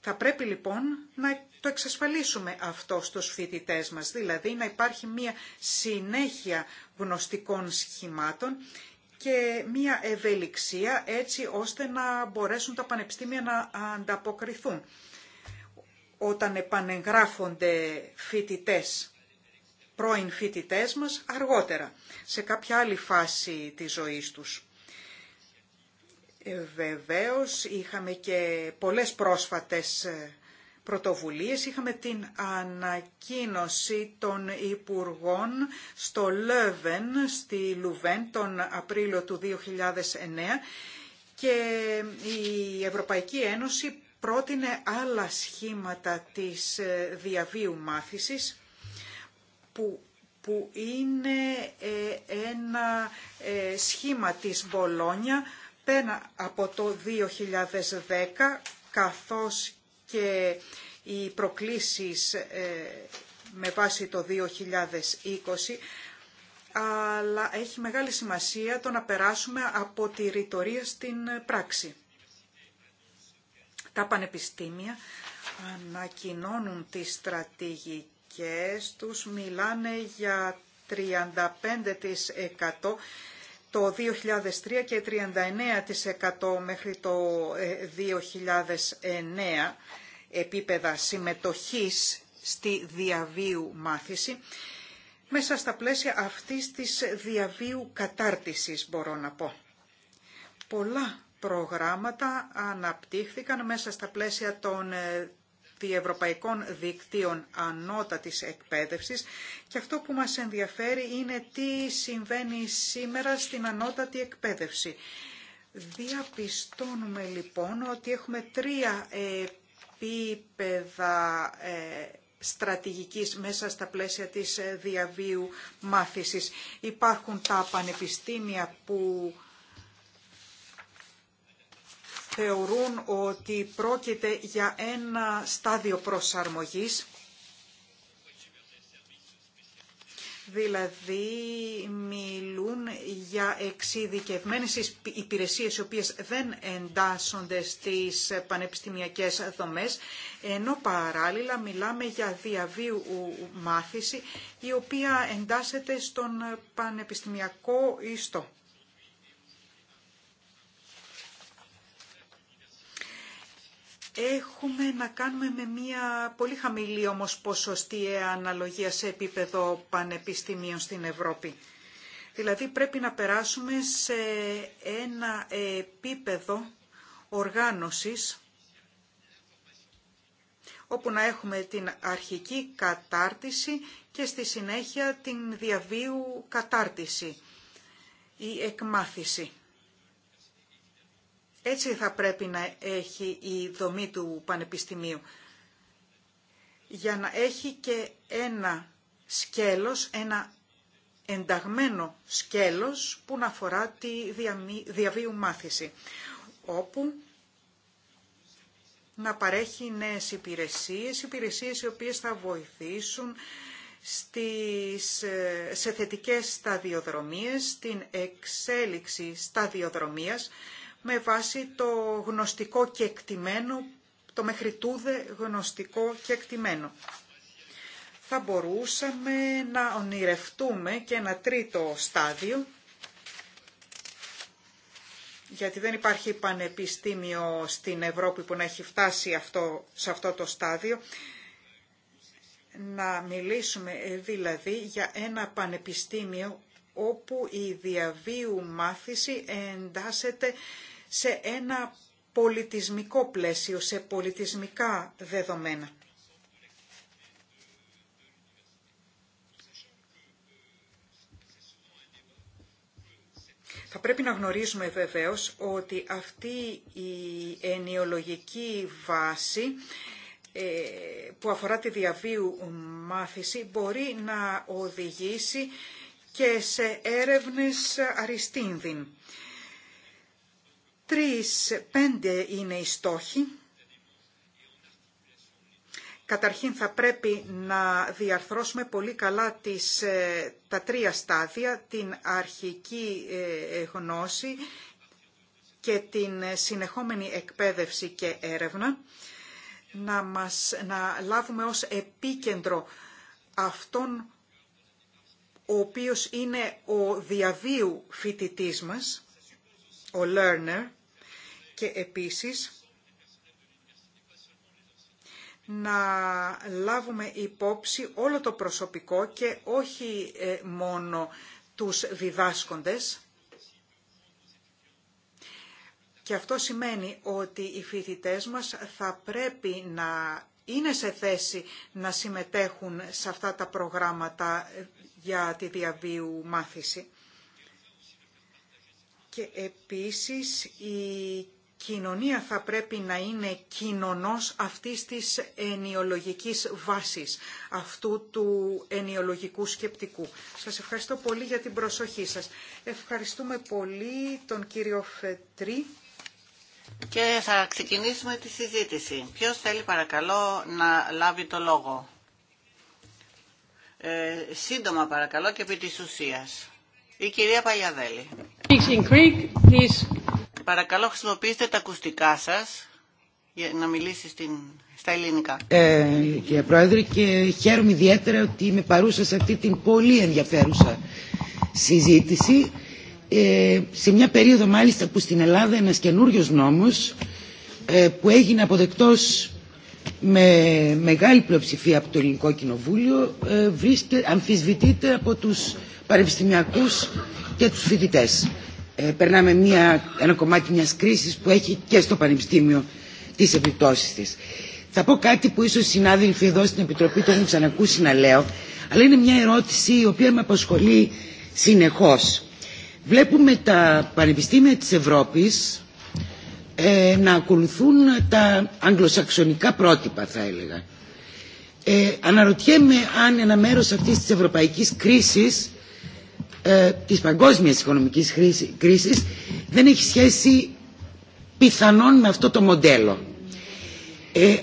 Θα πρέπει λοιπόν να το εξασφαλίσουμε αυτό στους φοιτητές μας, δηλαδή να υπάρχει μία συνέχεια γνωστικών σχημάτων και μία ευελιξία έτσι ώστε να μπορέσουν τα πανεπιστήμια να ανταποκριθούν όταν επανεγγράφονται φοιτητές, πρώην φοιτητές μας αργότερα, σε κάποια άλλη φάση της ζωής τους. Ε, βεβαίως είχαμε και πολλές πρόσφατες ε, πρωτοβουλίες. Είχαμε την ανακοίνωση των Υπουργών στο Λέβεν, στη Λουβέν, τον Απρίλιο του 2009 και η Ευρωπαϊκή Ένωση πρότεινε άλλα σχήματα της ε, διαβίου μάθησης που είναι ένα σχήμα της Μπολόνια πέρα από το 2010, καθώς και οι προκλήσεις ε, με βάση το 2020, αλλά έχει μεγάλη σημασία το να περάσουμε από τη ρητορία στην πράξη. Τα πανεπιστήμια ανακοινώνουν τις στρατηγικές τους, μιλάνε για 35% το 2003 και 39% μέχρι το 2009 ε, επίπεδα συμμετοχής στη διαβίου μάθηση μέσα στα πλαίσια αυτής της διαβίου κατάρτισης μπορώ να πω. Πολλά προγράμματα αναπτύχθηκαν μέσα στα πλαίσια των ε, ευρωπαϊκών δικτύων ανώτατης εκπαίδευσης και αυτό που μας ενδιαφέρει είναι τι συμβαίνει σήμερα στην ανώτατη εκπαίδευση. Διαπιστώνουμε λοιπόν ότι έχουμε τρία επίπεδα ε, στρατηγικής μέσα στα πλαίσια της ε, διαβίου μάθησης. Υπάρχουν τα πανεπιστήμια που θεωρούν ότι πρόκειται για ένα στάδιο προσαρμογής, δηλαδή μιλούν για εξειδικευμένες υπηρεσίες οι οποίες δεν εντάσσονται στις πανεπιστημιακές δομές, ενώ παράλληλα μιλάμε για διαβίου μάθηση η οποία εντάσσεται στον πανεπιστημιακό ιστό. Έχουμε να κάνουμε με μια πολύ χαμηλή όμως ποσοστή αναλογία σε επίπεδο πανεπιστημίων στην Ευρώπη. Δηλαδή πρέπει να περάσουμε σε ένα επίπεδο οργάνωσης όπου να έχουμε την αρχική κατάρτιση και στη συνέχεια την διαβίου κατάρτιση ή εκμάθηση. Έτσι θα πρέπει να έχει η δομή του Πανεπιστημίου. Για να έχει και ένα σκέλος, ένα ενταγμένο σκέλος που να αφορά τη διαβίου μάθηση, όπου να παρέχει νέες υπηρεσίες, υπηρεσίες οι οποίες θα βοηθήσουν στις, ε, σε θετικές σταδιοδρομίες, στην εξέλιξη σταδιοδρομίας με βάση το γνωστικό και εκτιμένο, το μέχρι τούδε γνωστικό και εκτιμένο. Θα μπορούσαμε να ονειρευτούμε και ένα τρίτο στάδιο, γιατί δεν υπάρχει πανεπιστήμιο στην Ευρώπη που να έχει φτάσει αυτό, σε αυτό το στάδιο, να μιλήσουμε ε, δηλαδή για ένα πανεπιστήμιο όπου η διαβίου μάθηση εντάσσεται σε ένα πολιτισμικό πλαίσιο, σε πολιτισμικά δεδομένα. Θα πρέπει να γνωρίζουμε βεβαίως ότι αυτή η ενιολογική βάση ε, που αφορά τη διαβίου μάθηση μπορεί να οδηγήσει και σε έρευνες αριστείνδυν. Τρεις, πέντε είναι οι στόχοι. Καταρχήν θα πρέπει να διαρθρώσουμε πολύ καλά τις, ε, τα τρία στάδια, την αρχική ε, γνώση και την συνεχόμενη εκπαίδευση και έρευνα, να, μας, να λάβουμε ως επίκεντρο αυτόν ο οποίος είναι ο διαβίου φοιτητής μας ο learner και επίσης να λάβουμε υπόψη όλο το προσωπικό και όχι ε, μόνο τους διδάσκοντες. Και αυτό σημαίνει ότι οι φοιτητές μας θα πρέπει να είναι σε θέση να συμμετέχουν σε αυτά τα προγράμματα για τη διαβίου μάθηση. Και επίσης η κοινωνία θα πρέπει να είναι κοινωνός αυτής της ενιολογικής βάσης, αυτού του ενιολογικού σκεπτικού. Σας ευχαριστώ πολύ για την προσοχή σας. Ευχαριστούμε πολύ τον κύριο Φετρή. Και θα ξεκινήσουμε τη συζήτηση. Ποιος θέλει παρακαλώ να λάβει το λόγο. Ε, σύντομα παρακαλώ και επί της ουσίας. Η κυρία Παλιαδέλη. Παρακαλώ χρησιμοποιήστε τα ακουστικά σας για να μιλήσει στην, στα ελληνικά. Ε, κύριε Πρόεδρε και χαίρομαι ιδιαίτερα ότι είμαι παρούσα σε αυτή την πολύ ενδιαφέρουσα συζήτηση ε, σε μια περίοδο μάλιστα που στην Ελλάδα ένας καινούριος νόμος ε, που έγινε αποδεκτός με μεγάλη πλειοψηφία από το Ελληνικό Κοινοβούλιο ε, αμφισβητείται από τους πανεπιστημιακούς και τους φοιτητές. Ε, περνάμε μια, ένα κομμάτι μιας κρίσης που έχει και στο Πανεπιστήμιο τις επιπτώσεις της. Θα πω κάτι που ίσως οι συνάδελφοι εδώ στην Επιτροπή το έχουν ξανακούσει να λέω, αλλά είναι μια ερώτηση η οποία με απασχολεί συνεχώς. Βλέπουμε τα πανεπιστήμια της Ευρώπης ε, να ακολουθούν τα αγγλοσαξονικά πρότυπα θα έλεγα. Ε, αναρωτιέμαι αν ένα μέρος αυτής της ευρωπαϊκής κρίσης ε, της παγκόσμιας οικονομικής κρίσης δεν έχει σχέση πιθανόν με αυτό το μοντέλο. Ε,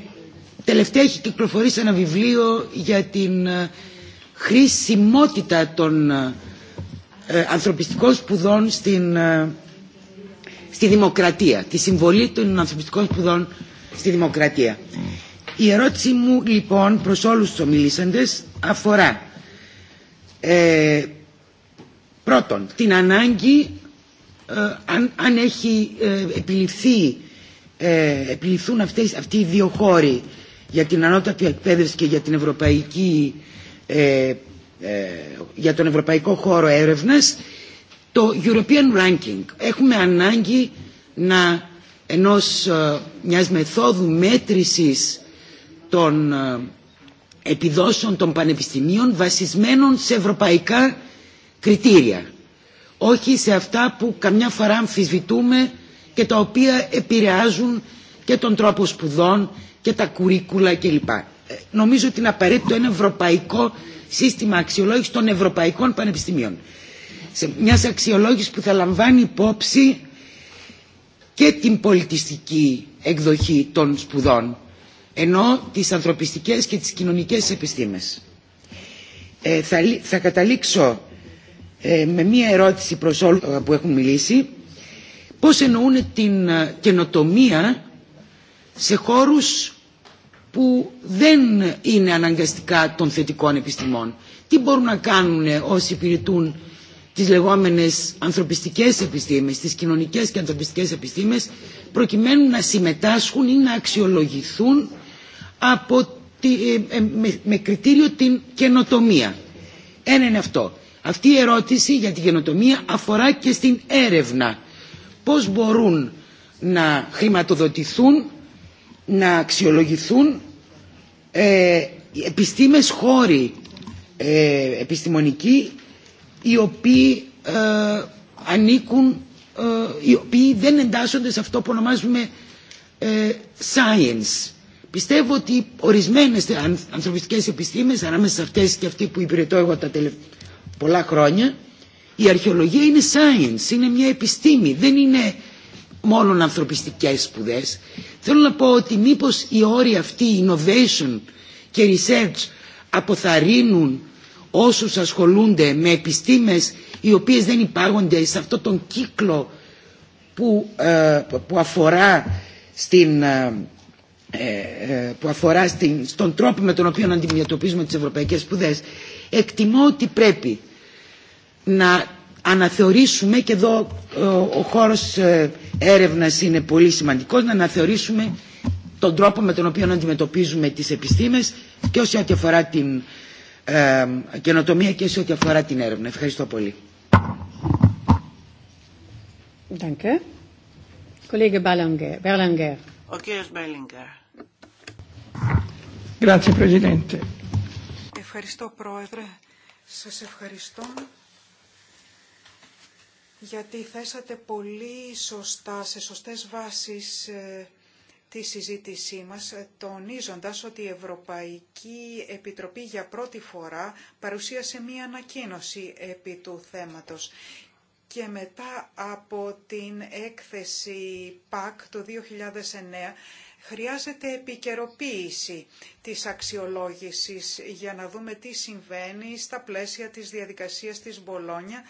τελευταία έχει κυκλοφορήσει ένα βιβλίο για την ε, χρησιμότητα των ανθρωπιστικών σπουδών στην, στη δημοκρατία, τη συμβολή των ανθρωπιστικών σπουδών στη δημοκρατία. Η ερώτηση μου λοιπόν προς όλους τους ομιλήσαντες αφορά Πρώτον, την ανάγκη, ε, αν, έχει ε, επιληφθεί, ε, επιληφθούν αυτές, αυτοί οι δύο χώροι για την ανώτατη εκπαίδευση και για, την ευρωπαϊκή, για τον ευρωπαϊκό χώρο έρευνας, το European Ranking. Έχουμε ανάγκη να ενός μιας μεθόδου μέτρησης των επιδόσεων των πανεπιστημίων βασισμένων σε ευρωπαϊκά κριτήρια. Όχι σε αυτά που καμιά φορά αμφισβητούμε και τα οποία επηρεάζουν και τον τρόπο σπουδών και τα κουρίκουλα κλπ. Ε, νομίζω ότι είναι απαραίτητο ένα ευρωπαϊκό σύστημα αξιολόγηση των ευρωπαϊκών πανεπιστημίων. Σε μιας αξιολόγηση που θα λαμβάνει υπόψη και την πολιτιστική εκδοχή των σπουδών ενώ τις ανθρωπιστικές και τις κοινωνικές επιστήμες. Ε, θα καταλήξω ε, με μία ερώτηση προς όλους που έχουν μιλήσει πώς εννοούν την ε, καινοτομία σε χώρους που δεν είναι αναγκαστικά των θετικών επιστημών. Τι μπορούν να κάνουν όσοι υπηρετούν τις λεγόμενες ανθρωπιστικές επιστήμες, τις κοινωνικές και ανθρωπιστικές επιστήμες, προκειμένου να συμμετάσχουν ή να αξιολογηθούν από ε, ε, με, με κριτήριο την καινοτομία. Ένα είναι αυτό. Αυτή η ερώτηση για τη γενοτομία αφορά και στην έρευνα. Πώς μπορούν να χρηματοδοτηθούν, να αξιολογηθούν ε, επιστήμες χώροι ε, επιστημονικοί οι οποίοι ε, ανήκουν, ε, οι δεν εντάσσονται σε αυτό που ονομάζουμε ε, science. Πιστεύω ότι ορισμένες ανθρωπιστικές επιστήμες, ανάμεσα σε αυτές και αυτή που υπηρετώ εγώ τα πολλά χρόνια η αρχαιολογία είναι science, είναι μια επιστήμη, δεν είναι μόνο ανθρωπιστικές σπουδές. Θέλω να πω ότι μήπως οι όροι αυτοί, innovation και research αποθαρρύνουν όσους ασχολούνται με επιστήμες οι οποίες δεν υπάρχονται σε αυτόν τον κύκλο που, ε, αφορά, ε, ε, στον τρόπο με τον οποίο αντιμετωπίζουμε τις ευρωπαϊκές σπουδές. Εκτιμώ ότι πρέπει να αναθεωρήσουμε και εδώ ε, ο χώρος ε, έρευνας είναι πολύ σημαντικός να αναθεωρήσουμε τον τρόπο με τον οποίο αντιμετωπίζουμε τις επιστήμες και σε ό,τι αφορά την ε, καινοτομία και σε ό,τι αφορά την έρευνα. Ευχαριστώ πολύ. Ευχαριστώ, Πρόεδρε. Σας ευχαριστώ γιατί θέσατε πολύ σωστά, σε σωστές βάσεις ε, τη συζήτησή μας, ε, τονίζοντας ότι η Ευρωπαϊκή Επιτροπή για πρώτη φορά παρουσίασε μία ανακοίνωση επί του θέματος. Και μετά από την έκθεση ΠΑΚ το 2009, χρειάζεται επικαιροποίηση της αξιολόγησης για να δούμε τι συμβαίνει στα πλαίσια της διαδικασίας της Μπολόνια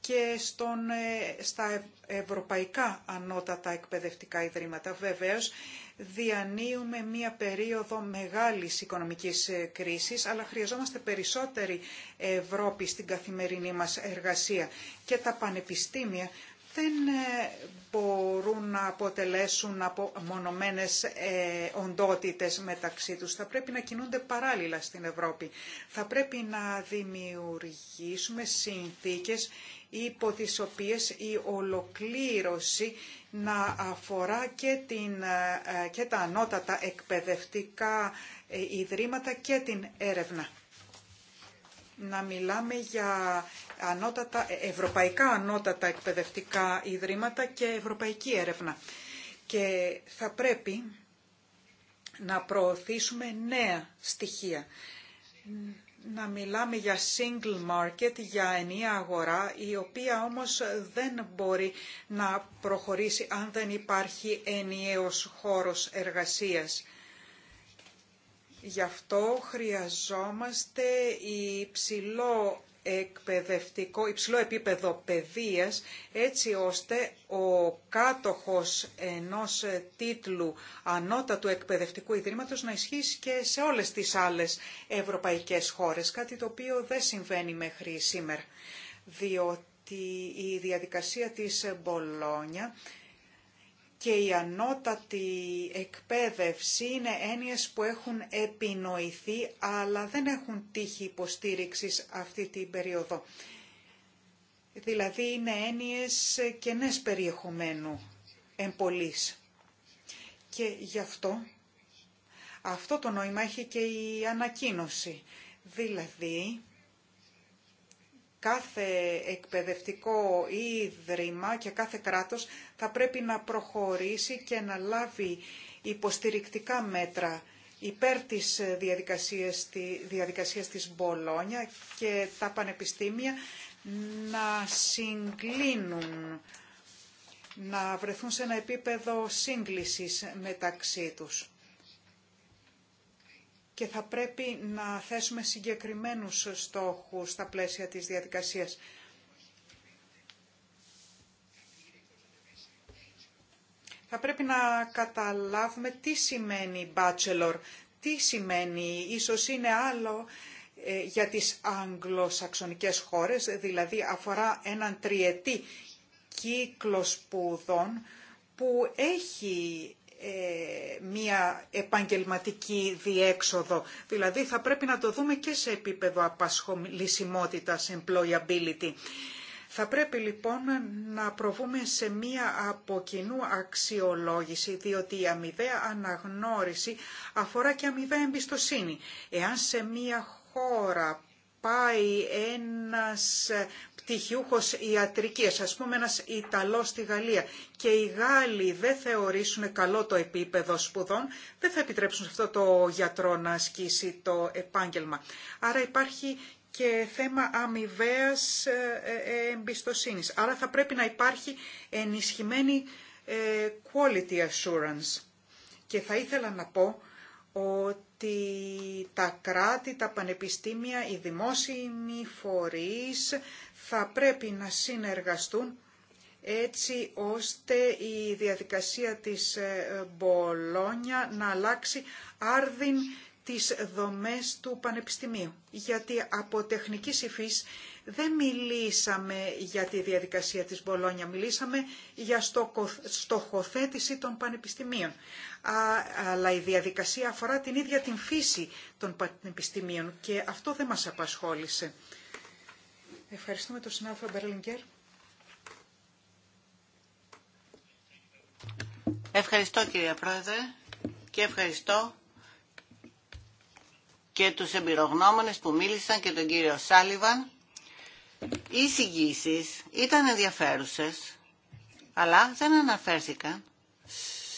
και στον, ε, στα ευρωπαϊκά ανώτατα εκπαιδευτικά ιδρύματα. Βεβαίως, διανύουμε μία περίοδο μεγάλης οικονομικής ε, κρίσης, αλλά χρειαζόμαστε περισσότερη Ευρώπη στην καθημερινή μας εργασία. Και τα πανεπιστήμια δεν ε, μπορούν να αποτελέσουν από μονομένες οντότητες μεταξύ τους. Θα πρέπει να κινούνται παράλληλα στην Ευρώπη. Θα πρέπει να δημιουργήσουμε συνθήκες υπό τις οποίες η ολοκλήρωση να αφορά και, την, ε, και τα ανώτατα εκπαιδευτικά ε, ιδρύματα και την έρευνα. Να μιλάμε για ανώτατα, ε, ευρωπαϊκά ανώτατα εκπαιδευτικά ιδρύματα και ευρωπαϊκή έρευνα. Και θα πρέπει να προωθήσουμε νέα στοιχεία να μιλάμε για single market, για ενιαία αγορά, η οποία όμως δεν μπορεί να προχωρήσει αν δεν υπάρχει ενιαίος χώρος εργασίας. Γι' αυτό χρειαζόμαστε υψηλό εκπαιδευτικό, υψηλό επίπεδο παιδείας, έτσι ώστε ο κάτοχος ενός τίτλου ανώτατου εκπαιδευτικού ιδρύματος να ισχύσει και σε όλες τις άλλες ευρωπαϊκές χώρες, κάτι το οποίο δεν συμβαίνει μέχρι σήμερα, διότι η διαδικασία της Μπολόνια και η ανώτατη εκπαίδευση είναι έννοιες που έχουν επινοηθεί αλλά δεν έχουν τύχει υποστήριξης αυτή την περίοδο. Δηλαδή είναι έννοιες κενές περιεχομένου εμπολής. Και γι' αυτό αυτό το νόημα έχει και η ανακοίνωση. Δηλαδή κάθε εκπαιδευτικό ίδρυμα και κάθε κράτος θα πρέπει να προχωρήσει και να λάβει υποστηρικτικά μέτρα υπέρ της διαδικασίας, τη της Μπολόνια και τα πανεπιστήμια να συγκλίνουν, να βρεθούν σε ένα επίπεδο σύγκλησης μεταξύ τους και θα πρέπει να θέσουμε συγκεκριμένους στόχους στα πλαίσια της διαδικασίας. Θα πρέπει να καταλάβουμε τι σημαίνει bachelor, τι σημαίνει, ίσως είναι άλλο ε, για τις αγγλοσαξονικές χώρες, δηλαδή αφορά έναν τριετή κύκλο σπουδών που έχει ε, μία επαγγελματική διέξοδο. Δηλαδή θα πρέπει να το δούμε και σε επίπεδο απασχολησιμότητας, employability. Θα πρέπει λοιπόν να προβούμε σε μία από αξιολόγηση, διότι η αμοιβαία αναγνώριση αφορά και αμοιβαία εμπιστοσύνη. Εάν σε μία χώρα πάει ένας πτυχιούχος ιατρικής, ας πούμε ένας Ιταλός στη Γαλλία και οι Γάλλοι δεν θεωρήσουν καλό το επίπεδο σπουδών, δεν θα επιτρέψουν σε αυτό το γιατρό να ασκήσει το επάγγελμα. Άρα υπάρχει και θέμα αμοιβαία ε, ε, εμπιστοσύνης. Άρα θα πρέπει να υπάρχει ενισχυμένη ε, quality assurance. Και θα ήθελα να πω ότι τα κράτη, τα πανεπιστήμια, οι δημόσιοι φορείς θα πρέπει να συνεργαστούν έτσι ώστε η διαδικασία της ε, Μπολόνια να αλλάξει άρδιν τις δομές του Πανεπιστημίου. Γιατί από τεχνικής υφής δεν μιλήσαμε για τη διαδικασία της Μπολόνια, μιλήσαμε για στοχοθέτηση των πανεπιστημίων. αλλά η διαδικασία αφορά την ίδια την φύση των πανεπιστημίων και αυτό δεν μας απασχόλησε. Ευχαριστούμε τον συνάδελφο Μπερλίνγκερ. Ευχαριστώ κύριε Πρόεδρε και ευχαριστώ και τους εμπειρογνώμονες που μίλησαν και τον κύριο Σάλιβαν οι εισηγήσει ήταν ενδιαφέρουσε, αλλά δεν αναφέρθηκαν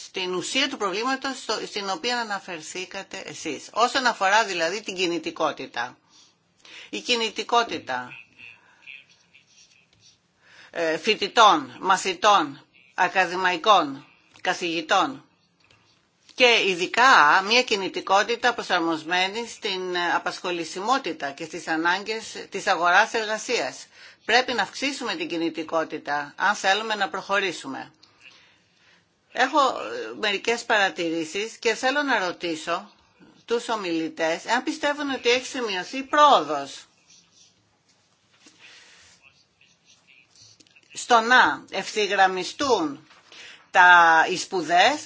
στην ουσία του προβλήματος στην οποία αναφερθήκατε εσείς. Όσον αφορά δηλαδή την κινητικότητα. Η κινητικότητα ε, φοιτητών, μαθητών, ακαδημαϊκών, καθηγητών και ειδικά μια κινητικότητα προσαρμοσμένη στην απασχολησιμότητα και στις ανάγκες της αγοράς εργασίας. Πρέπει να αυξήσουμε την κινητικότητα αν θέλουμε να προχωρήσουμε. Έχω ε, μερικές παρατηρήσεις και θέλω να ρωτήσω τους ομιλητές αν πιστεύουν ότι έχει σημειωθεί πρόοδος. Στο να ευθυγραμμιστούν τα, οι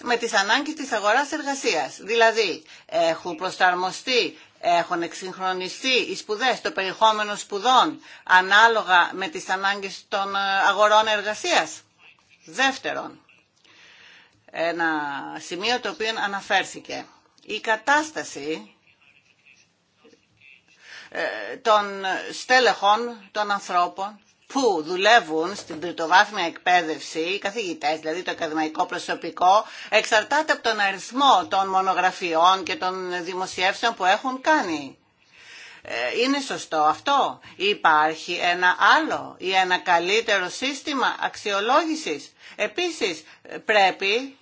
με τις ανάγκες της αγοράς εργασίας. Δηλαδή, έχουν προσταρμοστεί, έχουν εξυγχρονιστεί οι σπουδές, το περιεχόμενο σπουδών, ανάλογα με τις ανάγκες των ε, αγορών εργασίας. Δεύτερον, ένα σημείο το οποίο αναφέρθηκε. Η κατάσταση ε, των στέλεχων, των ανθρώπων, που δουλεύουν στην τριτοβάθμια εκπαίδευση, οι καθηγητέ, δηλαδή το ακαδημαϊκό προσωπικό, εξαρτάται από τον αριθμό των μονογραφιών και των δημοσιεύσεων που έχουν κάνει. Ε, είναι σωστό αυτό. Υπάρχει ένα άλλο ή ένα καλύτερο σύστημα αξιολόγησης. Επίσης πρέπει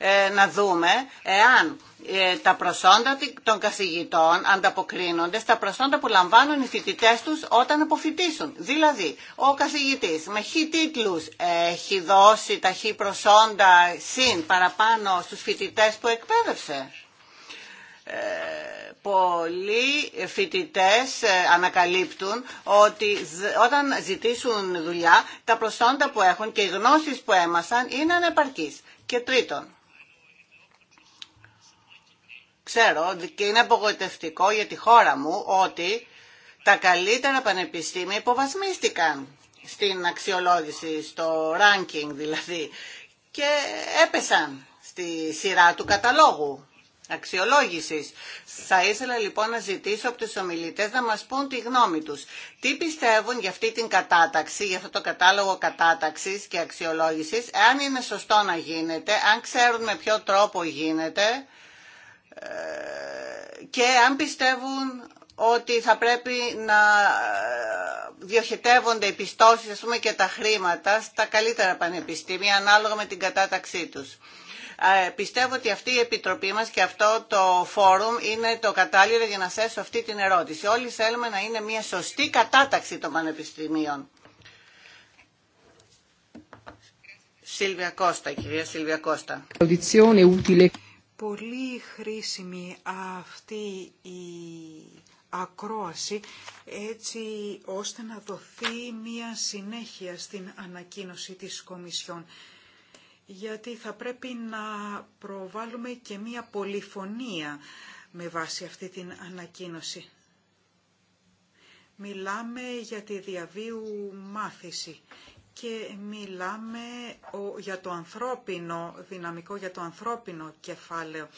ε, να δούμε εάν ε, τα προσόντα των καθηγητών ανταποκρίνονται στα προσόντα που λαμβάνουν οι φοιτητέ τους όταν αποφοιτήσουν. Δηλαδή, ο καθηγητή με χι τίτλους έχει δώσει τα χι προσόντα συν παραπάνω στους φοιτητέ που εκπαίδευσε. Ε, πολλοί φοιτητέ ανακαλύπτουν ότι όταν ζητήσουν δουλειά τα προσόντα που έχουν και οι γνώσεις που έμασαν είναι ανεπαρκείς. Και τρίτον, ξέρω και είναι απογοητευτικό για τη χώρα μου ότι τα καλύτερα πανεπιστήμια υποβασμίστηκαν στην αξιολόγηση, στο ranking δηλαδή και έπεσαν στη σειρά του καταλόγου αξιολόγησης. Θα ήθελα λοιπόν να ζητήσω από τους ομιλητές να μας πούν τη γνώμη τους. Τι πιστεύουν για αυτή την κατάταξη, για αυτό το κατάλογο κατάταξης και αξιολόγησης, εάν είναι σωστό να γίνεται, αν ξέρουν με ποιο τρόπο γίνεται και αν πιστεύουν ότι θα πρέπει να ε, διοχετεύονται οι πιστώσεις και τα χρήματα στα καλύτερα πανεπιστήμια ανάλογα με την κατάταξή τους. Ε, πιστεύω ότι αυτή η Επιτροπή μας και αυτό το φόρουμ είναι το κατάλληλο για να θέσω αυτή την ερώτηση. Όλοι θέλουμε να είναι μια σωστή κατάταξη των πανεπιστημίων. Σίλβια κυρία πολύ χρήσιμη αυτή η ακρόαση έτσι ώστε να δοθεί μία συνέχεια στην ανακοίνωση της Κομισιόν. Γιατί θα πρέπει να προβάλλουμε και μία πολυφωνία με βάση αυτή την ανακοίνωση. Μιλάμε για τη διαβίου μάθηση και μιλάμε για το ανθρώπινο δυναμικό, για το ανθρώπινο κεφάλαιο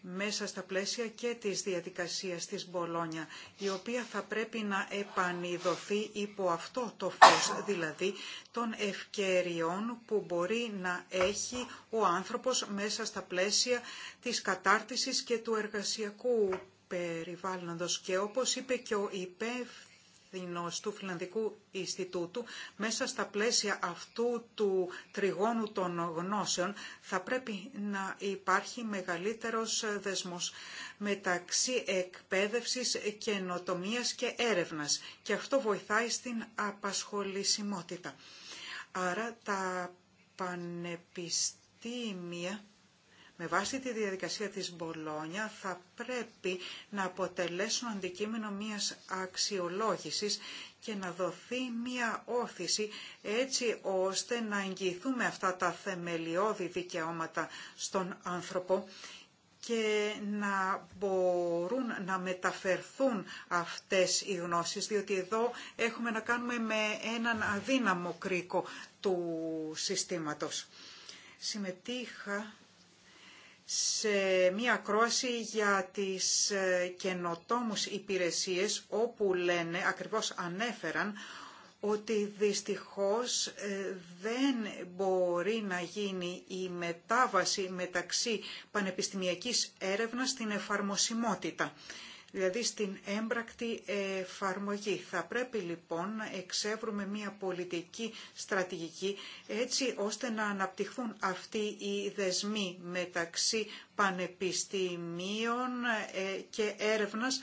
μέσα στα πλαίσια και της διαδικασίας της Μπολόνια, η οποία θα πρέπει να επανειδωθεί υπό αυτό το φως, δηλαδή των ευκαιριών που μπορεί να έχει ο άνθρωπος μέσα στα πλαίσια της κατάρτισης και του εργασιακού περιβάλλοντος. Και όπως είπε και ο υπεύθυνος, του Φιλανδικού Ινστιτούτου, μέσα στα πλαίσια αυτού του τριγώνου των γνώσεων, θα πρέπει να υπάρχει μεγαλύτερος δεσμός μεταξύ εκπαίδευσης, νοτομίας και έρευνας. Και αυτό βοηθάει στην απασχολησιμότητα. Άρα τα πανεπιστήμια με βάση τη διαδικασία της Μπολόνια θα πρέπει να αποτελέσουν αντικείμενο μιας αξιολόγησης και να δοθεί μια όθηση έτσι ώστε να εγγυηθούμε αυτά τα θεμελιώδη δικαιώματα στον άνθρωπο και να μπορούν να μεταφερθούν αυτές οι γνώσεις, διότι εδώ έχουμε να κάνουμε με έναν αδύναμο κρίκο του συστήματος. Συμμετείχα σε μία ακρόαση για τις ε, καινοτόμους υπηρεσίες όπου λένε, ακριβώς ανέφεραν, ότι δυστυχώς ε, δεν μπορεί να γίνει η μετάβαση μεταξύ πανεπιστημιακής έρευνας στην εφαρμοσιμότητα δηλαδή στην έμπρακτη εφαρμογή. Θα πρέπει λοιπόν να εξεύρουμε μια πολιτική στρατηγική έτσι ώστε να αναπτυχθούν αυτοί οι δεσμοί μεταξύ πανεπιστημίων ε, και έρευνας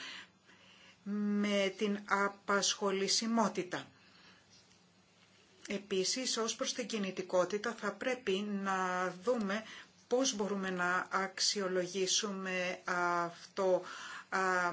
με την απασχολησιμότητα. Επίσης, ως προς την κινητικότητα θα πρέπει να δούμε πώς μπορούμε να αξιολογήσουμε αυτό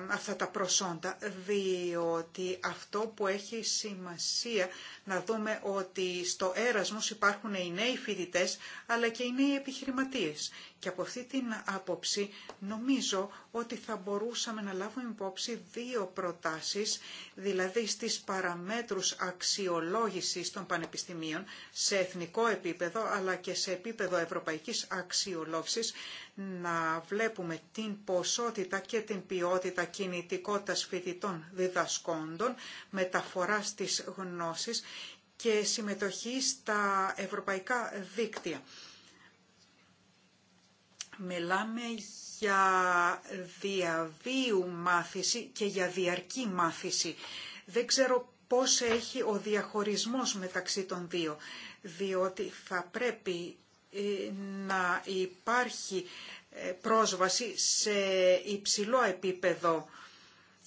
αυτά τα προσόντα, διότι αυτό που έχει σημασία να δούμε ότι στο έρασμος υπάρχουν οι νέοι φοιτητέ αλλά και οι νέοι επιχειρηματίες. Και από αυτή την άποψη νομίζω ότι θα μπορούσαμε να λάβουμε υπόψη δύο προτάσεις, δηλαδή στις παραμέτρους αξιολόγησης των πανεπιστημίων σε εθνικό επίπεδο αλλά και σε επίπεδο ευρωπαϊκής αξιολόγησης να βλέπουμε την ποσότητα και την ποιότητα κινητικότητας φοιτητών διδασκόντων, μεταφορά της γνώσης και συμμετοχή στα ευρωπαϊκά δίκτυα. Μιλάμε για διαβίου μάθηση και για διαρκή μάθηση. Δεν ξέρω πώς έχει ο διαχωρισμός μεταξύ των δύο, διότι θα πρέπει ε, να υπάρχει ε, πρόσβαση σε υψηλό επίπεδο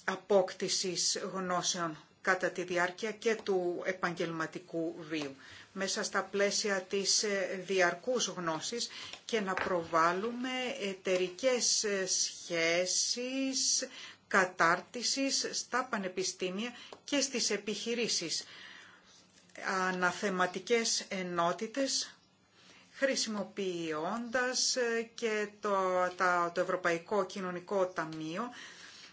απόκτησης γνώσεων κατά τη διάρκεια και του επαγγελματικού βίου μέσα στα πλαίσια της ε, διαρκούς γνώσης και να προβάλλουμε εταιρικές ε, σχέσεις κατάρτισης στα πανεπιστήμια και στις επιχειρήσεις. Αναθεματικές ενότητες χρησιμοποιώντας ε, και το, το Ευρωπαϊκό Κοινωνικό Ταμείο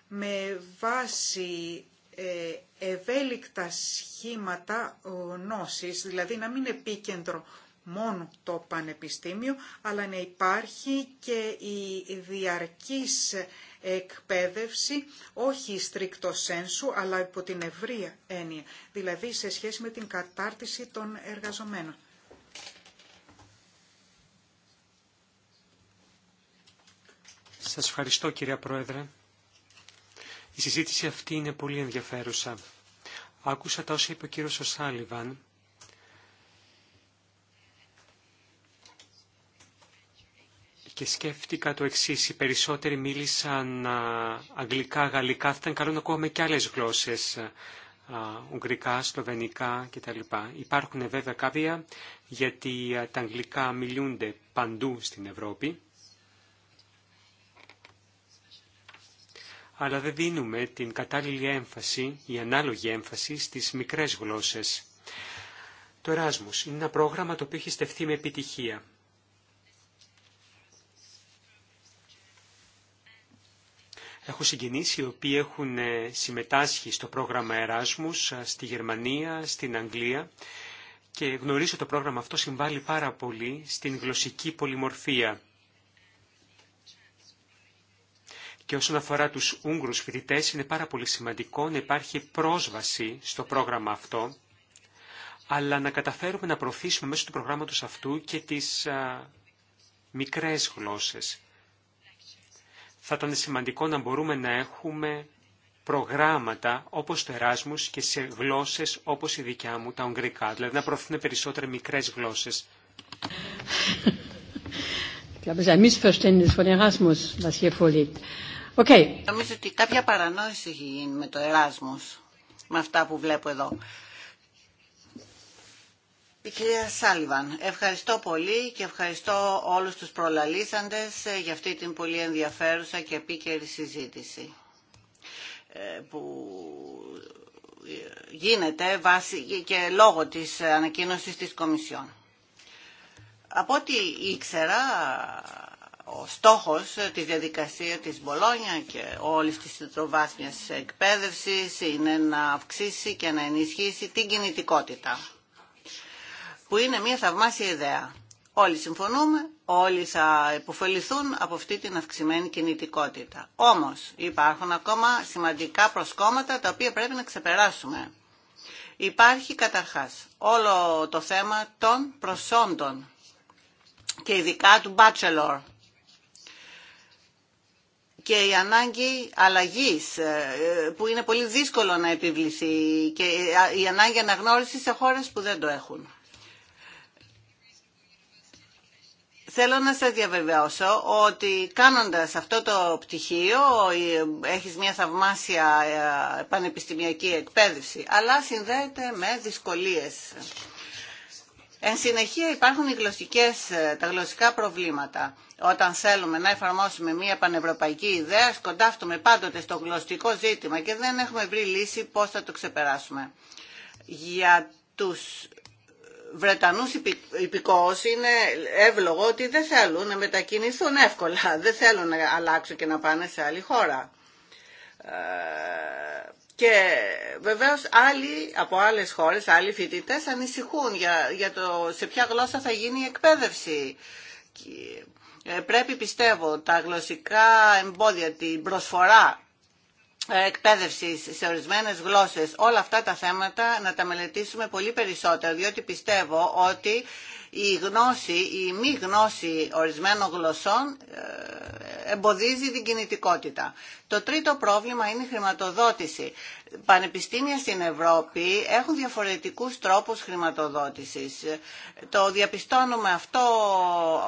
με βάση ε, ευέλικτα σχήματα γνώσης, δηλαδή να μην επίκεντρο μόνο το πανεπιστήμιο, αλλά να υπάρχει και η διαρκής εκπαίδευση, όχι στρίκτο σένσου, αλλά υπό την ευρία έννοια, δηλαδή σε σχέση με την κατάρτιση των εργαζομένων. Σας ευχαριστώ κυρία Πρόεδρε. Η συζήτηση αυτή είναι πολύ ενδιαφέρουσα. Άκουσα τα όσα είπε ο κύριος Σάλιβαν. Και σκέφτηκα το εξή. Οι περισσότεροι μίλησαν αγγλικά, γαλλικά. Θα ήταν καλό να ακούμε και άλλε γλώσσε. Ουγγρικά, σλοβενικά κτλ. Υπάρχουν βέβαια κάποια γιατί τα αγγλικά μιλούνται παντού στην Ευρώπη. αλλά δεν δίνουμε την κατάλληλη έμφαση ή ανάλογη έμφαση στις μικρές γλώσσες. Το Erasmus είναι ένα πρόγραμμα το οποίο έχει στεφθεί με επιτυχία. Έχω συγκινήσει οι οποίοι έχουν ε, συμμετάσχει στο πρόγραμμα Εράσμους στη Γερμανία, στην Αγγλία και γνωρίζω το πρόγραμμα αυτό συμβάλλει πάρα πολύ στην γλωσσική πολυμορφία. Και όσον αφορά τους Ούγγρους φοιτητέ, είναι πάρα πολύ σημαντικό να υπάρχει πρόσβαση στο πρόγραμμα αυτό, αλλά να καταφέρουμε να προωθήσουμε μέσω του προγράμματος αυτού και τις α, μικρές γλώσσες. Θα ήταν σημαντικό να μπορούμε να έχουμε προγράμματα όπως το Εράσμους και σε γλώσσες όπως η δικιά μου, τα Ουγγρικά, δηλαδή να προωθούν περισσότερες μικρές γλώσσες. Ich glaube, es ist Νομίζω ότι κάποια παρανόηση έχει γίνει με το Εράσμος, με αυτά που βλέπω εδώ. Η κυρία Σάλιβαν, ευχαριστώ πολύ και ευχαριστώ όλους τους προλαλήσαντες ε, για αυτή την πολύ ενδιαφέρουσα και επίκαιρη συζήτηση ε, που ε, γίνεται βάση και λόγω της ανακοίνωσης της Κομισιόν. Από ό,τι ήξερα, ο στόχος ε, της διαδικασίας της Μπολόνια και όλης της τροβάσμιας εκπαίδευσης είναι να αυξήσει και να ενισχύσει την κινητικότητα, που είναι μια θαυμάσια ιδέα. Όλοι συμφωνούμε, όλοι θα υποφεληθούν από αυτή την αυξημένη κινητικότητα. Όμως υπάρχουν ακόμα σημαντικά προσκόμματα τα οποία πρέπει να ξεπεράσουμε. Υπάρχει καταρχάς όλο το θέμα των προσόντων και ειδικά του bachelor και η ανάγκη αλλαγής ε, που είναι πολύ δύσκολο να επιβληθεί και ε, η ανάγκη αναγνώριση σε χώρες που δεν το έχουν. Θέλω να σας διαβεβαιώσω ότι κάνοντας αυτό το πτυχίο έχεις μια θαυμάσια ε, πανεπιστημιακή εκπαίδευση, αλλά συνδέεται με δυσκολίες Εν συνεχεία υπάρχουν οι γλωσσικές, ε, τα γλωσσικά προβλήματα. Όταν θέλουμε να εφαρμόσουμε μια πανευρωπαϊκή ιδέα, σκοντάφτουμε πάντοτε στο γλωσσικό ζήτημα και δεν έχουμε βρει λύση πώς θα το ξεπεράσουμε. Για τους Βρετανούς υπηκόους είναι εύλογο ότι δεν θέλουν να μετακινηθούν εύκολα, δεν θέλουν να αλλάξουν και να πάνε σε άλλη χώρα. Ε, και βεβαίω άλλοι από άλλε χώρες, άλλοι φοιτητέ, ανησυχούν για, για το σε ποια γλώσσα θα γίνει η εκπαίδευση. Και, ε, πρέπει πιστεύω τα γλωσσικά εμπόδια, την προσφορά ε, εκπαίδευση σε ορισμένες γλώσσες, όλα αυτά τα θέματα να τα μελετήσουμε πολύ περισσότερο, διότι πιστεύω ότι η γνώση, η μη γνώση ορισμένων γλωσσών ε, εμποδίζει την κινητικότητα. Το τρίτο πρόβλημα είναι η χρηματοδότηση. Πανεπιστήμια στην Ευρώπη έχουν διαφορετικούς τρόπους χρηματοδότησης. Το διαπιστώνουμε αυτό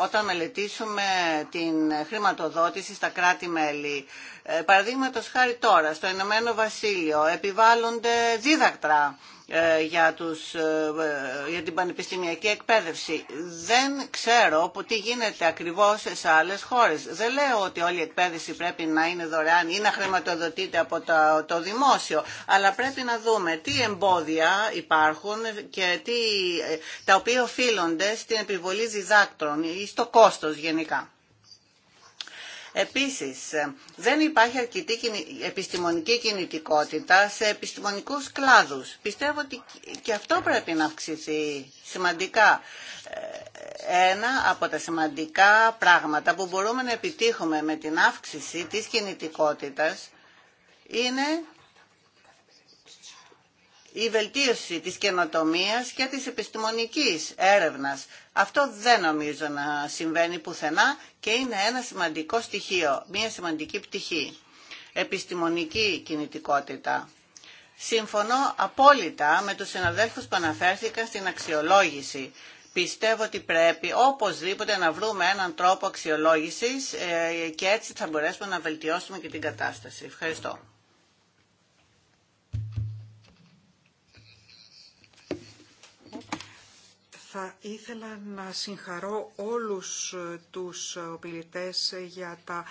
όταν μελετήσουμε την χρηματοδότηση στα κράτη-μέλη. Ε, παραδείγματος χάρη τώρα, στο Ηνωμένο Βασίλειο επιβάλλονται δίδακτρα ε, για, τους, ε, ε, για την πανεπιστημιακή εκπαίδευση. Δεν ξέρω που τι γίνεται ακριβώς σε άλλες χώρες. Δεν λέω ότι όλη η εκπαίδευση πρέπει να είναι δωρεάν ή να χρηματοδοτείται από το, το δημόσιο, αλλά πρέπει να δούμε τι εμπόδια υπάρχουν και τι, τα οποία οφείλονται στην επιβολή διδάκτρων ή στο κόστος γενικά. Επίσης, δεν υπάρχει αρκετή επιστημονική κινητικότητα σε επιστημονικούς κλάδους. Πιστεύω ότι και αυτό πρέπει να αυξηθεί σημαντικά. Ε, ένα από τα σημαντικά πράγματα που μπορούμε να επιτύχουμε με την αύξηση της κινητικότητας είναι η βελτίωση της καινοτομίας και της επιστημονικής έρευνας. Αυτό δεν νομίζω να συμβαίνει πουθενά και είναι ένα σημαντικό στοιχείο, μια σημαντική πτυχή. Επιστημονική κινητικότητα. Σύμφωνο απόλυτα με τους συναδέλφους που αναφέρθηκαν στην αξιολόγηση. Πιστεύω ότι πρέπει οπωσδήποτε να βρούμε έναν τρόπο αξιολόγησης ε, και έτσι θα μπορέσουμε να βελτιώσουμε και την κατάσταση. Ευχαριστώ. Θα ήθελα να συγχαρώ όλους ε, τους ε, ομιλητές ε, για τα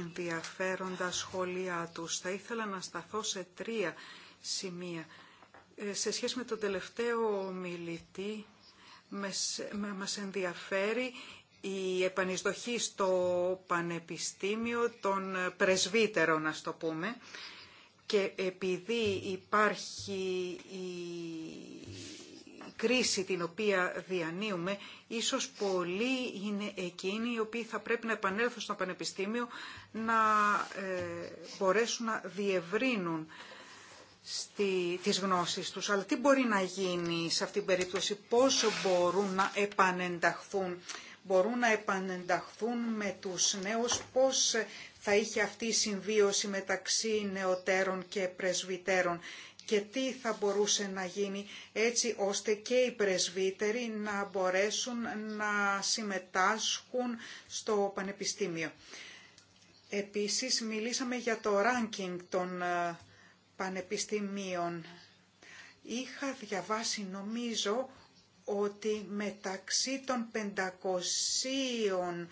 ενδιαφέροντα σχόλιά τους. Θα ήθελα να σταθώ σε τρία σημεία. Σε σχέση με τον τελευταίο ομιλητή, μας ενδιαφέρει η επανεισδοχή στο Πανεπιστήμιο των Πρεσβύτερων, να το πούμε, και επειδή υπάρχει η κρίση την οποία διανύουμε, ίσως πολλοί είναι εκείνοι οι οποίοι θα πρέπει να επανέλθουν στο Πανεπιστήμιο να ε, μπορέσουν να διευρύνουν στη, τις γνώσεις τους. Αλλά τι μπορεί να γίνει σε αυτήν την περίπτωση, πόσο μπορούν να επανενταχθούν, μπορούν να επανενταχθούν με τους νέους, πώς θα είχε αυτή η συμβίωση μεταξύ νεωτέρων και πρεσβυτέρων και τι θα μπορούσε να γίνει έτσι ώστε και οι πρεσβύτεροι να μπορέσουν να συμμετάσχουν στο Πανεπιστήμιο. Επίσης μιλήσαμε για το ranking των ε, πανεπιστημίων. Είχα διαβάσει νομίζω ότι μεταξύ των 500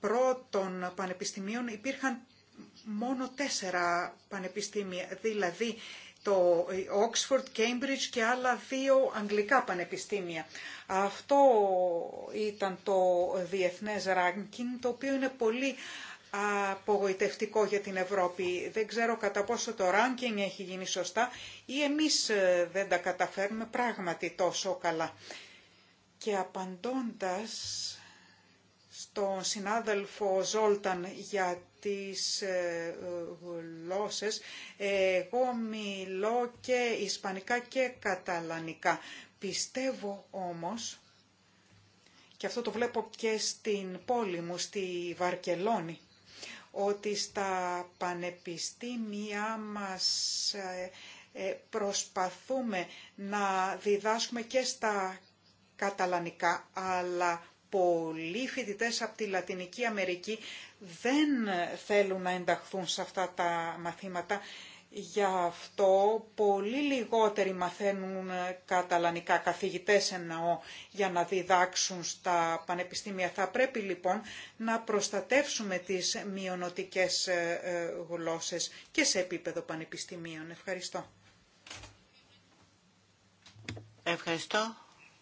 πρώτων πανεπιστημίων υπήρχαν μόνο τέσσερα πανεπιστήμια, δηλαδή το Oxford, Cambridge και άλλα δύο αγγλικά πανεπιστήμια. Αυτό ήταν το διεθνές ranking, το οποίο είναι πολύ απογοητευτικό για την Ευρώπη. Δεν ξέρω κατά πόσο το ranking έχει γίνει σωστά ή εμείς ε, δεν τα καταφέρνουμε πράγματι τόσο καλά. Και απαντώντας στον συνάδελφο Ζόλταν για τις ε, γλώσσες. Εγώ μιλώ και ισπανικά και καταλανικά. Πιστεύω όμως, και αυτό το βλέπω και στην πόλη μου, στη Βαρκελόνη, ότι στα πανεπιστήμια μας ε, ε, προσπαθούμε να διδάσκουμε και στα καταλανικά, αλλά πολλοί φοιτητέ από τη Λατινική Αμερική δεν θέλουν να ενταχθούν σε αυτά τα μαθήματα. Γι' αυτό πολύ λιγότεροι μαθαίνουν καταλανικά καθηγητές εννοώ για να διδάξουν στα πανεπιστήμια. Θα πρέπει λοιπόν να προστατεύσουμε τις μειονοτικές ε, ε, γλώσσες και σε επίπεδο πανεπιστημίων. Ευχαριστώ. Ευχαριστώ.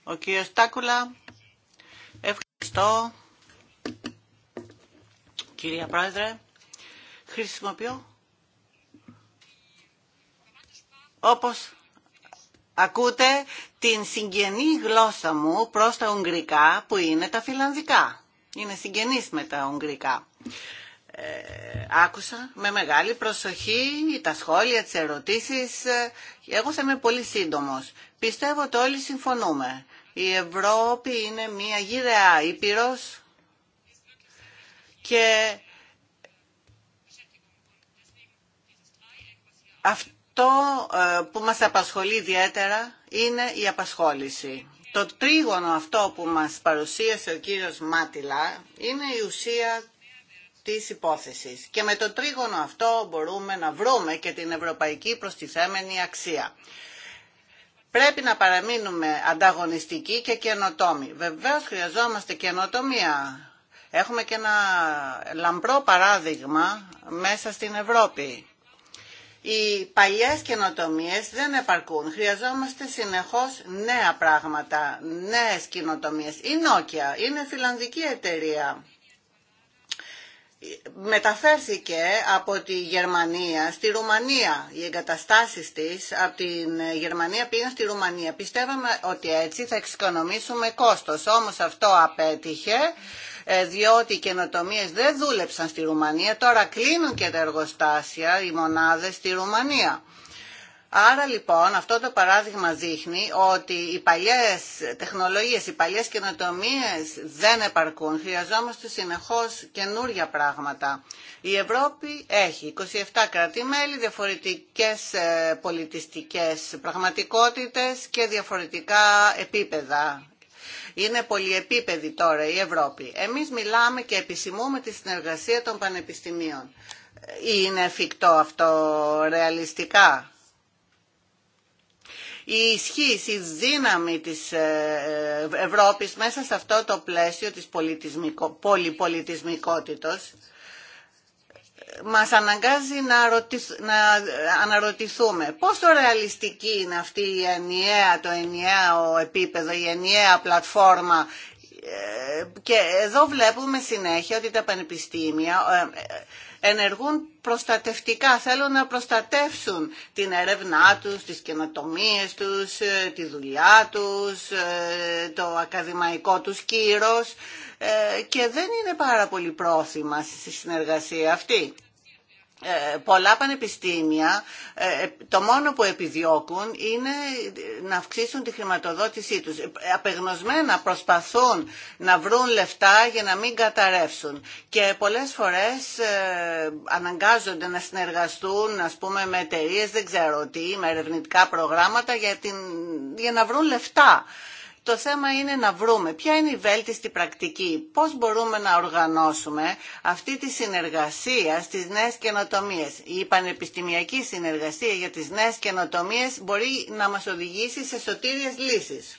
Ο Ευχαριστώ. Κυρία Πρόεδρε, χρησιμοποιώ όπως ακούτε την συγγενή γλώσσα μου προς τα Ουγγρικά που είναι τα Φιλανδικά. Είναι συγγενής με τα Ουγγρικά. Ε, άκουσα με μεγάλη προσοχή τα σχόλια, τις ερωτήσεις. Ε, εγώ θα είμαι πολύ σύντομος. Πιστεύω ότι όλοι συμφωνούμε η Ευρώπη είναι μια γυραιά ήπειρος και αυτό ε, που μας απασχολεί ιδιαίτερα είναι η απασχόληση. Το τρίγωνο αυτό που μας παρουσίασε ο κύριος Μάτιλα είναι η ουσία της υπόθεσης. Και με το τρίγωνο αυτό μπορούμε να βρούμε και την ευρωπαϊκή προστιθέμενη αξία. Πρέπει να παραμείνουμε ανταγωνιστικοί και καινοτόμοι. Βεβαίως χρειαζόμαστε καινοτομία. Έχουμε και ένα λαμπρό παράδειγμα μέσα στην Ευρώπη. Οι παλιές καινοτομίε δεν επαρκούν. Χρειαζόμαστε συνεχώς νέα πράγματα, νέες καινοτομίε. Η Nokia είναι φιλανδική εταιρεία μεταφέρθηκε από τη Γερμανία στη Ρουμανία. Οι εγκαταστάσεις της από τη Γερμανία πήγαν στη Ρουμανία. Πιστεύαμε ότι έτσι θα εξοικονομήσουμε κόστος. Όμως αυτό απέτυχε ε, διότι οι καινοτομίε δεν δούλεψαν στη Ρουμανία. Τώρα κλείνουν και τα εργοστάσια, οι μονάδες στη Ρουμανία. Άρα λοιπόν αυτό το παράδειγμα δείχνει ότι οι παλιές τεχνολογίες, οι παλιές καινοτομίες δεν επαρκούν. Χρειαζόμαστε συνεχώς καινούργια πράγματα. Η Ευρώπη έχει 27 κράτη-μέλη, διαφορετικές ε, πολιτιστικές πραγματικότητες και διαφορετικά επίπεδα. Είναι πολυεπίπεδη τώρα η Ευρώπη. Εμείς μιλάμε και επισημούμε τη συνεργασία των πανεπιστημίων. Ε, είναι εφικτό αυτό ρεαλιστικά η ισχύ, η δύναμη της ε, ε, Ευρώπης μέσα σε αυτό το πλαίσιο της πολυπολιτισμικότητος μας αναγκάζει να, αναρωτηθούμε πόσο ρεαλιστική είναι αυτή η ενιαία, το ενιαίο επίπεδο, η ενιαία πλατφόρμα ε, και εδώ βλέπουμε συνέχεια ότι τα πανεπιστήμια ενεργούν προστατευτικά, θέλουν να προστατεύσουν την ερευνά τους, τις καινοτομίες τους, ε, τη δουλειά τους, ε, το ακαδημαϊκό τους κύρος ε, και δεν είναι πάρα πολύ πρόθυμα στη συνεργασία αυτή. Ε, πολλά πανεπιστήμια ε, το μόνο που επιδιώκουν είναι να αυξήσουν τη χρηματοδότησή τους. Ε, απεγνωσμένα προσπαθούν να βρουν λεφτά για να μην καταρρεύσουν. Και πολλές φορές αναγκάζονται να συνεργαστούν ας πούμε, με εταιρείε, δεν ξέρω τι, με ερευνητικά προγράμματα για, την, για να βρουν λεφτά. Το θέμα είναι να βρούμε ποια είναι η βέλτιστη πρακτική, πώς μπορούμε να οργανώσουμε αυτή τη συνεργασία στις νέες καινοτομίες. Η πανεπιστημιακή συνεργασία για τις νέες καινοτομίες μπορεί να μας οδηγήσει σε σωτήριες λύσεις.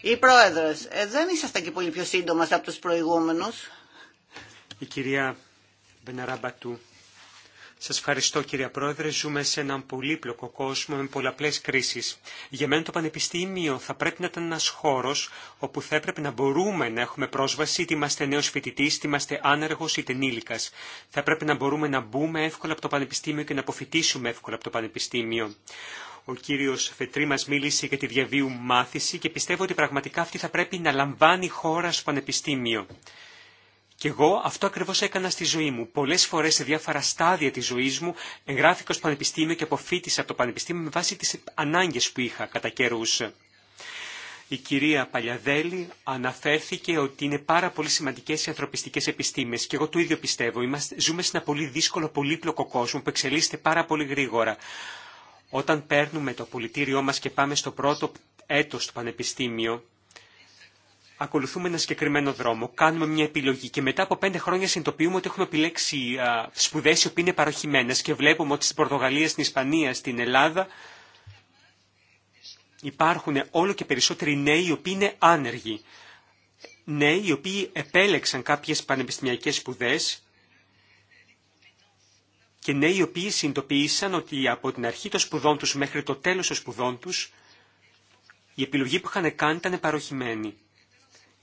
Η Πρόεδρος, ε, δεν ήσασταν και πολύ πιο σύντομα από τους προηγούμενους. Η κυρία Μπενεραμπατού. Σας ευχαριστώ κύριε Πρόεδρε. Ζούμε σε έναν πολύπλοκο κόσμο με πολλαπλές κρίσεις. Για μένα το Πανεπιστήμιο θα πρέπει να ήταν ένας χώρος όπου θα έπρεπε να μπορούμε να έχουμε πρόσβαση είτε είμαστε νέος φοιτητής, είτε είμαστε άνεργος είτε νήλικας. Θα έπρεπε να μπορούμε να μπούμε εύκολα από το Πανεπιστήμιο και να αποφοιτήσουμε εύκολα από το Πανεπιστήμιο. Ο κύριο Φετρή μα μίλησε για τη διαβίου μάθηση και πιστεύω ότι πραγματικά αυτή θα πρέπει να λαμβάνει χώρα στο Πανεπιστήμιο. Και εγώ αυτό ακριβώς έκανα στη ζωή μου. Πολλές φορές σε διάφορα στάδια της ζωής μου εγγράφηκα στο πανεπιστήμιο και αποφύτησα από το πανεπιστήμιο με βάση τις ανάγκες που είχα κατά καιρού. Η κυρία Παλιαδέλη αναφέρθηκε ότι είναι πάρα πολύ σημαντικέ οι ανθρωπιστικέ επιστήμε. Και εγώ το ίδιο πιστεύω. Είμαστε, ζούμε σε ένα πολύ δύσκολο, πολύπλοκο κόσμο που εξελίσσεται πάρα πολύ γρήγορα. Όταν παίρνουμε το πολιτήριό μα και πάμε στο πρώτο έτος του πανεπιστήμιου, ακολουθούμε ένα συγκεκριμένο δρόμο, κάνουμε μια επιλογή και μετά από πέντε χρόνια συνειδητοποιούμε ότι έχουμε επιλέξει σπουδέ οι οποίε είναι παροχημένε και βλέπουμε ότι στην Πορτογαλία, στην Ισπανία, στην Ελλάδα υπάρχουν όλο και περισσότεροι νέοι οι οποίοι είναι άνεργοι. Νέοι οι οποίοι επέλεξαν κάποιε πανεπιστημιακέ σπουδέ και νέοι οι οποίοι συνειδητοποίησαν ότι από την αρχή των σπουδών του, μέχρι το τέλο των σπουδών του, η επιλογή που είχαν κάνει ήταν παροχημένη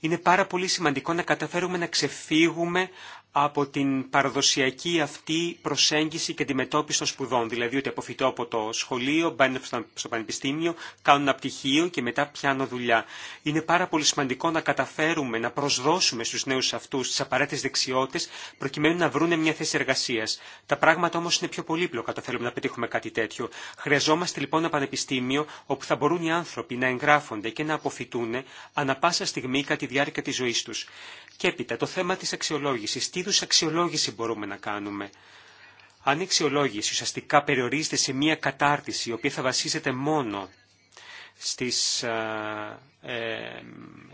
είναι πάρα πολύ σημαντικό να καταφέρουμε να ξεφύγουμε από την παραδοσιακή αυτή προσέγγιση και αντιμετώπιση των σπουδών. Δηλαδή ότι αποφυτώ από το σχολείο, μπαίνω στο πανεπιστήμιο, κάνω ένα πτυχίο και μετά πιάνω δουλειά. Είναι πάρα πολύ σημαντικό να καταφέρουμε να προσδώσουμε στου νέου αυτού, τι απαραίτητε δεξιότητε, προκειμένου να βρουν μια θέση εργασία. Τα πράγματα όμω είναι πιο πολύπλοκα το θέλουμε να πετύχουμε κάτι τέτοιο. Χρειαζόμαστε λοιπόν ένα πανεπιστήμιο όπου θα μπορούν οι άνθρωποι να εγγράφονται και να αποφυτούν ανα πάσα στιγμή κατά τη διάρκεια τη ζωή του. Και έπειτα το θέμα της αξιολόγηση είδους αξιολόγηση μπορούμε να κάνουμε. Αν η αξιολόγηση ουσιαστικά περιορίζεται σε μία κατάρτιση, η οποία θα βασίζεται μόνο στις ε,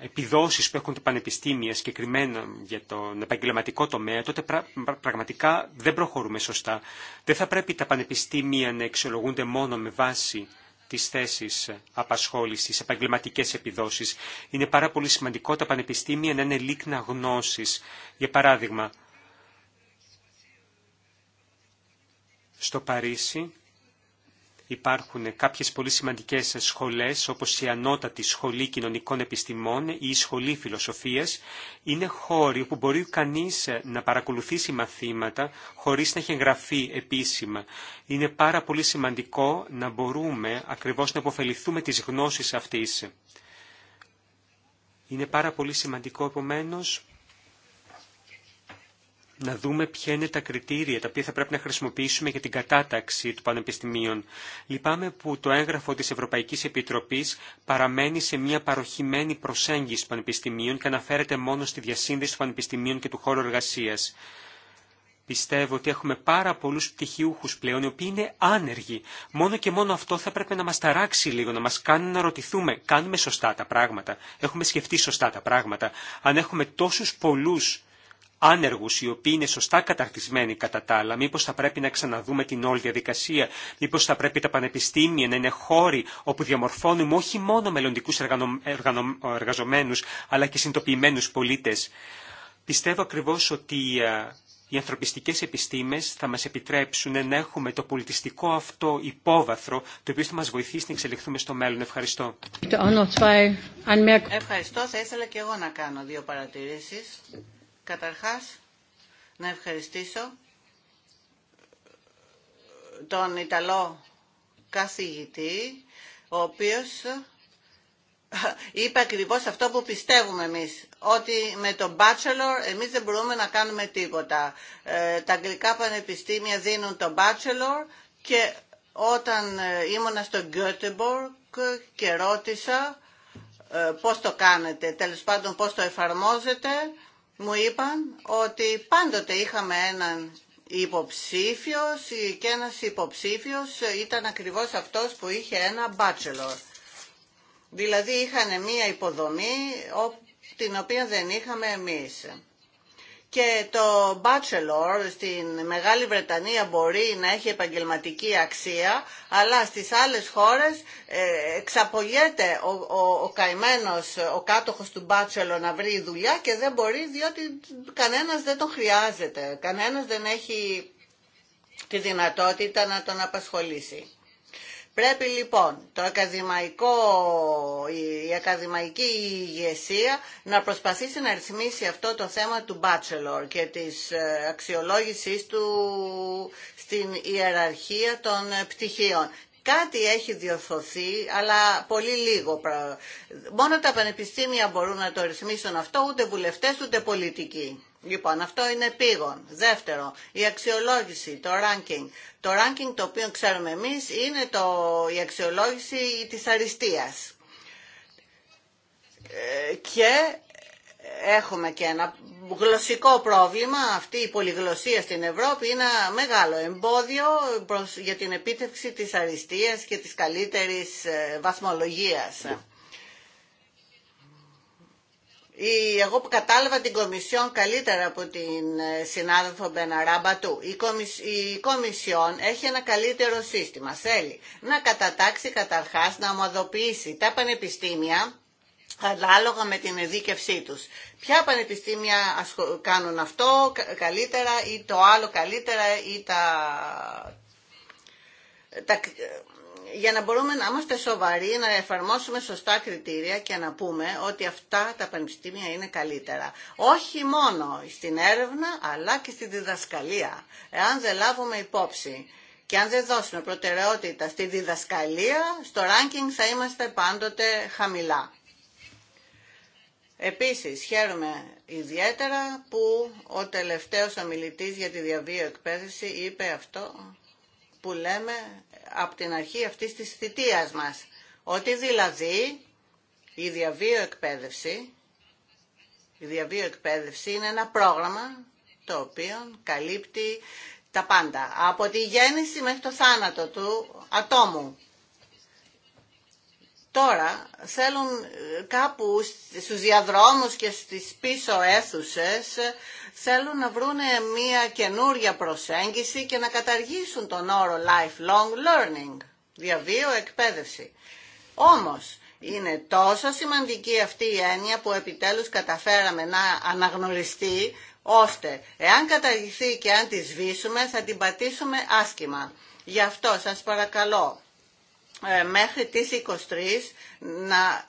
επιδόσεις που έχουν τα πανεπιστήμια συγκεκριμένα για τον επαγγελματικό τομέα, τότε πραγματικά δεν προχωρούμε σωστά. Δεν θα πρέπει τα πανεπιστήμια να αξιολογούνται μόνο με βάση τις θέσεις απασχόλησης, επαγγελματικές επιδόσεις. Είναι πάρα πολύ σημαντικό τα πανεπιστήμια να είναι λίκνα γνώσης. Για παράδειγμα, στο Παρίσι Υπάρχουν κάποιες πολύ σημαντικές σχολές όπως η Ανώτατη Σχολή Κοινωνικών Επιστημών ή η Σχολή Φιλοσοφίας. Είναι χώροι που μπορεί κανείς ε, να παρακολουθήσει μαθήματα χωρίς να έχει εγγραφεί επίσημα. Είναι πάρα πολύ σημαντικό να μπορούμε ακριβώς να αποφεληθούμε τις γνώσεις αυτής. Είναι πάρα πολύ σημαντικό επομένως να δούμε ποια είναι τα κριτήρια τα οποία θα πρέπει να χρησιμοποιήσουμε για την κατάταξη του πανεπιστημίων. Λυπάμαι που το έγγραφο της Ευρωπαϊκής Επιτροπής παραμένει σε μια παροχημένη προσέγγιση πανεπιστημίων και αναφέρεται μόνο στη διασύνδεση του πανεπιστημίων και του χώρου εργασίας. Πιστεύω ότι έχουμε πάρα πολλού πτυχιούχου πλέον οι οποίοι είναι άνεργοι. Μόνο και μόνο αυτό θα πρέπει να μα ταράξει λίγο, να μα κάνει να ρωτηθούμε. Κάνουμε σωστά τα πράγματα. Έχουμε σκεφτεί σωστά τα πράγματα. Αν έχουμε τόσου πολλού οι οποίοι είναι σωστά καταρτισμένοι κατά τα άλλα. μήπω θα πρέπει να ξαναδούμε την όλη διαδικασία. μήπω θα πρέπει τα πανεπιστήμια να είναι χώροι όπου διαμορφώνουμε όχι μόνο μελλοντικού εργαζομένου, αλλά και συντοποιημένου πολίτε. Πιστεύω ακριβώ ότι ε, οι ανθρωπιστικές επιστήμες θα μας επιτρέψουν να έχουμε το πολιτιστικό αυτό υπόβαθρο, το οποίο θα μας βοηθήσει να εξελιχθούμε στο μέλλον. Ευχαριστώ. Ευχαριστώ. Θα ήθελα και εγώ να κάνω δύο παρατήρησει. Καταρχάς, να ευχαριστήσω τον Ιταλό καθηγητή, ο οποίος είπε ακριβώς αυτό που πιστεύουμε εμείς, ότι με το bachelor εμείς δεν μπορούμε να κάνουμε τίποτα. Ε, τα αγγλικά πανεπιστήμια δίνουν το bachelor και όταν ε, ήμουνα στο Göteborg και ρώτησα ε, πώς το κάνετε, τέλος πάντων πώς το εφαρμόζετε, μου είπαν ότι πάντοτε είχαμε έναν υποψήφιο και ένας υποψήφιος ήταν ακριβώς αυτός που είχε ένα bachelor. Δηλαδή είχαν μία υποδομή την οποία δεν είχαμε εμείς και το bachelor στην Μεγάλη Βρετανία μπορεί να έχει επαγγελματική αξία, αλλά στις άλλες χώρες ε, εξαπολιέται ο, ο, ο καημένος, ο κάτοχος του bachelor να βρει δουλειά και δεν μπορεί διότι κανένας δεν τον χρειάζεται, κανένας δεν έχει τη δυνατότητα να τον απασχολήσει. Πρέπει λοιπόν το ακαδημαϊκό, η ακαδημαϊκή ηγεσία να προσπαθήσει να ρυθμίσει αυτό το θέμα του bachelor και της ε, αξιολόγησης του στην ιεραρχία των ε, πτυχίων. Κάτι έχει διορθωθεί, αλλά πολύ λίγο. Μόνο τα πανεπιστήμια μπορούν να το ρυθμίσουν αυτό, ούτε βουλευτές, ούτε πολιτικοί. Λοιπόν, αυτό είναι πήγον. Δεύτερο, η αξιολόγηση, το ranking. Το ranking το οποίο ξέρουμε εμείς είναι το, η αξιολόγηση της αριστείας. Ε, και έχουμε και ένα γλωσσικό πρόβλημα. Αυτή η πολυγλωσσία στην Ευρώπη είναι ένα μεγάλο εμπόδιο για την επίτευξη της αριστείας και της καλύτερης ε, βαθμολογίας εγώ που κατάλαβα την Κομισιόν καλύτερα από την ε, συνάδελφο Μπεναράμπα του, η, η Κομισιόν έχει ένα καλύτερο σύστημα. Θέλει να κατατάξει καταρχάς, να ομοδοποιήσει τα πανεπιστήμια ανάλογα με την ειδίκευσή τους. Ποια πανεπιστήμια κάνουν αυτό καλύτερα ή το άλλο καλύτερα ή τα για να μπορούμε να είμαστε σοβαροί, να εφαρμόσουμε σωστά κριτήρια και να πούμε ότι αυτά τα πανεπιστήμια είναι καλύτερα. Όχι μόνο στην έρευνα, αλλά και στη διδασκαλία. Εάν δεν λάβουμε υπόψη και αν δεν δώσουμε προτεραιότητα στη διδασκαλία, στο ranking θα είμαστε πάντοτε χαμηλά. Επίσης, χαίρομαι ιδιαίτερα που ο τελευταίος ομιλητής για τη διαβίω εκπαίδευση είπε αυτό που λέμε από την αρχή αυτής της θητείας μας. Ότι δηλαδή η διαβίω εκπαίδευση, η διαβίω εκπαίδευση είναι ένα πρόγραμμα το οποίο καλύπτει τα πάντα. Από τη γέννηση μέχρι το θάνατο του ατόμου. Τώρα θέλουν ε, κάπου στους διαδρόμους και στις πίσω αίθουσες ε, θέλουν να βρουν μια καινούρια προσέγγιση και να καταργήσουν τον όρο lifelong learning, διαβίω εκπαίδευση. Όμως είναι τόσο σημαντική αυτή η έννοια που επιτέλους καταφέραμε να αναγνωριστεί ώστε εάν καταργηθεί και αν τη σβήσουμε θα την πατήσουμε άσκημα. Γι' αυτό σας παρακαλώ ε, μέχρι τις 23 ε, να,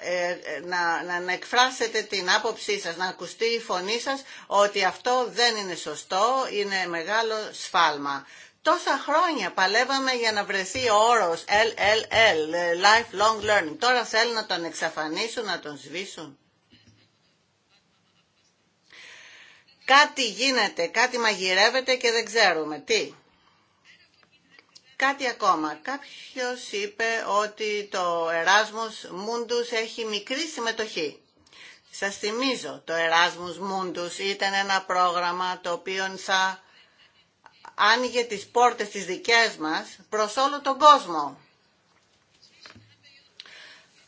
να, να, εκφράσετε την άποψή σας, να ακουστεί η φωνή σας ότι αυτό δεν είναι σωστό, είναι μεγάλο σφάλμα. Τόσα χρόνια παλεύαμε για να βρεθεί ο όρος LLL, Lifelong Learning. Τώρα θέλουν να τον εξαφανίσουν, να τον σβήσουν. Κάτι γίνεται, κάτι μαγειρεύεται και δεν ξέρουμε τι. Κάτι ακόμα. Κάποιος είπε ότι το Erasmus Mundus έχει μικρή συμμετοχή. Σας θυμίζω, το Erasmus Mundus ήταν ένα πρόγραμμα το οποίο θα άνοιγε τις πόρτες τις δικές μας προς όλο τον κόσμο.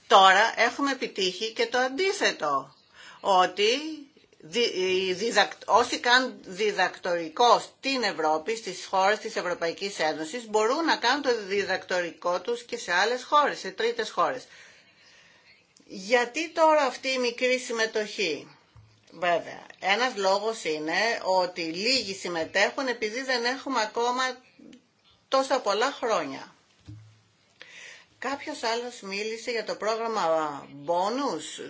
Τώρα έχουμε επιτύχει και το αντίθετο, ότι όσοι κάνουν διδακτορικό στην Ευρώπη, στις χώρες της Ευρωπαϊκής Ένωσης, μπορούν να κάνουν το διδακτορικό τους και σε άλλες χώρες, σε τρίτες χώρες. Γιατί τώρα αυτή η μικρή συμμετοχή. Βέβαια, ένας λόγος είναι ότι λίγοι συμμετέχουν επειδή δεν έχουμε ακόμα τόσα πολλά χρόνια. Κάποιος άλλος μίλησε για το πρόγραμμα Bonus,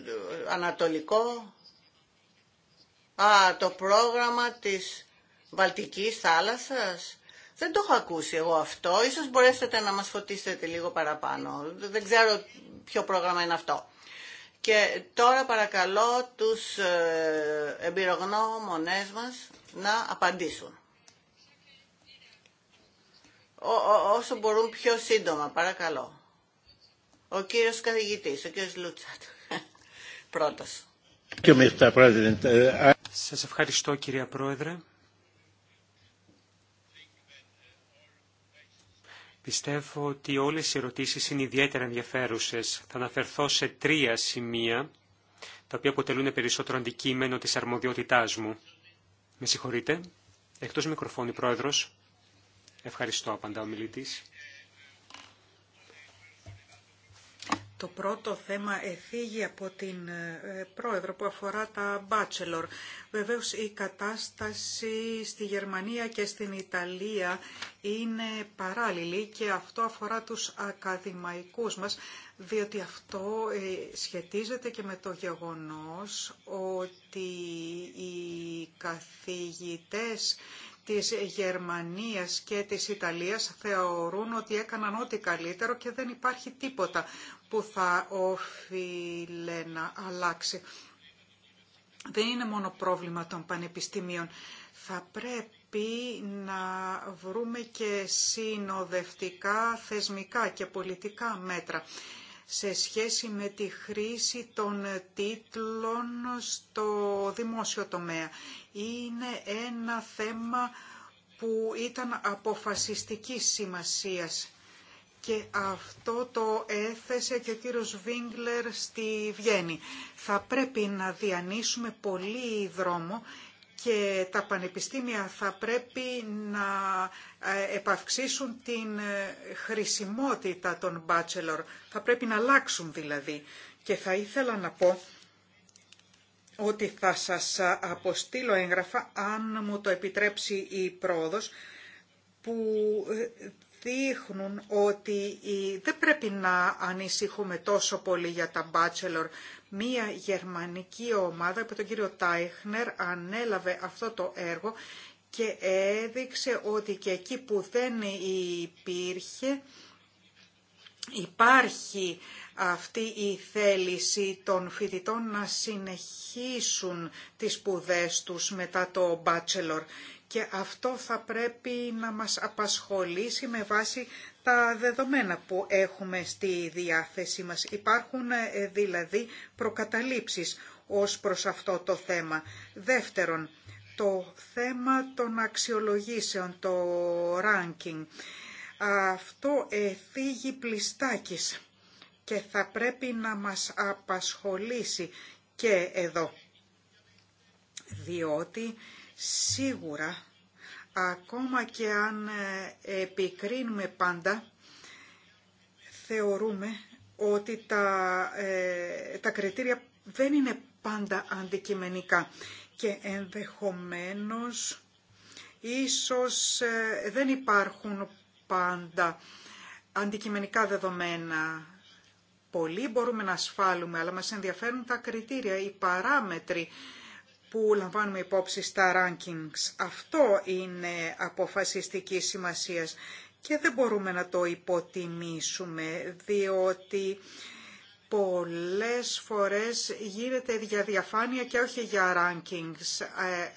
ανατολικό Α, το πρόγραμμα της Βαλτικής θάλασσας. Δεν το έχω ακούσει εγώ αυτό. Ίσως μπορέσετε να μας φωτίσετε λίγο παραπάνω. Δεν ξέρω ποιο πρόγραμμα είναι αυτό. Και τώρα παρακαλώ τους ε, εμπειρογνώμονές μας να απαντήσουν. Ό, ό, όσο μπορούν πιο σύντομα, παρακαλώ. κύριος Λούτσατ, πρώτος. Uh, Σας ευχαριστώ κυρία Πρόεδρε. Πιστεύω ότι όλες οι ερωτήσεις είναι ιδιαίτερα ενδιαφέρουσες. Θα αναφερθώ σε τρία σημεία, τα οποία αποτελούν περισσότερο αντικείμενο της αρμοδιότητάς μου. Με συγχωρείτε. Εκτός μικροφώνη, Πρόεδρος. Ευχαριστώ, απαντά ο μιλητής. Το πρώτο θέμα εφήγει από την ε, πρόεδρο που αφορά τα bachelor. Βεβαίως η κατάσταση στη Γερμανία και στην Ιταλία είναι παράλληλη και αυτό αφορά τους ακαδημαϊκούς μας, διότι αυτό ε, σχετίζεται και με το γεγονός ότι οι καθηγητές της Γερμανίας και της Ιταλίας θεωρούν ότι έκαναν ό,τι καλύτερο και δεν υπάρχει τίποτα που θα όφιλε να αλλάξει. Δεν είναι μόνο πρόβλημα των πανεπιστήμιων. Θα πρέπει να βρούμε και συνοδευτικά θεσμικά και πολιτικά μέτρα σε σχέση με τη χρήση των τίτλων στο δημόσιο τομέα. Είναι ένα θέμα που ήταν αποφασιστικής σημασίας και αυτό το έθεσε και ο κύριος Βίγκλερ στη Βιέννη. Θα πρέπει να διανύσουμε πολύ δρόμο και τα πανεπιστήμια θα πρέπει να ε, επαυξήσουν την ε, χρησιμότητα των bachelor. Θα πρέπει να αλλάξουν δηλαδή. Και θα ήθελα να πω ότι θα σας ε, αποστείλω έγγραφα, αν μου το επιτρέψει η πρόοδος, που δείχνουν ότι δεν πρέπει να ανησυχούμε τόσο πολύ για τα Bachelor. Μία γερμανική ομάδα από τον κύριο Τάιχνερ ανέλαβε αυτό το έργο και έδειξε ότι και εκεί που δεν υπήρχε υπάρχει αυτή η θέληση των φοιτητών να συνεχίσουν τις σπουδές τους μετά το bachelor και αυτό θα πρέπει να μας απασχολήσει με βάση τα δεδομένα που έχουμε στη διάθεσή μας. Υπάρχουν ε, δηλαδή προκαταλήψεις ως προς αυτό το θέμα. Δεύτερον, το θέμα των αξιολογήσεων, το ranking. Αυτό θίγει πλιστάκης και θα πρέπει να μας απασχολήσει και εδώ, διότι Σίγουρα, ακόμα και αν ε, επικρίνουμε πάντα, θεωρούμε ότι τα, ε, τα κριτήρια δεν είναι πάντα αντικειμενικά και ενδεχομένως ίσως ε, δεν υπάρχουν πάντα αντικειμενικά δεδομένα. Πολλοί μπορούμε να ασφάλουμε, αλλά μας ενδιαφέρουν τα κριτήρια, οι παράμετροι που λαμβάνουμε υπόψη στα rankings. Αυτό είναι αποφασιστική σημασία και δεν μπορούμε να το υποτιμήσουμε, διότι πολλές φορές γίνεται για διαφάνεια και όχι για rankings. Ε,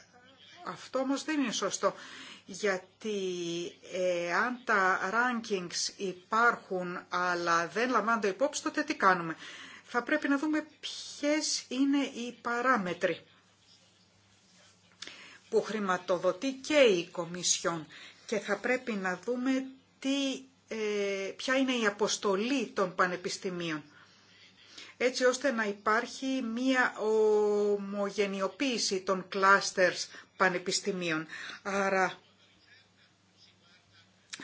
αυτό όμως δεν είναι σωστό, γιατί αν τα rankings υπάρχουν αλλά δεν λαμβάνονται υπόψη, τότε τι κάνουμε. Θα πρέπει να δούμε ποιες είναι οι παράμετροι που χρηματοδοτεί και η Κομισιόν και θα πρέπει να δούμε τι, ε, ποια είναι η αποστολή των πανεπιστημίων έτσι ώστε να υπάρχει μία ομογενειοποίηση των κλάστερς πανεπιστημίων. Άρα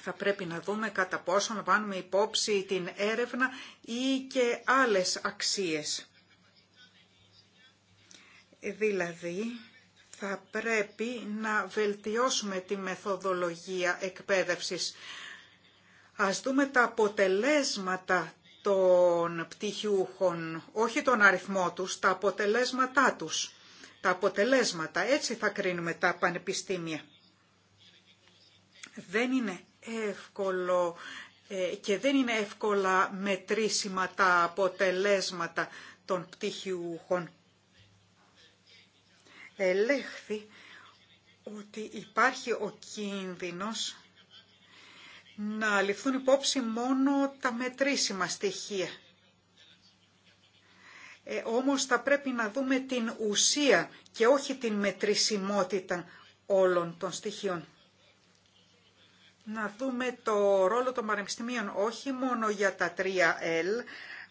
θα πρέπει να δούμε κατά πόσο να βάλουμε υπόψη την έρευνα ή και άλλες αξίες. Δηλαδή, θα πρέπει να βελτιώσουμε τη μεθοδολογία εκπαίδευσης. Ας δούμε τα αποτελέσματα των πτυχιούχων, όχι τον αριθμό τους, τα αποτελέσματά τους. Τα αποτελέσματα, έτσι θα κρίνουμε τα πανεπιστήμια. Δεν είναι εύκολο ε, και δεν είναι εύκολα μετρήσιμα τα αποτελέσματα των πτυχιούχων ελέγχθη ότι υπάρχει ο κίνδυνος να ληφθούν υπόψη μόνο τα μετρήσιμα στοιχεία. Ε, όμως θα πρέπει να δούμε την ουσία και όχι την μετρησιμότητα όλων των στοιχείων. Να δούμε το ρόλο των πανεπιστημίων όχι μόνο για τα 3L,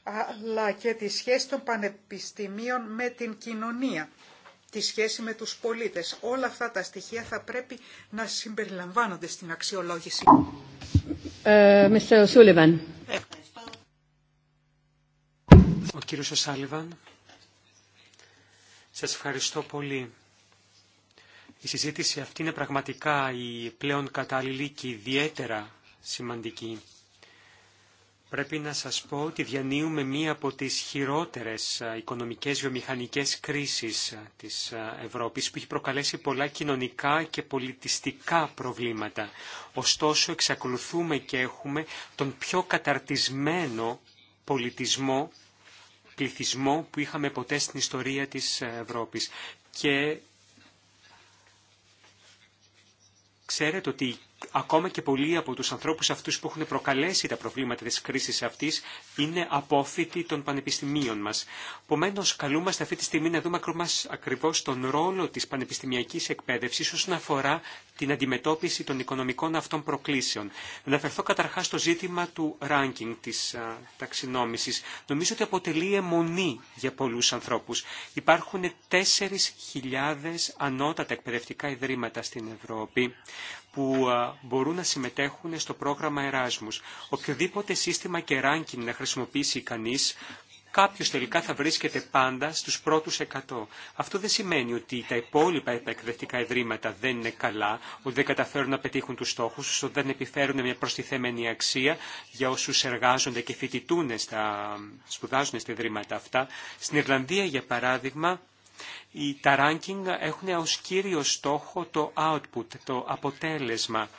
αλλά και τη σχέση των πανεπιστημίων με την κοινωνία τη σχέση με τους πολίτες. Όλα αυτά τα στοιχεία θα πρέπει να συμπεριλαμβάνονται στην αξιολόγηση. Ε, Mr. Ο κύριος Σάλιβαν, σας ευχαριστώ πολύ. Η συζήτηση αυτή είναι πραγματικά η πλέον κατάλληλη και ιδιαίτερα σημαντική. Πρέπει να σας πω ότι διανύουμε μία από τις χειρότερες οικονομικές βιομηχανικές κρίσεις της Ευρώπης που έχει προκαλέσει πολλά κοινωνικά και πολιτιστικά προβλήματα. Ωστόσο εξακολουθούμε και έχουμε τον πιο καταρτισμένο πολιτισμό, πληθυσμό που είχαμε ποτέ στην ιστορία της Ευρώπης. Και ξέρετε ότι ακόμα και πολλοί από τους ανθρώπους αυτούς που έχουν προκαλέσει τα προβλήματα της κρίσης αυτής είναι απόφοιτοι των πανεπιστημίων μας. Επομένω, καλούμαστε αυτή τη στιγμή να δούμε ακριβώς τον ρόλο της πανεπιστημιακής εκπαίδευσης όσον αφορά την αντιμετώπιση των οικονομικών αυτών προκλήσεων. Να αναφερθώ καταρχάς στο ζήτημα του ranking της α, ταξινόμησης. Νομίζω ότι αποτελεί αιμονή για πολλούς ανθρώπους. Υπάρχουν 4.000 ανώτατα εκπαιδευτικά ιδρύματα στην Ευρώπη που μπορούν να συμμετέχουν στο πρόγραμμα Εράσμους. Οποιοδήποτε σύστημα και ranking να χρησιμοποιήσει κανείς, κάποιο τελικά θα βρίσκεται πάντα στου πρώτου 100. Αυτό δεν σημαίνει ότι τα υπόλοιπα εκπαιδευτικά ιδρύματα δεν είναι καλά, ότι δεν καταφέρουν να πετύχουν τους στόχους, ότι δεν επιφέρουν μια προστιθέμενη αξία για όσου εργάζονται και φοιτητούν στα, σπουδάζουν στα ιδρύματα αυτά. Στην Ιρλανδία, για παράδειγμα, τα ranking έχουν ως κύριο στόχο το output, το αποτέλεσμα.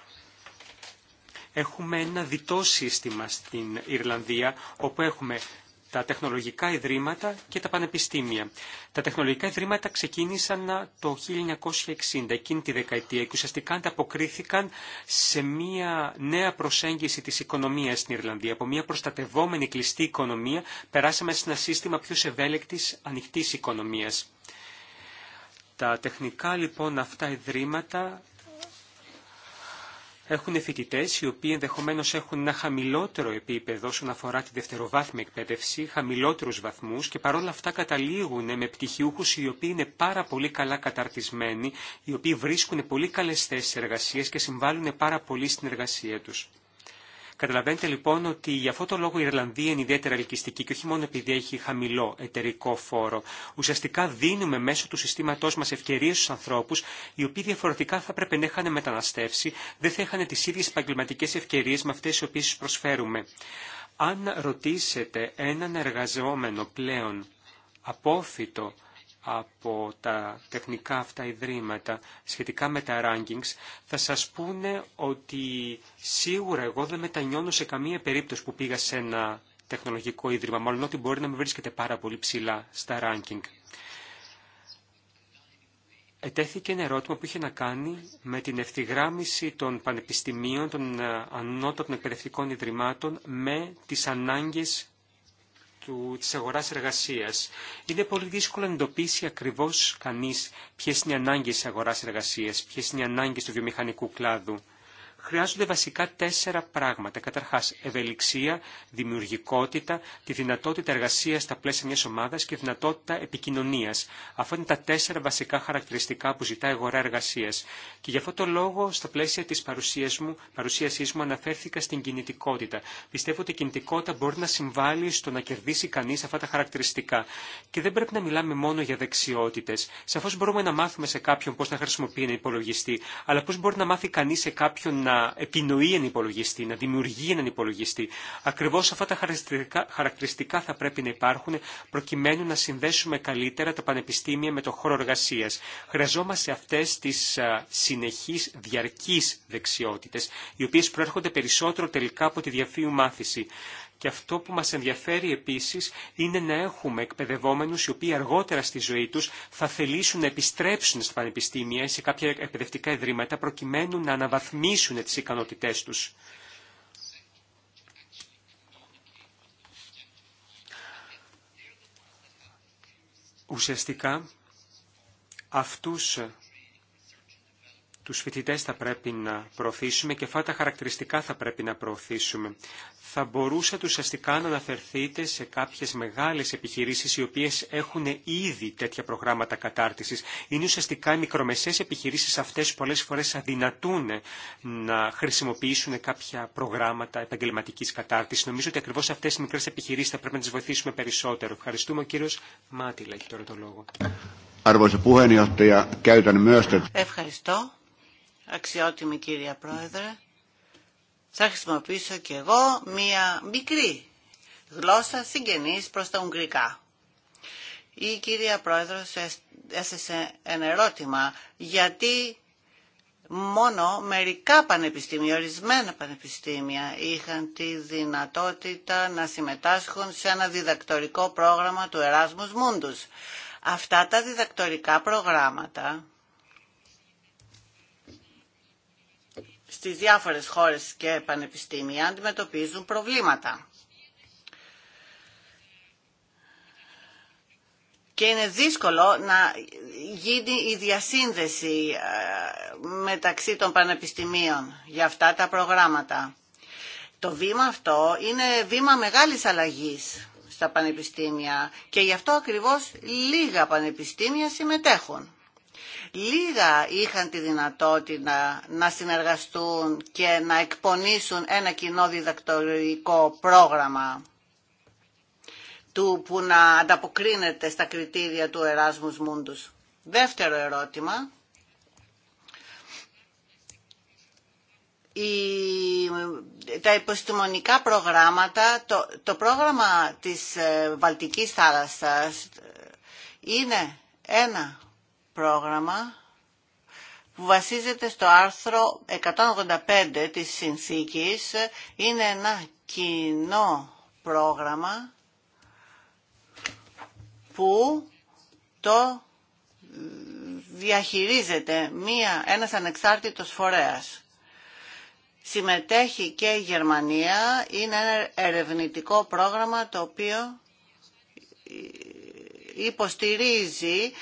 Έχουμε ένα διτό σύστημα στην Ιρλανδία, όπου έχουμε τα τεχνολογικά ιδρύματα και τα πανεπιστήμια. Τα τεχνολογικά ιδρύματα ξεκίνησαν το 1960, εκείνη τη δεκαετία, και ουσιαστικά ανταποκρίθηκαν σε μια νέα προσέγγιση της οικονομίας στην Ιρλανδία. Από μια προστατευόμενη κλειστή οικονομία περάσαμε σε ένα σύστημα πιο ευέλικτη, ανοιχτής οικονομία Τα τεχνικά λοιπόν αυτά ιδρύματα έχουν φοιτητέ οι οποίοι ενδεχομένω έχουν ένα χαμηλότερο επίπεδο όσον αφορά τη δευτεροβάθμια εκπαίδευση, χαμηλότερου βαθμού και παρόλα αυτά καταλήγουν με πτυχιούχου οι οποίοι είναι πάρα πολύ καλά καταρτισμένοι, οι οποίοι βρίσκουν πολύ καλέ θέσει εργασία και συμβάλλουν πάρα πολύ στην εργασία του. Καταλαβαίνετε λοιπόν ότι για αυτόν τον λόγο η Ιρλανδία είναι ιδιαίτερα ελκυστική και όχι μόνο επειδή έχει χαμηλό εταιρικό φόρο. Ουσιαστικά δίνουμε μέσω του συστήματός μας ευκαιρίες στους ανθρώπους, οι οποίοι διαφορετικά θα πρέπει να είχαν μεταναστεύσει, δεν θα είχαν τις ίδιες επαγγελματικέ ευκαιρίες με αυτές τις οποίες τους προσφέρουμε. Αν ρωτήσετε έναν εργαζόμενο πλέον απόφυτο από τα τεχνικά αυτά ιδρύματα σχετικά με τα rankings θα σας πούνε ότι σίγουρα εγώ δεν μετανιώνω σε καμία περίπτωση που πήγα σε ένα τεχνολογικό ίδρυμα, μάλλον ότι μπορεί να με βρίσκεται πάρα πολύ ψηλά στα ranking. Ετέθηκε ένα ερώτημα που είχε να κάνει με την ευθυγράμμιση των πανεπιστημίων, των ε, ανώτατων εκπαιδευτικών ιδρυμάτων με τις ανάγκες του, της αγοράς εργασίας. Είναι πολύ δύσκολο να εντοπίσει ακριβώς κανείς ποιες είναι οι ανάγκες της αγοράς εργασίας, ποιες είναι οι ανάγκες του βιομηχανικού κλάδου χρειάζονται βασικά τέσσερα πράγματα. καταρχά, ευελιξία, δημιουργικότητα, τη δυνατότητα εργασία στα πλαίσια μια ομάδα και δυνατότητα επικοινωνία. Αυτά είναι τα τέσσερα βασικά χαρακτηριστικά που ζητάει η αγορά εργασία. Και γι' αυτό το λόγο, στα πλαίσια τη παρουσίαση μου, μου, αναφέρθηκα στην κινητικότητα. Πιστεύω ότι η κινητικότητα μπορεί να συμβάλλει στο να κερδίσει κανεί αυτά τα χαρακτηριστικά. Και δεν πρέπει να μιλάμε μόνο για δεξιότητε. Σαφώ μπορούμε να μάθουμε σε κάποιον πώ να χρησιμοποιεί ένα υπολογιστή, αλλά πώ μπορεί να μάθει κανεί σε κάποιον να να επινοεί έναν υπολογιστή, να δημιουργεί έναν υπολογιστή. Ακριβώς αυτά τα χαρακτηριστικά, θα πρέπει να υπάρχουν προκειμένου να συνδέσουμε καλύτερα τα πανεπιστήμια με το χώρο εργασίας. Χρειαζόμαστε αυτές τις συνεχείς διαρκείς δεξιότητες, οι οποίες προέρχονται περισσότερο τελικά από τη διαφύου μάθηση. Και αυτό που μας ενδιαφέρει επίσης είναι να έχουμε εκπαιδευόμενους οι οποίοι αργότερα στη ζωή τους θα θελήσουν να επιστρέψουν στα πανεπιστήμια ή σε κάποια εκπαιδευτικά ιδρύματα προκειμένου να αναβαθμίσουν τις ικανότητές τους. Ουσιαστικά αυτούς τους φοιτητές θα πρέπει να προωθήσουμε και αυτά τα χαρακτηριστικά θα πρέπει να προωθήσουμε. Θα μπορούσατε ουσιαστικά να αναφερθείτε σε κάποιες μεγάλες επιχειρήσεις οι οποίες έχουν ήδη τέτοια προγράμματα κατάρτισης. Είναι ουσιαστικά οι μικρομεσαίες επιχειρήσεις αυτές πολλές φορές αδυνατούν να χρησιμοποιήσουν κάποια προγράμματα επαγγελματικής κατάρτισης. Νομίζω ότι ακριβώς αυτές οι μικρές επιχειρήσεις θα πρέπει να τις βοηθήσουμε περισσότερο. Ευχαριστούμε. Ο κύριο Μάτιλα έχει τώρα το λόγο. Ευχαριστώ αξιότιμη κυρία Πρόεδρε, θα χρησιμοποιήσω και εγώ μία μικρή γλώσσα συγγενής προς τα Ουγγρικά. Η κυρία Πρόεδρος έθεσε ένα ερώτημα γιατί μόνο μερικά πανεπιστήμια, ορισμένα πανεπιστήμια είχαν τη δυνατότητα να συμμετάσχουν σε ένα διδακτορικό πρόγραμμα του Erasmus Mundus. Αυτά τα διδακτορικά προγράμματα στις διάφορες χώρες και πανεπιστήμια αντιμετωπίζουν προβλήματα. Και είναι δύσκολο να γίνει η διασύνδεση ε, μεταξύ των πανεπιστημίων για αυτά τα προγράμματα. Το βήμα αυτό είναι βήμα μεγάλης αλλαγής στα πανεπιστήμια και γι' αυτό ακριβώς λίγα πανεπιστήμια συμμετέχουν. Λίγα είχαν τη δυνατότητα να συνεργαστούν και να εκπονήσουν ένα κοινό διδακτορικό πρόγραμμα του που να ανταποκρίνεται στα κριτήρια του Εράσμους Μούντους. Δεύτερο ερώτημα. τα υποστημονικά προγράμματα, το, το πρόγραμμα της ε, Βαλτικής θάλασσας ε, είναι ένα πρόγραμμα που βασίζεται στο άρθρο 185 της συνθήκης. Είναι ένα κοινό πρόγραμμα που το διαχειρίζεται μία, ένας ανεξάρτητος φορέας. Συμμετέχει και η Γερμανία, είναι ένα ερευνητικό πρόγραμμα το οποίο υποστηρίζει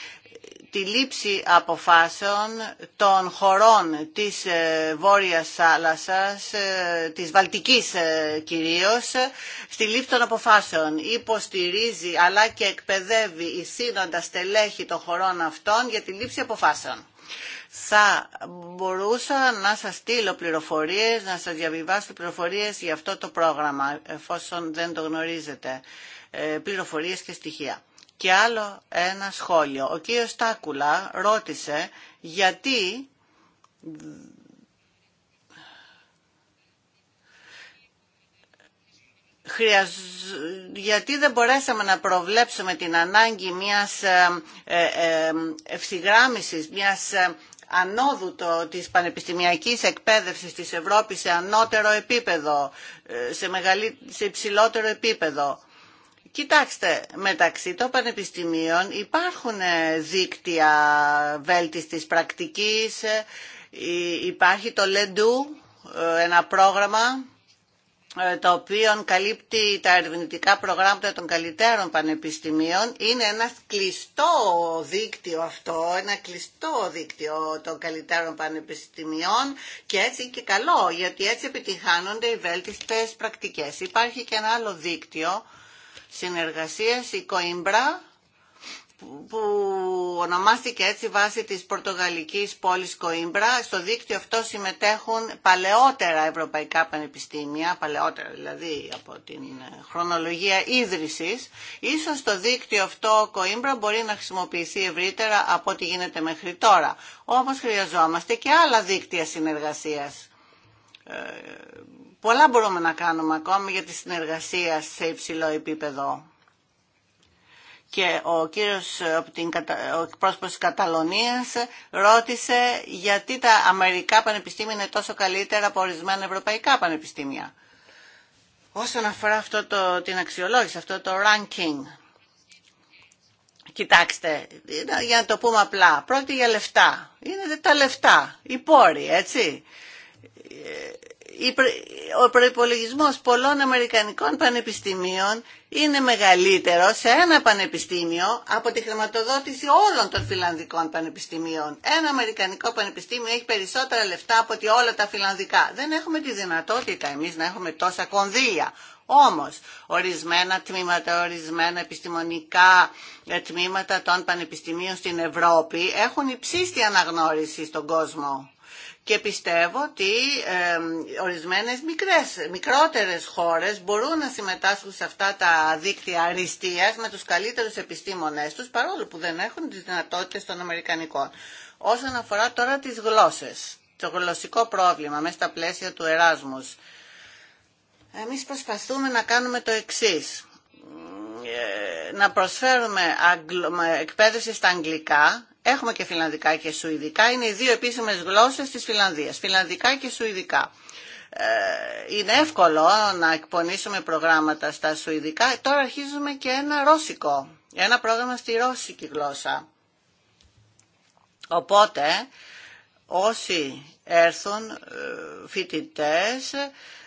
τη λήψη αποφάσεων των χωρών της ε, Βόρειας Θάλασσας, ε, της Βαλτικής ε, κυρίως, στη λήψη των αποφάσεων. Υποστηρίζει αλλά και εκπαιδεύει η σύνοντα στελέχη των χωρών αυτών για τη λήψη αποφάσεων. Θα μπορούσα να σας στείλω πληροφορίες, να σας διαβιβάσω πληροφορίες για αυτό το πρόγραμμα, εφόσον δεν το γνωρίζετε, πληροφορίες και στοιχεία. Και άλλο ένα σχόλιο. Ο κύριος Τάκουλα ρώτησε γιατί γιατί δεν μπορέσαμε να προβλέψουμε την ανάγκη μιας ε, ε, ε, ευθυγράμμισης, μιας ανόδου το, της πανεπιστημιακής εκπαίδευσης της Ευρώπης σε ανώτερο επίπεδο, σε, μεγαλύτερο, σε υψηλότερο επίπεδο. Κοιτάξτε, μεταξύ των πανεπιστημίων υπάρχουν ε, δίκτυα βέλτιστης πρακτικής, ε, υπάρχει το LEDU, ε, ένα πρόγραμμα το οποίο καλύπτει τα ερευνητικά προγράμματα των καλύτερων πανεπιστημίων. Είναι ένα κλειστό δίκτυο αυτό, ένα κλειστό δίκτυο των καλύτερων πανεπιστημίων και έτσι και καλό, γιατί έτσι επιτυχάνονται οι βέλτιστες πρακτικές. Υπάρχει και ένα άλλο δίκτυο συνεργασίας, η Κοϊμπρά, που ονομάστηκε έτσι βάσει της πορτογαλικής πόλης Κοίμπρα. Στο δίκτυο αυτό συμμετέχουν παλαιότερα ευρωπαϊκά πανεπιστήμια, παλαιότερα δηλαδή από την χρονολογία ίδρυσης. Ίσως το δίκτυο αυτό Κοίμπρα μπορεί να χρησιμοποιηθεί ευρύτερα από ό,τι γίνεται μέχρι τώρα. Όμως χρειαζόμαστε και άλλα δίκτυα συνεργασίας ε, Πολλά μπορούμε να κάνουμε ακόμη για τη συνεργασία σε υψηλό επίπεδο. Και ο κύριος ο πρόσωπος της Καταλωνίας ρώτησε γιατί τα Αμερικά πανεπιστήμια είναι τόσο καλύτερα από ορισμένα ευρωπαϊκά πανεπιστήμια. Όσον αφορά αυτό το, την αξιολόγηση, αυτό το ranking, κοιτάξτε, για να το πούμε απλά, πρώτη για λεφτά. Είναι τα λεφτά, οι πόροι, έτσι ο προϋπολογισμός πολλών Αμερικανικών πανεπιστημίων είναι μεγαλύτερο σε ένα πανεπιστήμιο από τη χρηματοδότηση όλων των φιλανδικών πανεπιστημίων. Ένα Αμερικανικό πανεπιστήμιο έχει περισσότερα λεφτά από όλα τα φιλανδικά. Δεν έχουμε τη δυνατότητα εμείς να έχουμε τόσα κονδύλια. Όμως, ορισμένα τμήματα, ορισμένα επιστημονικά τμήματα των πανεπιστημίων στην Ευρώπη έχουν υψίστη αναγνώριση στον κόσμο και πιστεύω ότι ορισμένες μικρές, μικρότερες χώρες μπορούν να συμμετάσχουν σε αυτά τα δίκτυα αριστείας με τους καλύτερους επιστήμονές τους παρόλο που δεν έχουν τις δυνατότητες των Αμερικανικών. Όσον αφορά τώρα τις γλώσσες, το γλωσσικό πρόβλημα μέσα στα πλαίσια του Εράσμους, εμείς προσπαθούμε να κάνουμε το εξής. Ε, να προσφέρουμε εκπαίδευση στα αγγλικά Έχουμε και φιλανδικά και σουηδικά. Είναι οι δύο επίσημες γλώσσες της Φιλανδίας. Φιλανδικά και σουηδικά. Ε, είναι εύκολο να εκπονήσουμε προγράμματα στα σουηδικά. Τώρα αρχίζουμε και ένα ρώσικο. Ένα πρόγραμμα στη ρώσικη γλώσσα. Οπότε όσοι έρθουν ε, φοιτητές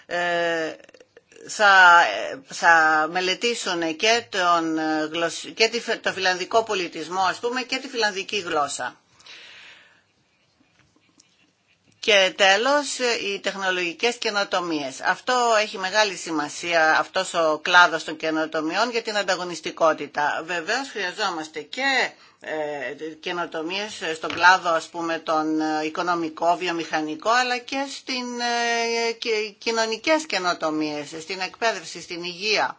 ε, θα, θα μελετήσουν και, τον, ε, και το φιλανδικό πολιτισμό, ας πούμε, και τη φιλανδική γλώσσα. Και τέλος, οι τεχνολογικές καινοτομίες. Αυτό έχει μεγάλη σημασία, αυτός ο κλάδος των καινοτομιών για την ανταγωνιστικότητα. Βεβαίως χρειαζόμαστε και ε, καινοτομίες ε, στον κλάδο ας πούμε τον ε, οικονομικό, βιομηχανικό αλλά και στην κοινωνικές καινοτομίες, στην εκπαίδευση, στην υγεία.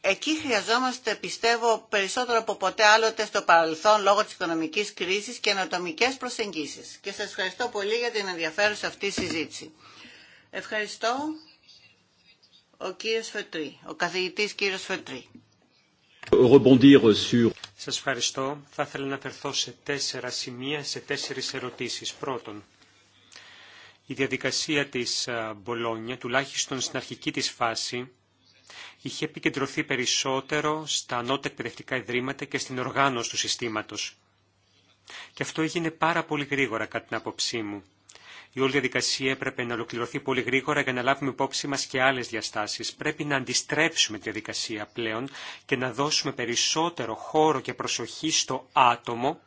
Εκεί χρειαζόμαστε, πιστεύω, περισσότερο από ποτέ άλλοτε στο παρελθόν λόγω της οικονομικής κρίσης και ανατομικές προσεγγίσεις. Και σας ευχαριστώ πολύ για την ενδιαφέρουσα αυτή συζήτηση. Ευχαριστώ ο κύριος Φετρή, ο καθηγητής κύριος Φετρή. Σας ευχαριστώ. Θα ήθελα να αφαιρθώ σε τέσσερα σημεία, σε τέσσερις ερωτήσεις. Πρώτον, η διαδικασία της Μπολόνια, τουλάχιστον στην αρχική της φάση, είχε επικεντρωθεί περισσότερο στα ανώτερα εκπαιδευτικά ιδρύματα και στην οργάνωση του συστήματος. Και αυτό έγινε πάρα πολύ γρήγορα κατά την άποψή μου. Η όλη διαδικασία έπρεπε να ολοκληρωθεί πολύ γρήγορα για να λάβουμε υπόψη μα και άλλε διαστάσει. Πρέπει να αντιστρέψουμε τη διαδικασία πλέον και να δώσουμε περισσότερο χώρο και προσοχή στο άτομο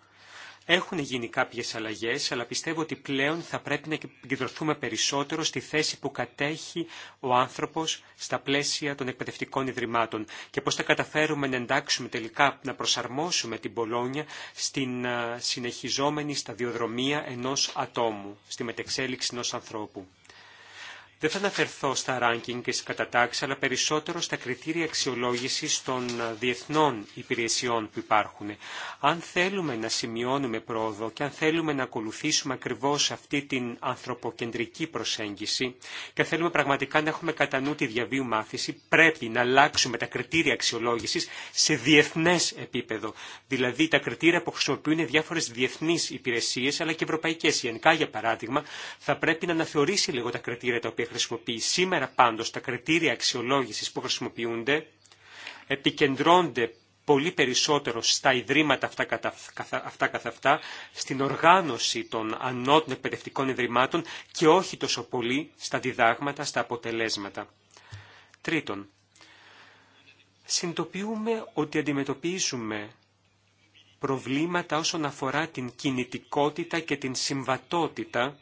έχουν γίνει κάποιες αλλαγές, αλλά πιστεύω ότι πλέον θα πρέπει να επικεντρωθούμε περισσότερο στη θέση που κατέχει ο άνθρωπος στα πλαίσια των εκπαιδευτικών ιδρυμάτων και πώς θα καταφέρουμε να εντάξουμε τελικά, να προσαρμόσουμε την Πολόνια στην ε, συνεχιζόμενη σταδιοδρομία ενός ατόμου, στη μετεξέλιξη ενός ανθρώπου. Δεν θα αναφερθώ στα ranking και στις κατατάξεις, αλλά περισσότερο στα κριτήρια αξιολόγησης των ε, διεθνών υπηρεσιών που υπάρχουν. Αν θέλουμε να σημειώνουμε πρόοδο και αν θέλουμε να ακολουθήσουμε ακριβώς αυτή την ανθρωποκεντρική προσέγγιση και αν θέλουμε πραγματικά να έχουμε κατά νου τη διαβίου μάθηση, πρέπει να αλλάξουμε τα κριτήρια αξιολόγησης σε διεθνές επίπεδο. Δηλαδή τα κριτήρια που χρησιμοποιούν διάφορες διεθνείς υπηρεσίες, αλλά και ευρωπαϊκές. γενικά, για παράδειγμα, θα πρέπει να αναθεωρήσει λίγο τα κριτήρια τα οποία χρησιμοποιεί. Σήμερα πάντως τα κριτήρια αξιολόγησης που χρησιμοποιούνται επικεντρώνται πολύ περισσότερο στα ιδρύματα αυτά καθ' αυτά, στην οργάνωση των ανώτων εκπαιδευτικών ιδρυμάτων και όχι τόσο πολύ στα διδάγματα, στα αποτελέσματα. Τρίτον, συνειδητοποιούμε ότι αντιμετωπίζουμε προβλήματα όσον αφορά την κινητικότητα και την συμβατότητα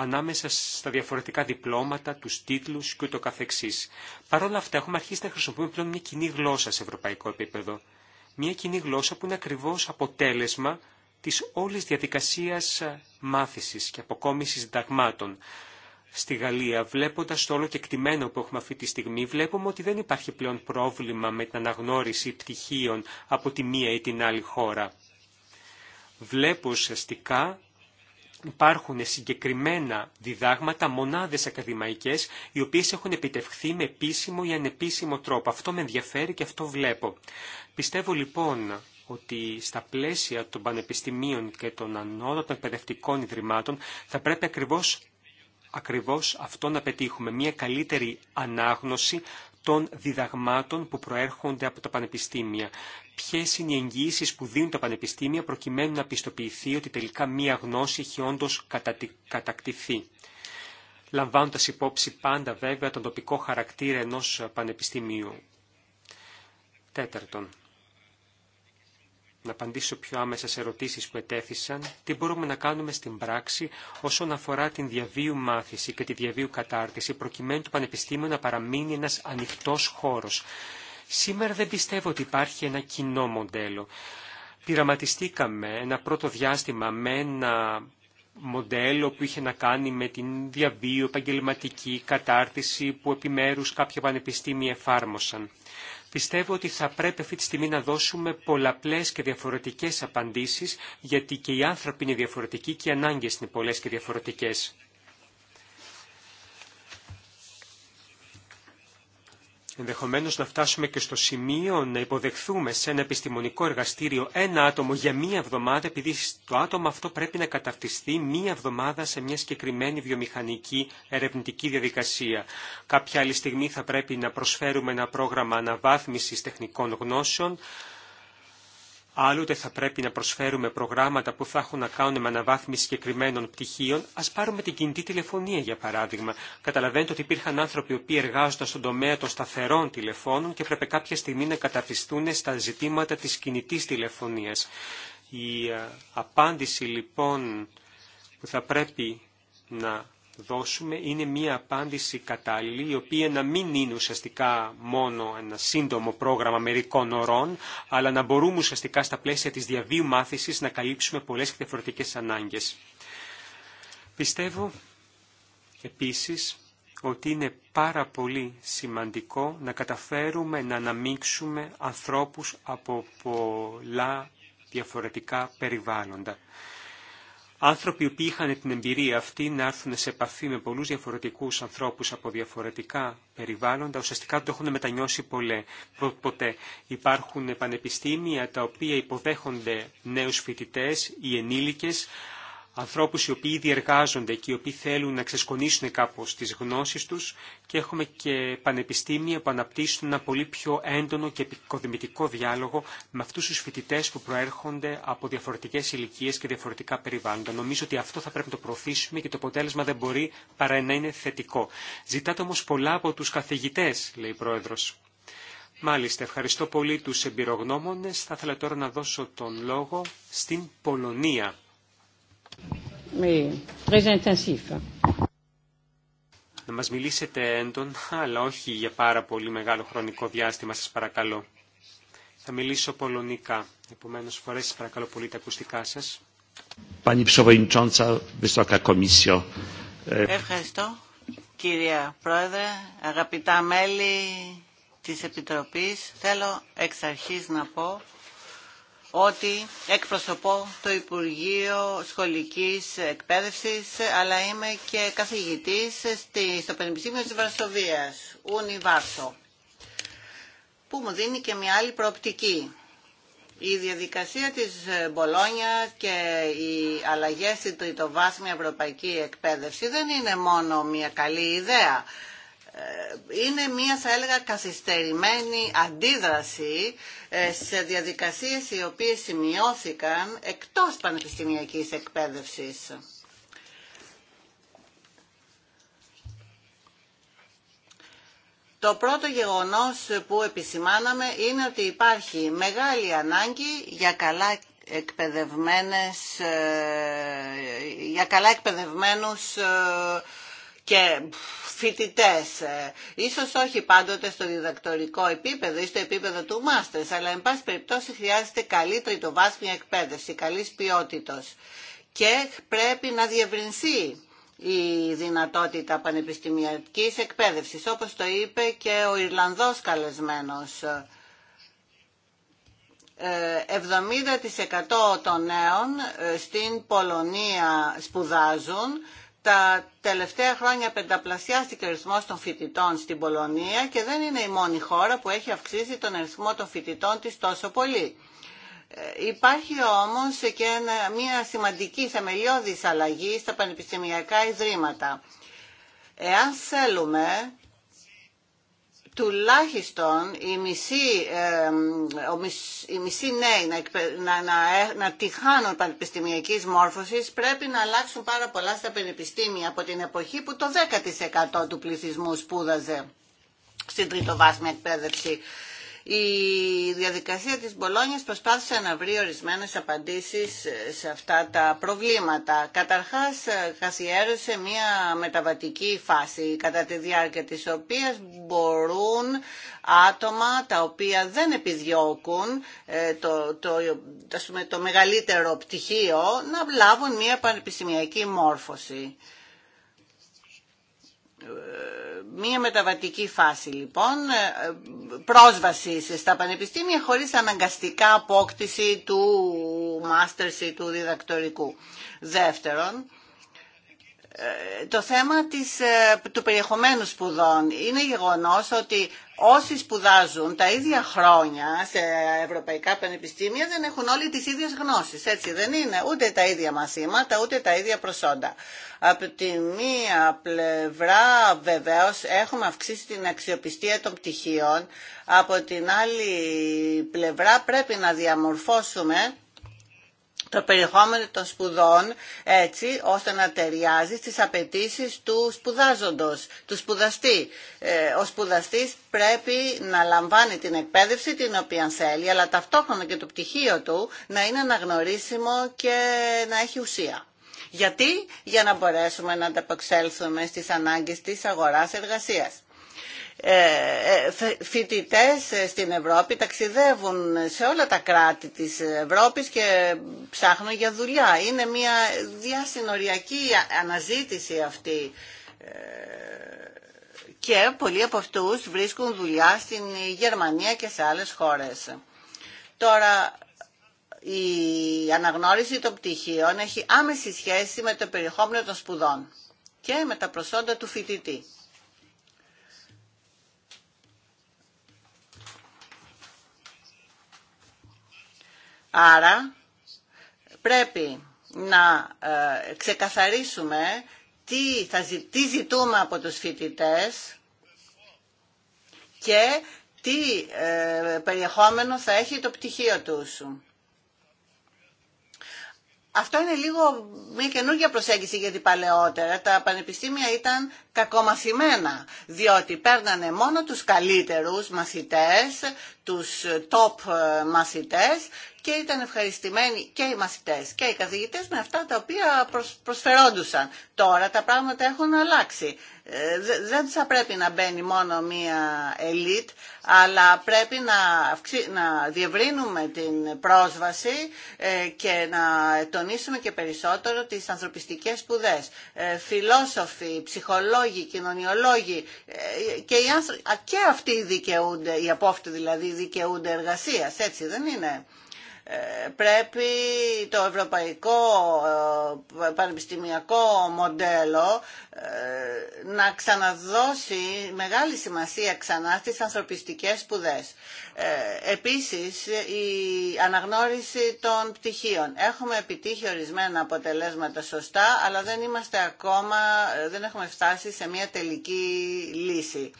ανάμεσα στα διαφορετικά διπλώματα, τους τίτλους και ούτω καθεξής. Παρ' όλα αυτά έχουμε αρχίσει να χρησιμοποιούμε πλέον μια κοινή γλώσσα σε ευρωπαϊκό επίπεδο. Μια κοινή γλώσσα που είναι ακριβώς αποτέλεσμα της όλης διαδικασίας μάθησης και αποκόμισης διδαγμάτων. Στη Γαλλία, βλέποντα το όλο και εκτιμένο που έχουμε αυτή τη στιγμή, βλέπουμε ότι δεν υπάρχει πλέον πρόβλημα με την αναγνώριση πτυχίων από τη μία ή την άλλη χώρα. Βλέπω ουσιαστικά υπάρχουν συγκεκριμένα διδάγματα, μονάδες ακαδημαϊκές, οι οποίες έχουν επιτευχθεί με επίσημο ή ανεπίσημο τρόπο. Αυτό με ενδιαφέρει και αυτό βλέπω. Πιστεύω λοιπόν ότι στα πλαίσια των πανεπιστημίων και των ανώτατων εκπαιδευτικών ιδρυμάτων θα πρέπει ακριβώς, ακριβώς αυτό να πετύχουμε, μια καλύτερη ανάγνωση των διδαγμάτων που προέρχονται από τα πανεπιστήμια ποιε είναι οι εγγυήσει που δίνουν τα πανεπιστήμια προκειμένου να πιστοποιηθεί ότι τελικά μία γνώση έχει όντω κατακτηθεί. Λαμβάνοντα υπόψη πάντα βέβαια τον τοπικό χαρακτήρα ενό πανεπιστημίου. Τέταρτον, να απαντήσω πιο άμεσα σε ερωτήσεις που ετέθησαν, τι μπορούμε να κάνουμε στην πράξη όσον αφορά την διαβίου μάθηση και τη διαβίου κατάρτιση, προκειμένου το Πανεπιστήμιο να παραμείνει ένας ανοιχτός χώρος. Σήμερα δεν πιστεύω ότι υπάρχει ένα κοινό μοντέλο. Πειραματιστήκαμε ένα πρώτο διάστημα με ένα μοντέλο που είχε να κάνει με την διαβίω επαγγελματική κατάρτιση που επιμέρους κάποια πανεπιστήμια εφάρμοσαν. Πιστεύω ότι θα πρέπει αυτή τη στιγμή να δώσουμε πολλαπλές και διαφορετικές απαντήσεις, γιατί και οι άνθρωποι είναι διαφορετικοί και οι ανάγκες είναι πολλές και διαφορετικές. ενδεχομένως να φτάσουμε και στο σημείο να υποδεχθούμε σε ένα επιστημονικό εργαστήριο ένα άτομο για μία εβδομάδα, επειδή το άτομο αυτό πρέπει να καταρτιστεί μία εβδομάδα σε μια συγκεκριμένη βιομηχανική ερευνητική διαδικασία. Κάποια άλλη στιγμή θα πρέπει να προσφέρουμε ένα πρόγραμμα αναβάθμισης τεχνικών γνώσεων, Άλλοτε θα πρέπει να προσφέρουμε προγράμματα που θα έχουν να κάνουν με αναβάθμιση συγκεκριμένων πτυχίων. Α πάρουμε την κινητή τηλεφωνία, για παράδειγμα. Καταλαβαίνετε ότι υπήρχαν άνθρωποι οι οποίοι εργάζονταν στον τομέα των σταθερών τηλεφώνων και έπρεπε κάποια στιγμή να καταπιστούν στα ζητήματα τη κινητή τηλεφωνία. Η ε, απάντηση λοιπόν που θα πρέπει να δώσουμε είναι μία απάντηση κατάλληλη, η οποία να μην είναι ουσιαστικά μόνο ένα σύντομο πρόγραμμα μερικών ωρών, αλλά να μπορούμε ουσιαστικά στα πλαίσια της διαβίου μάθησης να καλύψουμε πολλές και διαφορετικές ανάγκες. Πιστεύω επίσης ότι είναι πάρα πολύ σημαντικό να καταφέρουμε να αναμίξουμε ανθρώπους από πολλά διαφορετικά περιβάλλοντα άνθρωποι που είχαν την εμπειρία αυτή να έρθουν σε επαφή με πολλούς διαφορετικούς ανθρώπους από διαφορετικά περιβάλλοντα, ουσιαστικά το έχουν μετανιώσει πολλέ, ποτέ. Υπάρχουν πανεπιστήμια τα οποία υποδέχονται νέους φοιτητές ή ενήλικες ανθρώπους οι οποίοι διεργάζονται και οι οποίοι θέλουν να ξεσκονίσουν κάπως τις γνώσεις τους και έχουμε και πανεπιστήμια που αναπτύσσουν ένα πολύ πιο έντονο και επικοδημητικό διάλογο με αυτούς τους φοιτητές που προέρχονται από διαφορετικές ηλικίε και διαφορετικά περιβάλλοντα. Νομίζω ότι αυτό θα πρέπει να το προωθήσουμε και το αποτέλεσμα δεν μπορεί παρά να είναι θετικό. Ζητάτε όμως πολλά από τους καθηγητές, λέει η Πρόεδρος. Μάλιστα, ευχαριστώ πολύ τους εμπειρογνώμονες. Θα ήθελα τώρα να δώσω τον λόγο στην Πολωνία. Να μας μιλήσετε έντονα, αλλά όχι για πάρα πολύ μεγάλο χρονικό διάστημα, σας παρακαλώ. Θα μιλήσω πολωνικά, επομένως σας παρακαλώ πολύ τα ακουστικά σας. Ε, Ευχαριστώ, κυρία Πρόεδρε, αγαπητά μέλη της Επιτροπής. Θέλω εξ αρχής να πω ότι εκπροσωπώ το Υπουργείο Σχολικής Εκπαίδευσης, αλλά είμαι και καθηγητής στο Πανεπιστήμιο της Βαρσοβίας, Ούνι που μου δίνει και μια άλλη προοπτική. Η διαδικασία της Μπολόνια και οι αλλαγές στην τριτοβάθμια ευρωπαϊκή εκπαίδευση δεν είναι μόνο μια καλή ιδέα είναι μία θα έλεγα καθυστερημένη αντίδραση ε, σε διαδικασίες οι οποίες σημειώθηκαν εκτός πανεπιστημιακής εκπαίδευσης. Το πρώτο γεγονός που επισημάναμε είναι ότι υπάρχει μεγάλη ανάγκη για καλά εκπαιδευμένες, ε, για καλά εκπαιδευμένους ε, και φοιτητέ. Ε. Ίσως όχι πάντοτε στο διδακτορικό επίπεδο ή στο επίπεδο του μάστερς, αλλά εν πάση περιπτώσει χρειάζεται καλή τριτοβάθμια εκπαίδευση, καλής ποιότητος. Και πρέπει να διευρυνθεί η στο επιπεδο του μάστερ, αλλα εν πανεπιστημιακής εκπαίδευσης, όπως το είπε και ο Ιρλανδός καλεσμένος. 70% ε, των νέων ε, στην Πολωνία σπουδάζουν τα τελευταία χρόνια πενταπλασιάστηκε ο αριθμό των φοιτητών στην Πολωνία και δεν είναι η μόνη χώρα που έχει αυξήσει τον αριθμό των φοιτητών της τόσο πολύ. Ε, υπάρχει όμως και μια σημαντική θεμελιώδης αλλαγή στα πανεπιστημιακά ιδρύματα. Εάν θέλουμε τουλάχιστον οι μισοί, ε, μισή νέοι να, να, ε, να, τυχάνουν πανεπιστημιακής μόρφωσης πρέπει να αλλάξουν πάρα πολλά στα πανεπιστήμια από την εποχή που το 10% του πληθυσμού σπούδαζε στην βάσμια εκπαίδευση. Η διαδικασία της Μπολόνιας προσπάθησε να βρει ορισμένες απαντήσεις ε, σε αυτά τα προβλήματα. Καταρχάς, ε, καθιέρωσε μία μεταβατική φάση, κατά τη διάρκεια της οποίας μπορούν άτομα τα οποία δεν επιδιώκουν ε, το, το μεγαλύτερο πτυχίο να λάβουν μία πανεπιστημιακή μόρφωση μία μεταβατική φάση λοιπόν ε, πρόσβαση στα πανεπιστήμια χωρίς αναγκαστικά απόκτηση του μάστερση του διδακτορικού. Δεύτερον, το θέμα της, ε, του περιεχομένου σπουδών είναι γεγονός ότι όσοι σπουδάζουν τα ίδια χρόνια σε ευρωπαϊκά πανεπιστήμια δεν έχουν όλοι τις ίδιες γνώσεις, έτσι δεν είναι, ούτε τα ίδια μαθήματα, ούτε τα ίδια προσόντα. Από τη μία πλευρά βεβαίως έχουμε αυξήσει την αξιοπιστία των πτυχίων, από την άλλη πλευρά πρέπει να διαμορφώσουμε το περιεχόμενο των σπουδών έτσι ώστε να ταιριάζει στις απαιτήσεις του σπουδάζοντος, του σπουδαστή. Ε, ο σπουδαστής πρέπει να λαμβάνει την εκπαίδευση την οποία θέλει, αλλά ταυτόχρονα και το πτυχίο του να είναι αναγνωρίσιμο και να έχει ουσία. Γιατί? Για να μπορέσουμε να ανταποξέλθουμε στις ανάγκες της αγοράς εργασίας. Ε, ε, Φοιτητέ ε, στην Ευρώπη ταξιδεύουν σε όλα τα κράτη της Ευρώπης και ψάχνουν για δουλειά. Είναι μια διασυνοριακή αναζήτηση αυτή και πολλοί από αυτούς βρίσκουν δουλειά στην Γερμανία και σε άλλες χώρες. Τώρα, η αναγνώριση των πτυχίων έχει άμεση σχέση με το περιεχόμενο των σπουδών και με τα προσόντα του φοιτητή. Άρα πρέπει να ε, ξεκαθαρίσουμε τι, θα, ζητούμε από τους φοιτητές και τι ε, περιεχόμενο θα έχει το πτυχίο τους. Αυτό είναι λίγο μια καινούργια προσέγγιση γιατί παλαιότερα τα πανεπιστήμια ήταν κακομαθημένα διότι παίρνανε μόνο τους καλύτερους μαθητές, τους top μαθητές και ήταν ευχαριστημένοι και οι μαθητές και οι καθηγητές με αυτά τα οποία προσφερόντουσαν. Τώρα τα πράγματα έχουν αλλάξει. Ε, δεν θα πρέπει να μπαίνει μόνο μία ελίτ, αλλά πρέπει να, αυξη... να διευρύνουμε την πρόσβαση ε, και να τονίσουμε και περισσότερο τις ανθρωπιστικές σπουδές. Ε, φιλόσοφοι, ψυχολόγοι, κοινωνιολόγοι και, οι και αυτοί δικαιούνται, οι απόφτοι δηλαδή δικαιούνται εργασίας, έτσι δεν είναι πρέπει το ευρωπαϊκό ε, πανεπιστημιακό μοντέλο ε, να ξαναδώσει μεγάλη σημασία ξανά στις ανθρωπιστικές σπουδές. Ε, επίσης, η αναγνώριση των πτυχίων. Έχουμε επιτύχει ορισμένα αποτελέσματα σωστά, αλλά δεν είμαστε ακόμα, δεν έχουμε φτάσει σε μια τελική λύση.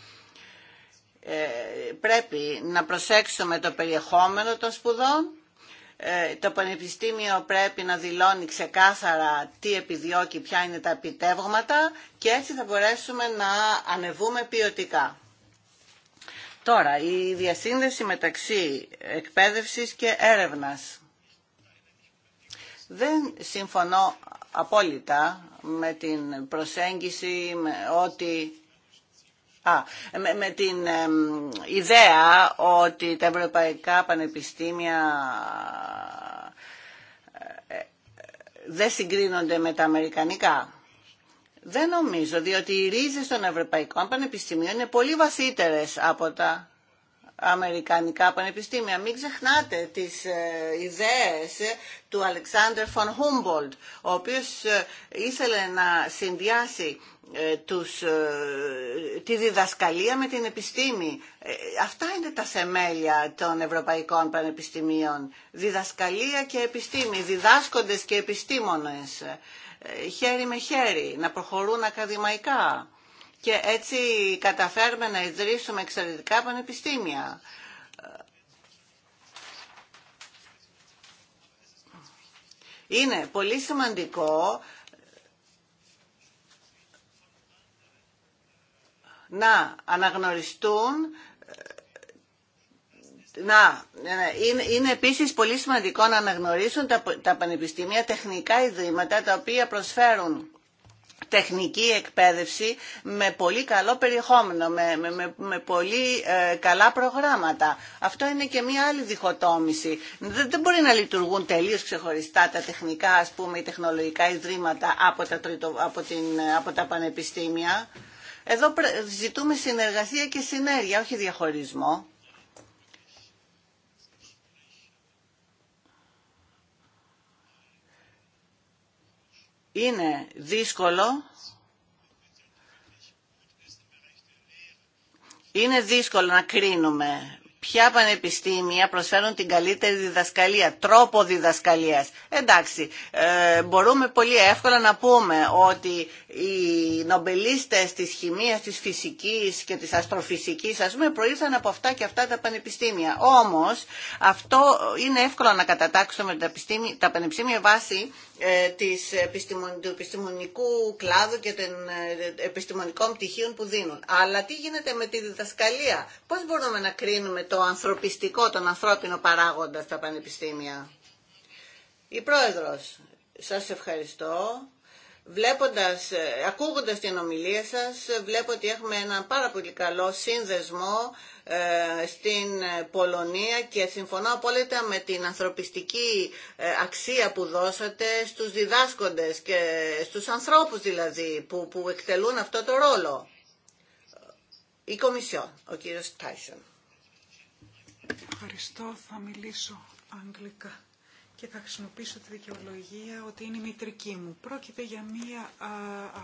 Πρέπει να προσέξουμε το περιεχόμενο των σπουδών, ε, το Πανεπιστήμιο πρέπει να δηλώνει ξεκάθαρα τι επιδιώκει, ποια είναι τα επιτεύγματα και έτσι θα μπορέσουμε να ανεβούμε ποιοτικά. Τώρα, η διασύνδεση μεταξύ εκπαίδευσης και έρευνας. Δεν συμφωνώ απόλυτα με την προσέγγιση ότι με, την ιδέα ότι τα ευρωπαϊκά πανεπιστήμια ε, ε, δεν συγκρίνονται με τα αμερικανικά. Δεν νομίζω, διότι οι ρίζες των ευρωπαϊκών πανεπιστημίων είναι πολύ βασίτερες από τα αμερικανικά πανεπιστήμια. Μην ξεχνάτε τις ε, ιδέες ε, του Αλεξάνδρ Φον Χούμπολτ, ο οποίος ε, ήθελε να συνδυάσει τους, τη διδασκαλία με την επιστήμη. Αυτά είναι τα θεμέλια των Ευρωπαϊκών Πανεπιστημίων. Διδασκαλία και επιστήμη, διδάσκοντες και επιστήμονες, χέρι με χέρι, να προχωρούν ακαδημαϊκά και έτσι καταφέρουμε να ιδρύσουμε εξαιρετικά πανεπιστήμια. Είναι πολύ σημαντικό να αναγνωριστούν να, ναι, ναι, είναι, είναι επίσης πολύ σημαντικό να αναγνωρίσουν τα, τα πανεπιστήμια τεχνικά ιδρύματα τα οποία προσφέρουν τεχνική εκπαίδευση με πολύ καλό περιεχόμενο, με, με, με πολύ ε, καλά προγράμματα. Αυτό είναι και μια άλλη διχοτόμηση. Δεν, μπορεί να λειτουργούν τελείως ξεχωριστά τα τεχνικά, ας πούμε, οι τεχνολογικά ιδρύματα από τα, τριτο, από την, από τα πανεπιστήμια. Εδώ ζητούμε συνεργασία και συνέργεια, όχι διαχωρισμό. είναι δύσκολο είναι δύσκολο να κρίνουμε ποια πανεπιστήμια προσφέρουν την καλύτερη διδασκαλία, τρόπο διδασκαλίας. Εντάξει, ε, μπορούμε πολύ εύκολα να πούμε ότι οι νομπελίστες της χημίας, της φυσικής και της αστροφυσικής, ας πούμε, προήλθαν από αυτά και αυτά τα πανεπιστήμια. Όμως, αυτό είναι εύκολο να κατατάξουμε τα πανεπιστήμια βάση. Ε, της του επιστημονικού κλάδου και των ε, επιστημονικών πτυχίων που δίνουν. Αλλά τι γίνεται με τη διδασκαλία. Πώς μπορούμε να κρίνουμε το ανθρωπιστικό, τον ανθρώπινο παράγοντα στα πανεπιστήμια. Η Πρόεδρος, σας ευχαριστώ. Βλέποντας, ε, ακούγοντας την ομιλία σας, βλέπω ότι έχουμε ένα πάρα πολύ καλό σύνδεσμο ε, στην Πολωνία και συμφωνώ απόλυτα με την ανθρωπιστική ε, αξία που δώσατε στους διδάσκοντες και στους ανθρώπους δηλαδή που, που εκτελούν αυτό το ρόλο. Η Κομισιόν, ο κύριος Τάισον. Ευχαριστώ, θα μιλήσω αγγλικά και θα χρησιμοποιήσω τη δικαιολογία ότι είναι η μητρική μου. Πρόκειται για μία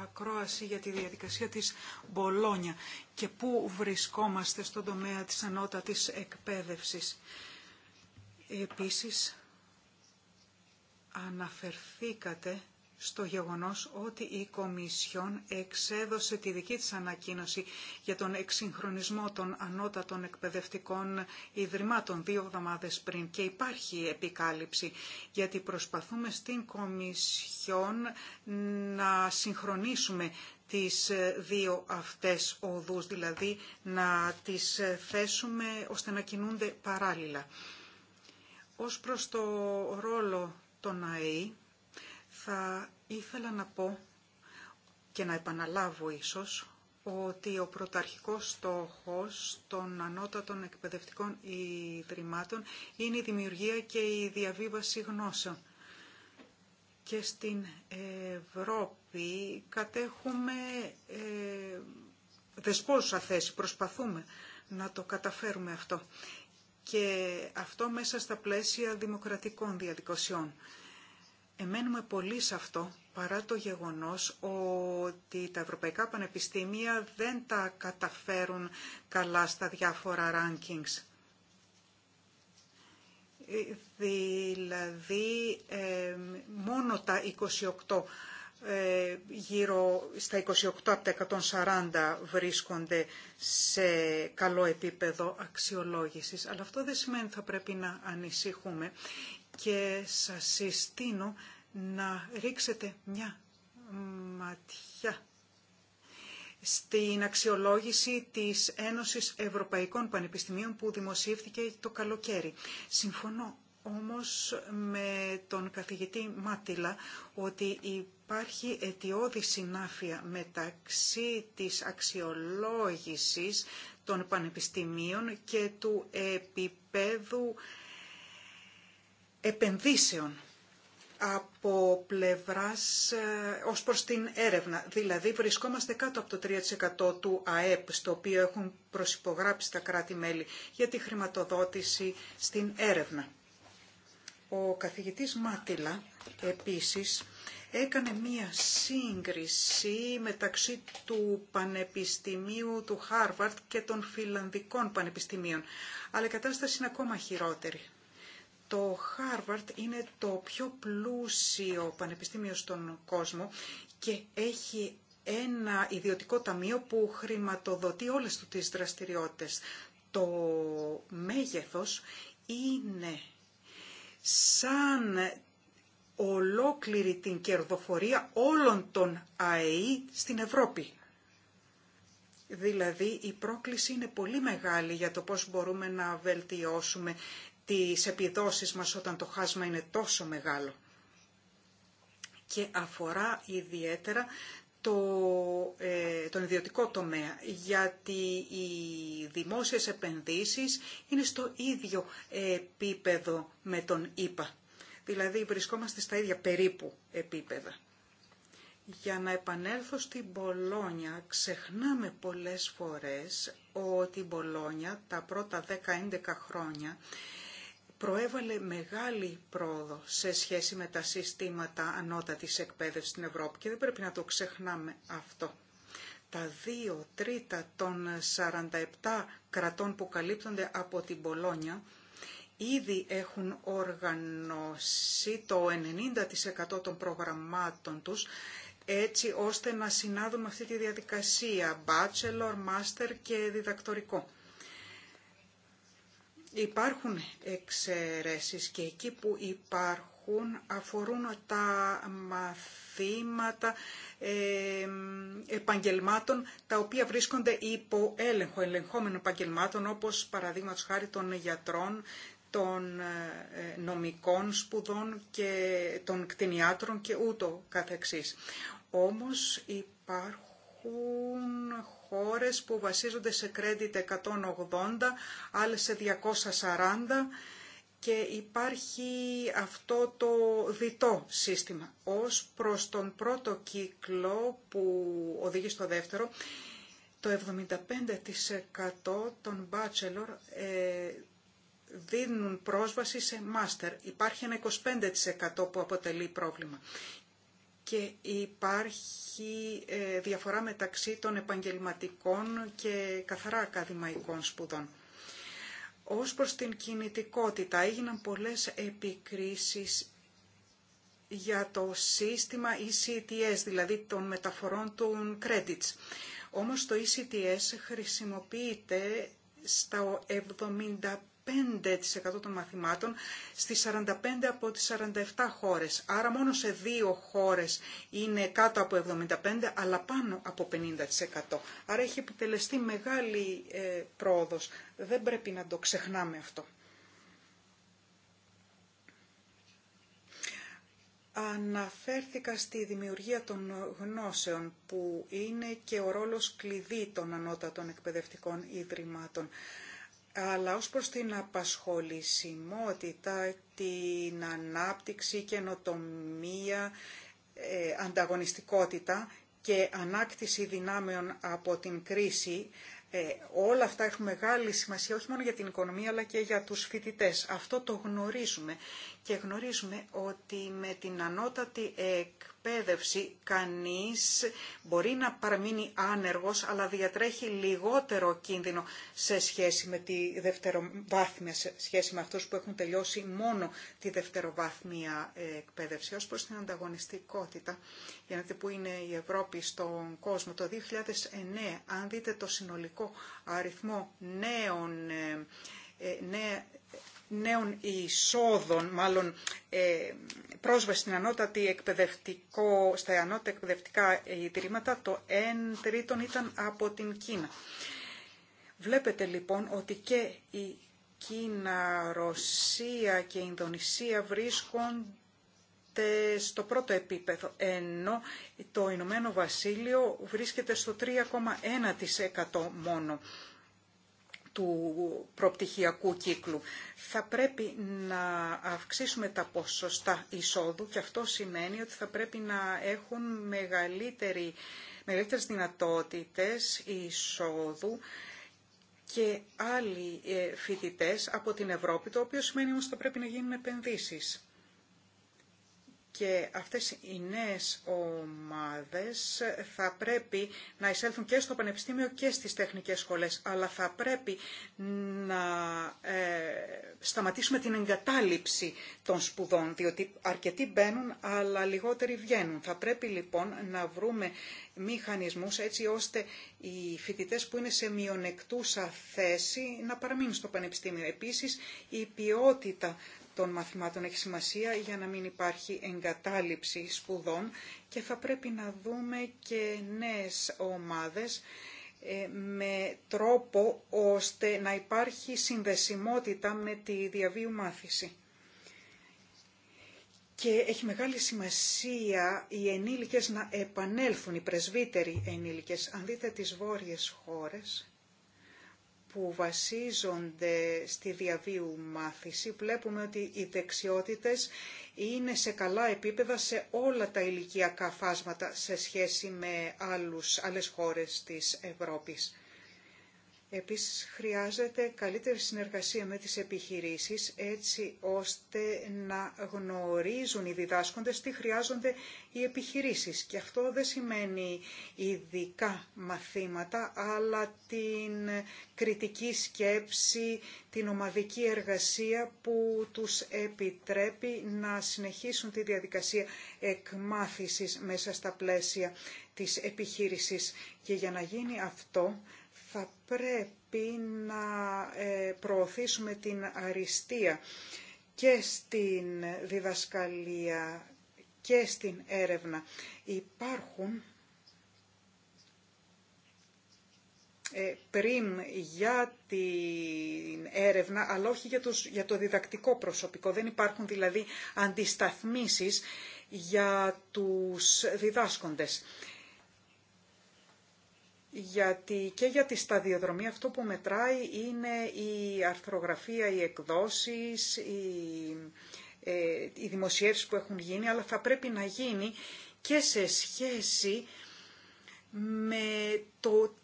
ακρόαση για τη διαδικασία της Μπολόνια και πού βρισκόμαστε στον τομέα της ανώτατης εκπαίδευσης. Επίσης, αναφερθήκατε στο γεγονός ότι η Κομισιόν εξέδωσε τη δική της ανακοίνωση για τον εξυγχρονισμό των ανώτατων εκπαιδευτικών ιδρυμάτων δύο εβδομάδες πριν και υπάρχει επικάλυψη γιατί προσπαθούμε στην Κομισιόν να συγχρονίσουμε τις δύο αυτές οδούς, δηλαδή να τις θέσουμε ώστε να κινούνται παράλληλα. Ως προς το ρόλο των ΑΕΗ, θα Ήθελα να πω και να επαναλάβω ίσως ότι ο πρωταρχικός στόχος των ανώτατων εκπαιδευτικών ιδρυμάτων είναι η δημιουργία και η διαβίβαση γνώσεων. Και στην Ευρώπη κατέχουμε ε, δεσπόζουσα θέση, προσπαθούμε να το καταφέρουμε αυτό. Και αυτό μέσα στα πλαίσια δημοκρατικών διαδικασιών. Εμένουμε πολύ σε αυτό παρά το γεγονός ότι τα ευρωπαϊκά πανεπιστήμια δεν τα καταφέρουν καλά στα διάφορα rankings. Ε, δηλαδή, ε, μόνο τα 28 ε, γύρω στα 28 από τα 140 βρίσκονται σε καλό επίπεδο αξιολόγησης. Αλλά αυτό δεν σημαίνει ότι θα πρέπει να ανησυχούμε, και σας συστήνω να ρίξετε μια ματιά στην αξιολόγηση της Ένωσης Ευρωπαϊκών Πανεπιστημίων που δημοσιεύτηκε το καλοκαίρι. Συμφωνώ όμως με τον καθηγητή Μάτιλα ότι υπάρχει αιτιώδη συνάφεια μεταξύ της αξιολόγησης των πανεπιστημίων και του επίπεδου επενδύσεων από πλευράς ε, ως προς την έρευνα. Δηλαδή βρισκόμαστε κάτω από το 3% του ΑΕΠ στο οποίο έχουν προσυπογράψει τα κράτη-μέλη για τη χρηματοδότηση στην έρευνα. Ο καθηγητής Μάτιλα επίσης έκανε μία σύγκριση μεταξύ του Πανεπιστημίου του Χάρβαρτ και των Φιλανδικών Πανεπιστημίων. Αλλά η κατάσταση είναι ακόμα χειρότερη. Το Χάρβαρτ είναι το πιο πλούσιο πανεπιστήμιο στον κόσμο και έχει ένα ιδιωτικό ταμείο που χρηματοδοτεί όλες του τις δραστηριότητες. Το μέγεθος είναι σαν ολόκληρη την κερδοφορία όλων των ΑΕΗ στην Ευρώπη. Δηλαδή η πρόκληση είναι πολύ μεγάλη για το πώς μπορούμε να βελτιώσουμε τις επιδόσεις μας όταν το χάσμα είναι τόσο μεγάλο. Και αφορά ιδιαίτερα το, ε, τον ιδιωτικό τομέα, γιατί οι δημόσιες επενδύσεις είναι στο ίδιο επίπεδο με τον ΙΠΑ. Δηλαδή βρισκόμαστε στα ίδια περίπου επίπεδα. Για να επανέλθω στην Πολόνια, ξεχνάμε πολλές φορές ότι η Πολόνια τα πρώτα 10-11 χρόνια προέβαλε μεγάλη πρόοδο σε σχέση με τα συστήματα ανώτατης εκπαίδευσης στην Ευρώπη και δεν πρέπει να το ξεχνάμε αυτό. Τα δύο τρίτα των 47 κρατών που καλύπτονται από την Πολόνια ήδη έχουν οργανώσει το 90% των προγραμμάτων τους έτσι ώστε να συνάδουμε αυτή τη διαδικασία bachelor, master και διδακτορικό. Υπάρχουν εξαιρέσεις και εκεί που υπάρχουν αφορούν τα μαθήματα ε, επαγγελμάτων τα οποία βρίσκονται υπό έλεγχο, ελεγχόμενων επαγγελμάτων όπως παραδείγματο χάρη των γιατρών, των ε, νομικών σπουδών και των κτηνιάτρων και ούτω καθεξής. Όμως υπάρχουν χώρες που βασίζονται σε credit 180, άλλες σε 240 και υπάρχει αυτό το διτό σύστημα. Ως προς τον πρώτο κύκλο που οδηγεί στο δεύτερο, το 75% των bachelor ε, δίνουν πρόσβαση σε master, Υπάρχει ένα 25% που αποτελεί πρόβλημα και υπάρχει ε, διαφορά μεταξύ των επαγγελματικών και καθαρά ακαδημαϊκών σπουδών. Ως προς την κινητικότητα έγιναν πολλές επικρίσεις για το σύστημα ECTS, δηλαδή των μεταφορών των credits. Όμως το ECTS χρησιμοποιείται στα 75 5% των μαθημάτων στις 45 από τις 47 χώρες. Άρα μόνο σε δύο χώρες είναι κάτω από 75% αλλά πάνω από 50%. Άρα έχει επιτελεστεί μεγάλη ε, πρόοδος. Δεν πρέπει να το ξεχνάμε αυτό. Αναφέρθηκα στη δημιουργία των γνώσεων που είναι και ο ρόλος κλειδί των ανώτατων εκπαιδευτικών ιδρυμάτων αλλά ως προς την απασχολησιμότητα, την ανάπτυξη, καινοτομία, ε, ανταγωνιστικότητα και ανάκτηση δυνάμεων από την κρίση, ε, όλα αυτά έχουν μεγάλη σημασία όχι μόνο για την οικονομία αλλά και για τους φοιτητές. Αυτό το γνωρίζουμε και γνωρίζουμε ότι με την ανώτατη εκπαίδευση κανείς μπορεί να παραμείνει άνεργος, αλλά διατρέχει λιγότερο κίνδυνο σε σχέση με τη δευτεροβάθμια, σε σχέση με αυτούς που έχουν τελειώσει μόνο τη δευτεροβάθμια εκπαίδευση. Ως προς την ανταγωνιστικότητα, για να δείτε που είναι η Ευρώπη στον κόσμο, το 2009, αν δείτε το συνολικό αριθμό νέων ε, ε, νέων εισόδων, μάλλον ε, πρόσβαση στην ανώτατη εκπαιδευτικό, στα ανώτατα εκπαιδευτικά ιδρύματα, το 1 τρίτον ήταν από την Κίνα. Βλέπετε λοιπόν ότι και η Κίνα, Ρωσία και η Ινδονησία βρίσκονται στο πρώτο επίπεδο, ενώ το Ηνωμένο Βασίλειο βρίσκεται στο 3,1% μόνο του προπτυχιακού κύκλου. Θα πρέπει να αυξήσουμε τα ποσοστά εισόδου και αυτό σημαίνει ότι θα πρέπει να έχουν μεγαλύτερη, μεγαλύτερες δυνατότητες εισόδου και άλλοι ε, φοιτητές από την Ευρώπη, το οποίο σημαίνει όμως ότι θα πρέπει να γίνουν επενδύσεις και αυτές οι νέες ομάδες θα πρέπει να εισέλθουν και στο πανεπιστήμιο και στις τεχνικές σχολές, αλλά θα πρέπει να ε, σταματήσουμε την εγκατάλειψη των σπουδών, διότι αρκετοί μπαίνουν αλλά λιγότεροι βγαίνουν. Θα πρέπει λοιπόν να βρούμε μηχανισμούς έτσι ώστε οι φοιτητές που είναι σε μειονεκτούσα θέση να παραμείνουν στο πανεπιστήμιο. Επίσης η ποιότητα των μαθημάτων έχει σημασία για να μην υπάρχει εγκατάλειψη σπουδών και θα πρέπει να δούμε και νέες ομάδες ε, με τρόπο ώστε να υπάρχει συνδεσιμότητα με τη διαβίου μάθηση. Και έχει μεγάλη σημασία οι ενήλικες να επανέλθουν, οι πρεσβύτεροι ενήλικες. Αν δείτε τις βόρειες χώρες, που βασίζονται στη διαβίου μάθηση βλέπουμε ότι οι δεξιότητες είναι σε καλά επίπεδα σε όλα τα ηλικιακά φάσματα σε σχέση με άλλους, άλλες χώρες της Ευρώπης. Επίσης χρειάζεται καλύτερη συνεργασία με τις επιχειρήσεις έτσι ώστε να γνωρίζουν οι διδάσκοντες τι χρειάζονται οι επιχειρήσεις. Και αυτό δεν σημαίνει ειδικά μαθήματα, αλλά την κριτική σκέψη, την ομαδική εργασία που τους επιτρέπει να συνεχίσουν τη διαδικασία εκμάθησης μέσα στα πλαίσια της επιχείρησης. Και για να γίνει αυτό πρέπει να ε, προωθήσουμε την αριστεία και στην διδασκαλία και στην έρευνα. Υπάρχουν ε, πριν για την έρευνα, αλλά όχι για, για το διδακτικό προσωπικό. Δεν υπάρχουν δηλαδή αντισταθμίσεις για τους διδάσκοντες γιατί και για τη σταδιοδρομή αυτό που μετράει είναι η αρθρογραφία, οι εκδόσεις, οι, ε, οι δημοσιεύσεις που έχουν γίνει, αλλά θα πρέπει να γίνει και σε σχέση με το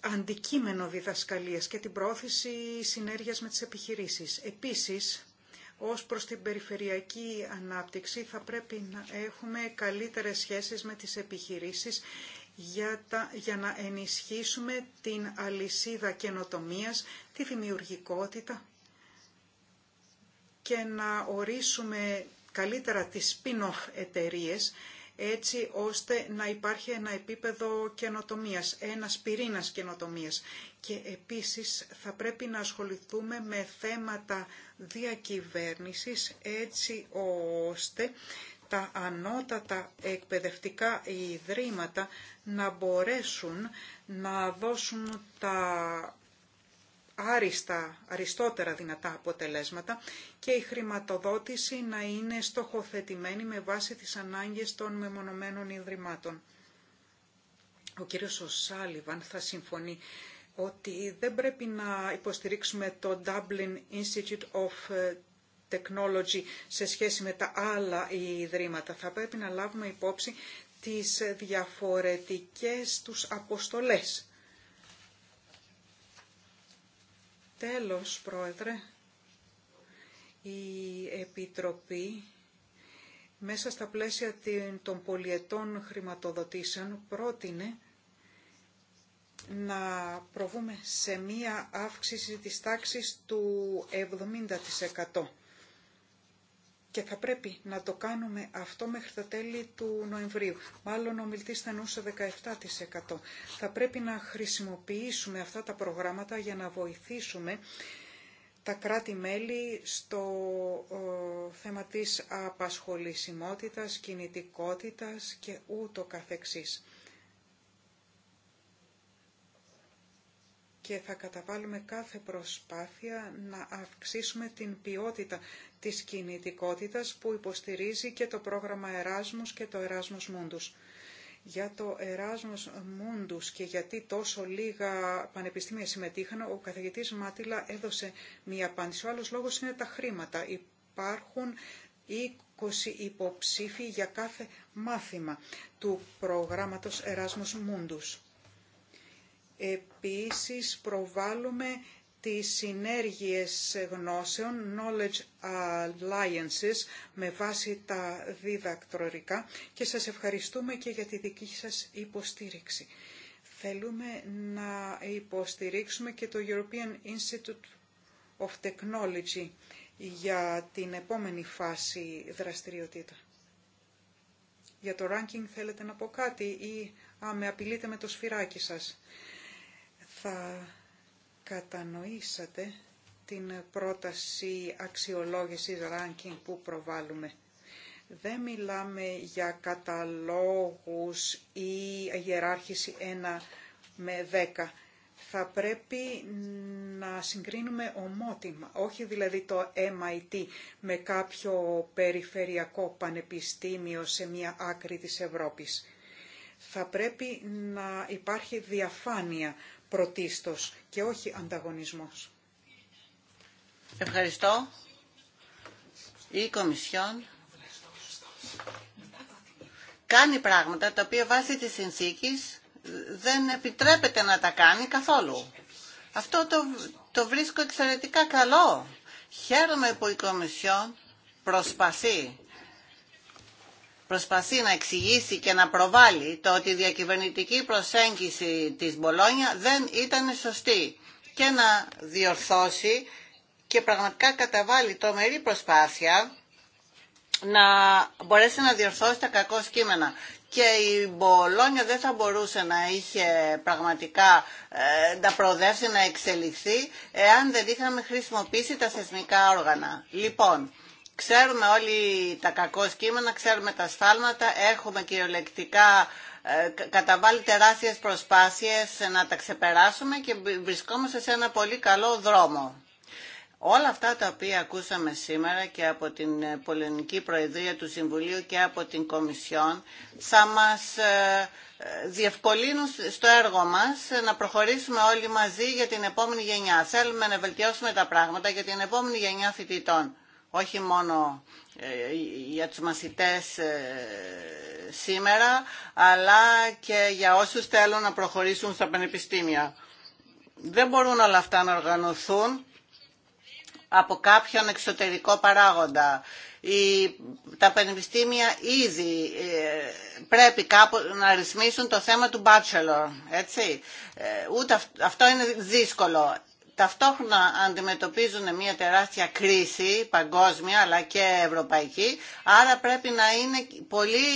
αντικείμενο διδασκαλίας και την πρόθεση συνέργειας με τις επιχειρήσεις. Επίσης, ως προς την περιφερειακή ανάπτυξη θα πρέπει να έχουμε καλύτερες σχέσεις με τις επιχειρήσεις για, τα, για να ενισχύσουμε την αλυσίδα καινοτομίας, τη δημιουργικότητα και να ορίσουμε καλύτερα τις spin-off εταιρείες έτσι ώστε να υπάρχει ένα επίπεδο καινοτομίας, ένα πυρήνας καινοτομίας. Και επίσης θα πρέπει να ασχοληθούμε με θέματα διακυβέρνησης έτσι ώστε τα ανώτατα εκπαιδευτικά ιδρύματα να μπορέσουν να δώσουν τα άριστα, αριστότερα δυνατά αποτελέσματα και η χρηματοδότηση να είναι στοχοθετημένη με βάση τις ανάγκες των μεμονωμένων ιδρυμάτων. Ο κύριος Σάλιβαν θα συμφωνεί ότι δεν πρέπει να υποστηρίξουμε το Dublin Institute of Technology σε σχέση με τα άλλα ιδρύματα. Θα πρέπει να λάβουμε υπόψη τις διαφορετικές τους αποστολές. Τέλος, Πρόεδρε, η Επιτροπή μέσα στα πλαίσια των πολιετών χρηματοδοτήσεων πρότεινε να προβούμε σε μία αύξηση της τάξης του 70% και θα πρέπει να το κάνουμε αυτό μέχρι τα τέλη του Νοεμβρίου. Μάλλον ο μιλτής θα εννοούσε 17%. Θα πρέπει να χρησιμοποιήσουμε αυτά τα προγράμματα για να βοηθήσουμε τα κράτη-μέλη στο ε, θέμα της απασχολησιμότητας, κινητικότητας και ούτω καθεξής. και θα καταβάλουμε κάθε προσπάθεια να αυξήσουμε την ποιότητα της κινητικότητας που υποστηρίζει και το πρόγραμμα Εράσμους και το εράσμους Μούντους. Για το Εράσμος Μούντους και γιατί τόσο λίγα πανεπιστήμια συμμετείχαν, ο καθηγητής Μάτιλα έδωσε μία απάντηση. Ο άλλος λόγος είναι τα χρήματα. Υπάρχουν 20 υποψήφοι για κάθε μάθημα του προγράμματος Εράσμος Μούντους Επίσης προβάλλουμε τις συνέργειες γνώσεων, knowledge alliances, με βάση τα διδακτορικά και σας ευχαριστούμε και για τη δική σας υποστήριξη. Θέλουμε να υποστηρίξουμε και το European Institute of Technology για την επόμενη φάση δραστηριοτήτων. Για το ranking θέλετε να πω κάτι ή με απειλείτε με το σφυράκι σας θα κατανοήσατε την πρόταση αξιολόγησης ranking που προβάλλουμε. Δεν μιλάμε για καταλόγους ή γεράρχηση 1 με 10. Θα πρέπει να συγκρίνουμε ομότιμα, όχι δηλαδή το MIT με κάποιο περιφερειακό πανεπιστήμιο σε μια άκρη της Ευρώπης. Θα πρέπει να υπάρχει διαφάνεια πρωτίστως και όχι ανταγωνισμός. Ευχαριστώ. Η Κομισιόν κάνει πράγματα τα οποία βάσει της συνθήκης δεν επιτρέπεται να τα κάνει καθόλου. Αυτό το, το βρίσκω εξαιρετικά καλό. Χαίρομαι που η Κομισιόν προσπαθεί προσπαθεί να εξηγήσει και να προβάλλει το ότι η διακυβερνητική προσέγγιση της Μπολόνια δεν ήταν σωστή και να διορθώσει και πραγματικά καταβάλει τρομερή προσπάθεια να μπορέσει να διορθώσει τα κακό σκήμενα. Και η Μπολόνια δεν θα μπορούσε να είχε πραγματικά ε, να προοδεύσει, να εξελιχθεί, εάν δεν είχαμε χρησιμοποιήσει τα θεσμικά όργανα. Λοιπόν, Ξέρουμε όλοι τα κακό σκήμενα, ξέρουμε τα σφάλματα, έχουμε κυριολεκτικά ε, καταβάλει τεράστιες προσπάσεις να τα ξεπεράσουμε και βρισκόμαστε σε ένα πολύ καλό δρόμο. Όλα αυτά τα οποία ακούσαμε σήμερα και από την ε, πολεμική Προεδρία του Συμβουλίου και από την Κομισιόν θα μας ε, διευκολύνουν στο έργο μας να προχωρήσουμε όλοι μαζί για την επόμενη γενιά. Θέλουμε να βελτιώσουμε τα πράγματα για την επόμενη γενιά φοιτητών όχι μόνο ε, για τους μαθητές ε, σήμερα, αλλά και για όσους θέλουν να προχωρήσουν στα πανεπιστήμια. Δεν μπορούν όλα αυτά να οργανωθούν από κάποιον εξωτερικό παράγοντα. Η, τα πανεπιστήμια ήδη ε, πρέπει κάπου να ρυθμίσουν το θέμα του bachelor, έτσι. ούτε αυτό είναι δύσκολο ταυτόχρονα αντιμετωπίζουν μια τεράστια κρίση παγκόσμια αλλά και ευρωπαϊκή, άρα πρέπει να είναι πολύ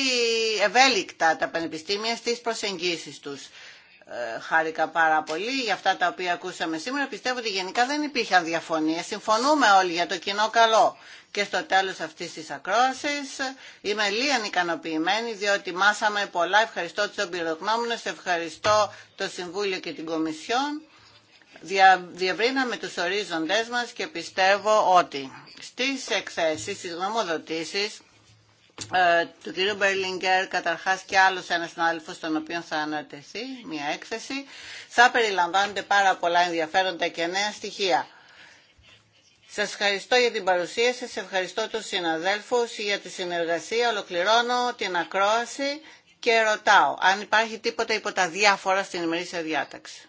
ευέλικτα τα πανεπιστήμια στις προσεγγίσεις τους. Ε, χάρηκα πάρα πολύ για αυτά τα οποία ακούσαμε σήμερα. Πιστεύω ότι γενικά δεν υπήρχαν διαφωνίες. Συμφωνούμε όλοι για το κοινό καλό. Και στο τέλος αυτής της ακρόασης είμαι λίγαν ικανοποιημένη διότι μάσαμε πολλά. Ευχαριστώ τους εμπειρογνώμονες, ευχαριστώ το Συμβούλιο και την Κομισιόν δια, διαβρύναμε τους ορίζοντές μας και πιστεύω ότι στις εκθέσεις, στις γνωμοδοτήσεις ε, του κ. Μπερλιγκέρ, καταρχάς και άλλος ένας συνάδελφος τον οποίο θα ανατεθεί μια έκθεση, θα περιλαμβάνονται πάρα πολλά ενδιαφέροντα και νέα στοιχεία. Σας ευχαριστώ για την παρουσία σας, ευχαριστώ τους συναδέλφους για τη συνεργασία, ολοκληρώνω την ακρόαση και ρωτάω αν υπάρχει τίποτα υπό τα διάφορα στην ημερήσια διάταξη.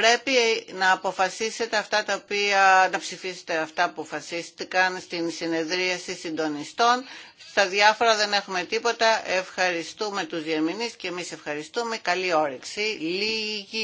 πρέπει να αποφασίσετε αυτά τα οποία, να ψηφίσετε αυτά που αποφασίστηκαν στην συνεδρίαση συντονιστών. Στα διάφορα δεν έχουμε τίποτα. Ευχαριστούμε τους διερμηνείς και εμείς ευχαριστούμε. Καλή όρεξη. Λίγη